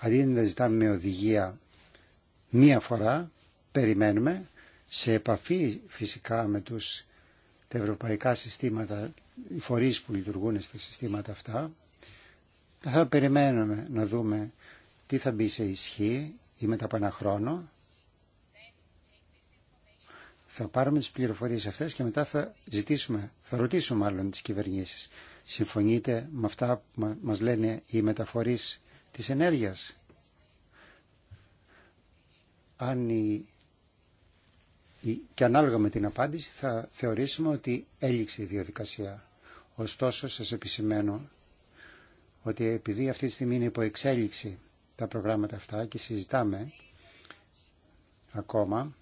αντί να ζητάμε με οδηγία μία φορά, περιμένουμε, σε επαφή φυσικά με τους τα ευρωπαϊκά συστήματα, οι φορείς που λειτουργούν στα συστήματα αυτά, θα περιμένουμε να δούμε τι θα μπει σε ισχύ ή μετά από ένα χρόνο θα πάρουμε τις πληροφορίες αυτές και μετά θα ζητήσουμε, θα ρωτήσουμε μάλλον τις κυβερνήσεις. Συμφωνείτε με αυτά που μας λένε οι μεταφορείς της ενέργειας. Αν η... και ανάλογα με την απάντηση θα θεωρήσουμε ότι έληξε η διαδικασία. Ωστόσο σας επισημαίνω ότι επειδή αυτή τη στιγμή είναι υπό εξέλιξη τα προγράμματα αυτά και συζητάμε ακόμα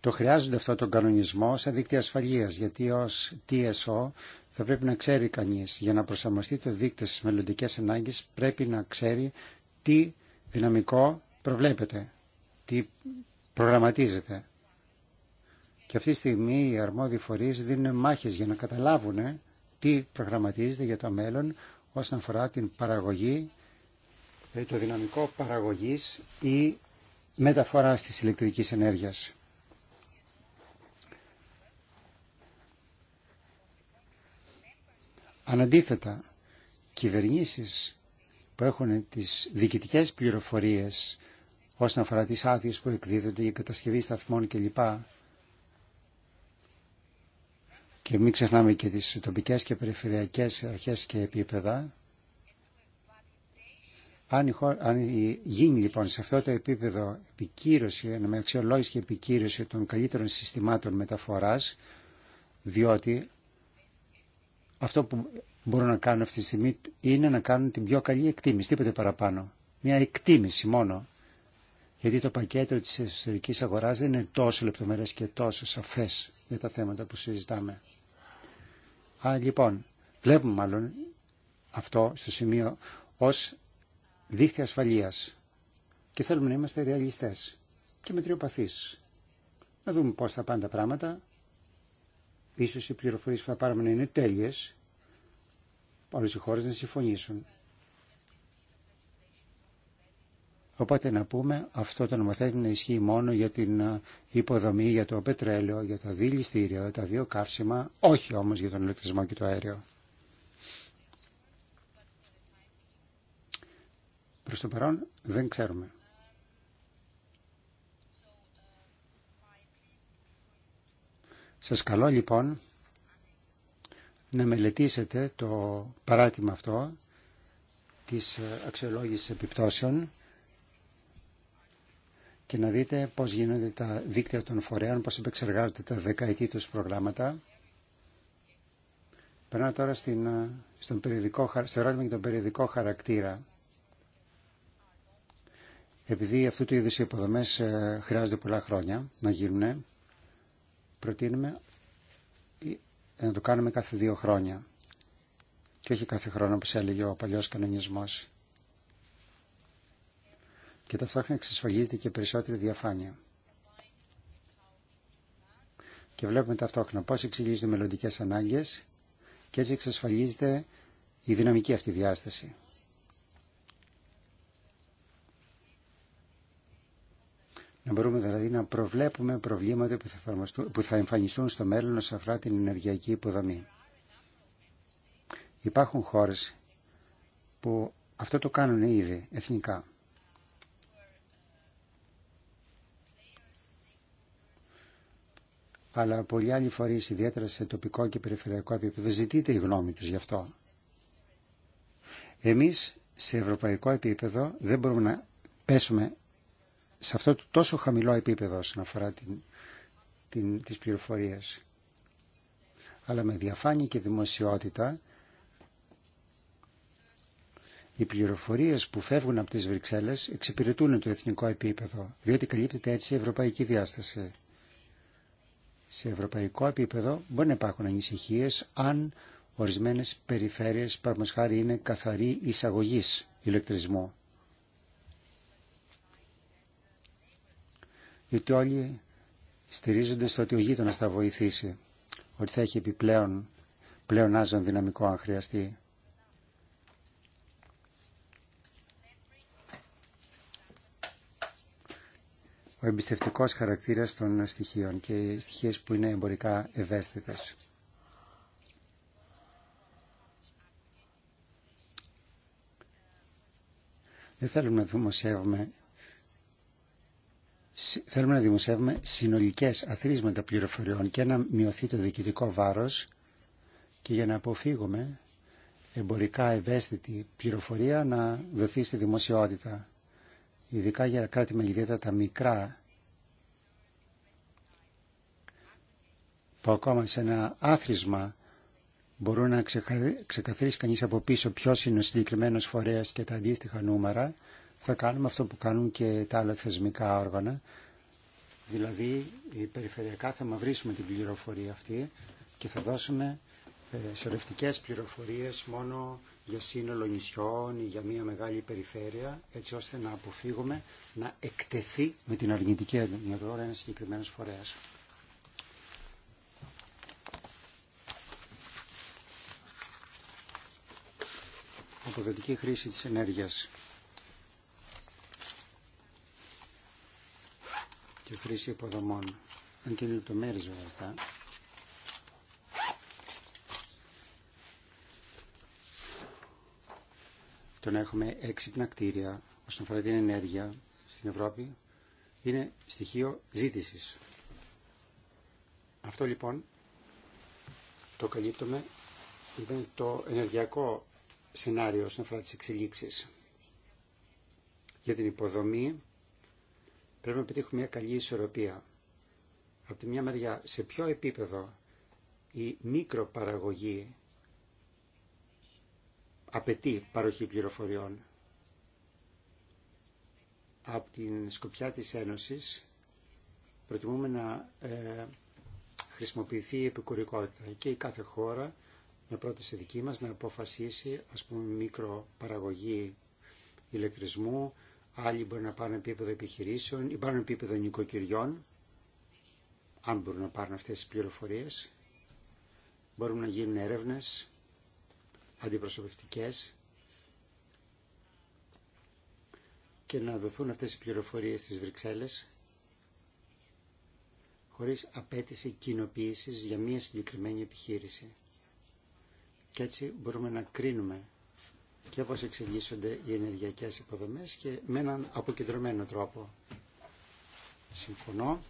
το χρειάζονται αυτό τον κανονισμό σε δίκτυα ασφαλεία, γιατί ω TSO θα πρέπει να ξέρει κανείς για να προσαρμοστεί το δίκτυο στι μελλοντικέ ανάγκες πρέπει να ξέρει τι δυναμικό προβλέπεται, τι προγραμματίζεται. Και αυτή τη στιγμή οι αρμόδιοι φορείς δίνουν μάχες για να καταλάβουν ε, τι προγραμματίζεται για το μέλλον όσον αφορά την παραγωγή, ε, το δυναμικό παραγωγής ή μεταφορά της ηλεκτρικής ενέργειας. Αναντίθετα, κυβερνήσεις που έχουν τις διοικητικές πληροφορίες όσον αφορά τις άδειες που εκδίδονται για κατασκευή σταθμών κλπ. Και μην ξεχνάμε και τις τοπικές και περιφερειακές αρχές και επίπεδα. Αν, η χώρα, γίνει λοιπόν σε αυτό το επίπεδο επικύρωση, με αξιολόγηση και επικύρωση των καλύτερων συστημάτων μεταφοράς, διότι αυτό που μπορούν να κάνουν αυτή τη στιγμή είναι να κάνουν την πιο καλή εκτίμηση, τίποτε παραπάνω. Μια εκτίμηση μόνο. Γιατί το πακέτο της εσωτερικής αγοράς δεν είναι τόσο λεπτομερές και τόσο σαφές για τα θέματα που συζητάμε. Α, λοιπόν, βλέπουμε μάλλον αυτό στο σημείο ως δίχτυα ασφαλείας και θέλουμε να είμαστε ρεαλιστές και μετριοπαθείς. Να δούμε πώς θα πάνε τα πράγματα Ίσως οι πληροφορίες που θα πάρουμε να είναι τέλειες, όλες οι χώρες να συμφωνήσουν. Οπότε να πούμε αυτό το νομοθέτημα ισχύει μόνο για την ε, υποδομή, για το πετρέλαιο, για τα δηληστήρια, τα βιοκαύσιμα, όχι όμως για τον ηλεκτρισμό και το αέριο. Προς το παρόν δεν ξέρουμε. Σας καλώ λοιπόν να μελετήσετε το παράτημα αυτό της αξιολόγησης επιπτώσεων και να δείτε πώς γίνονται τα δίκτυα των φορέων, πώς επεξεργάζονται τα δεκαετή τους προγράμματα. Περνάω τώρα στην, στον περιοδικό, στο ερώτημα για τον περιοδικό χαρακτήρα. Επειδή αυτού του είδους οι υποδομές ε, χρειάζονται πολλά χρόνια να γίνουν, προτείνουμε να το κάνουμε κάθε δύο χρόνια και όχι κάθε χρόνο όπως έλεγε ο παλιός κανονισμός. Και ταυτόχρονα εξασφαλίζεται και περισσότερη διαφάνεια. Και βλέπουμε ταυτόχρονα πώς εξηγίζονται μελλοντικέ ανάγκες και έτσι εξασφαλίζεται η δυναμική αυτή διάσταση. Να μπορούμε δηλαδή να προβλέπουμε προβλήματα που θα, εμφανιστούν στο μέλλον όσον αφορά την ενεργειακή υποδομή. Υπάρχουν χώρες που αυτό το κάνουν ήδη εθνικά. Αλλά πολλοί άλλοι φορείς, ιδιαίτερα σε τοπικό και περιφερειακό επίπεδο, ζητείται η γνώμη τους γι' αυτό. Εμείς σε ευρωπαϊκό επίπεδο δεν μπορούμε να πέσουμε σε αυτό το τόσο χαμηλό επίπεδο όσον αφορά την, την, τις πληροφορίες. Αλλά με διαφάνεια και δημοσιότητα οι πληροφορίες που φεύγουν από τις Βρυξέλλες εξυπηρετούν το εθνικό επίπεδο, διότι καλύπτεται έτσι η ευρωπαϊκή διάσταση. Σε ευρωπαϊκό επίπεδο μπορεί να υπάρχουν ανησυχίε αν ορισμένες περιφέρειες, παραδείγματος είναι καθαρή εισαγωγής ηλεκτρισμού γιατί όλοι στηρίζονται στο ότι ο γείτονα θα βοηθήσει, ότι θα έχει επιπλέον πλεονάζον δυναμικό αν χρειαστεί. Ο εμπιστευτικό χαρακτήρας των στοιχείων και οι στοιχείε που είναι εμπορικά ευαίσθητε. Δεν θέλουμε να δημοσιεύουμε θέλουμε να δημοσιεύουμε συνολικές αθροίσματα πληροφοριών και να μειωθεί το διοικητικό βάρος και για να αποφύγουμε εμπορικά ευαίσθητη πληροφορία να δοθεί στη δημοσιότητα. Ειδικά για κράτη με τα μικρά που ακόμα σε ένα άθροισμα μπορούν να ξεκαθαρίσει κανείς από πίσω ποιος είναι ο συγκεκριμένος φορέας και τα αντίστοιχα νούμερα θα κάνουμε αυτό που κάνουν και τα άλλα θεσμικά όργανα. Δηλαδή, περιφερειακά θα μαυρίσουμε την πληροφορία αυτή και θα δώσουμε ε, σωρευτικές πληροφορίες μόνο για σύνολο νησιών ή για μια μεγάλη περιφέρεια, έτσι ώστε να αποφύγουμε να εκτεθεί με την αρνητική τώρα ένα συγκεκριμένο φορέα. Αποδοτική χρήση της ενέργειας. τη χρήση υποδομών. Αν και είναι λεπτομέρειε βέβαια Το να έχουμε έξυπνα κτίρια όσον αφορά την ενέργεια στην Ευρώπη είναι στοιχείο ζήτησης. Αυτό λοιπόν το καλύπτουμε με το ενεργειακό σενάριο όσον αφορά τις εξελίξεις. Για την υποδομή Πρέπει να πετύχουμε μια καλή ισορροπία. Από τη μια μεριά, σε ποιο επίπεδο η μικροπαραγωγή απαιτεί παροχή πληροφοριών. Από την σκοπιά της Ένωσης προτιμούμε να ε, χρησιμοποιηθεί η επικουρικότητα και η κάθε χώρα με πρόταση δική μας να αποφασίσει ας πούμε μικροπαραγωγή ηλεκτρισμού, άλλοι μπορεί να πάρουν επίπεδο επιχειρήσεων ή πάρουν επίπεδο νοικοκυριών, αν μπορούν να πάρουν αυτές τις πληροφορίες. Μπορούν να γίνουν έρευνες αντιπροσωπευτικές και να δοθούν αυτές οι πληροφορίες στις Βρυξέλλες χωρίς απέτηση κοινοποίησης για μία συγκεκριμένη επιχείρηση. Και έτσι μπορούμε να κρίνουμε και πώς εξελίσσονται οι ενεργειακές υποδομές και με έναν αποκεντρωμένο τρόπο. Συμφωνώ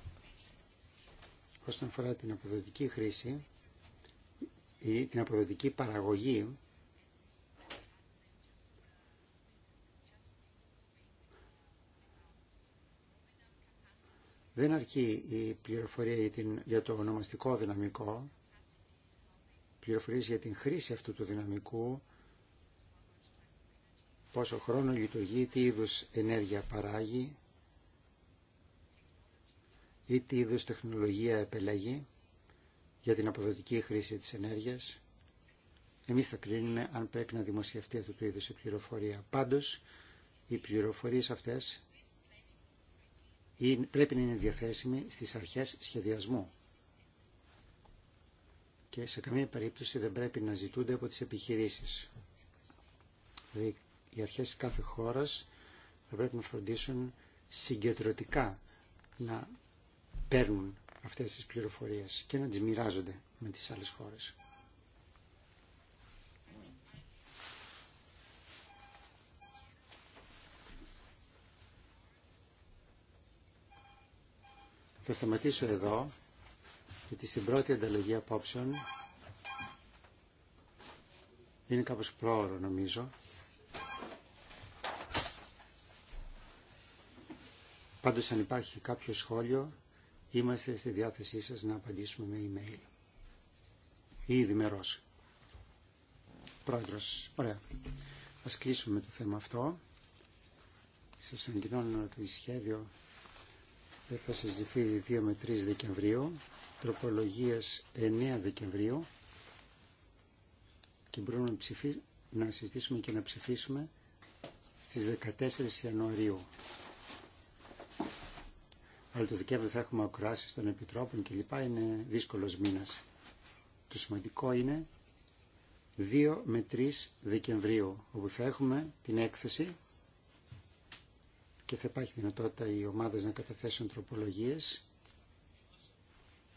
όσον αφορά την αποδοτική χρήση ή την αποδοτική παραγωγή Δεν αρκεί η πληροφορία για, την, για το ονομαστικό δυναμικό, πληροφορίες για την χρήση αυτού του δυναμικού πόσο χρόνο λειτουργεί, τι είδους ενέργεια παράγει ή τι είδους τεχνολογία επελέγει για την αποδοτική χρήση της ενέργειας. Εμείς θα κρίνουμε αν πρέπει να δημοσιευτεί αυτού του είδους η πληροφορία. Πάντως, οι πληροφορίες αυτές πρέπει να είναι διαθέσιμοι στις αρχές σχεδιασμού. Και σε καμία περίπτωση δεν πρέπει να ζητούνται από τις επιχειρήσεις. Δηλαδή, οι αρχές κάθε χώρας θα πρέπει να φροντίσουν συγκεντρωτικά να παίρνουν αυτές τις πληροφορίες και να τις μοιράζονται με τις άλλες χώρες. Θα σταματήσω εδώ, γιατί στην πρώτη ανταλλαγή απόψεων είναι κάπως πρόωρο νομίζω. Πάντως αν υπάρχει κάποιο σχόλιο, είμαστε στη διάθεσή σας να απαντήσουμε με email. Ή διμερός. Πρόεδρος, ωραία. Ας κλείσουμε το θέμα αυτό. Σας ότι το σχέδιο θα συζητηθεί 2 με 3 Δεκεμβρίου, τροπολογίας 9 Δεκεμβρίου και μπορούμε να, ψηφί... να συζητήσουμε και να ψηφίσουμε στις 14 Ιανουαρίου αλλά το Δεκέμβριο θα έχουμε ακουράσεις των επιτρόπων λοιπά. Είναι δύσκολος μήνας. Το σημαντικό είναι 2 με 3 Δεκεμβρίου, όπου θα έχουμε την έκθεση και θα υπάρχει δυνατότητα οι ομάδες να καταθέσουν τροπολογίες.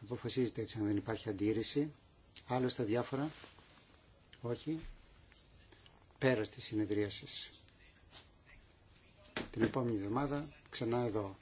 Αποφασίζεται έτσι αν δεν υπάρχει αντίρρηση. Άλλο διάφορα. Όχι. Πέρα τη συνεδρίασεις. Την επόμενη εβδομάδα ξανά εδώ.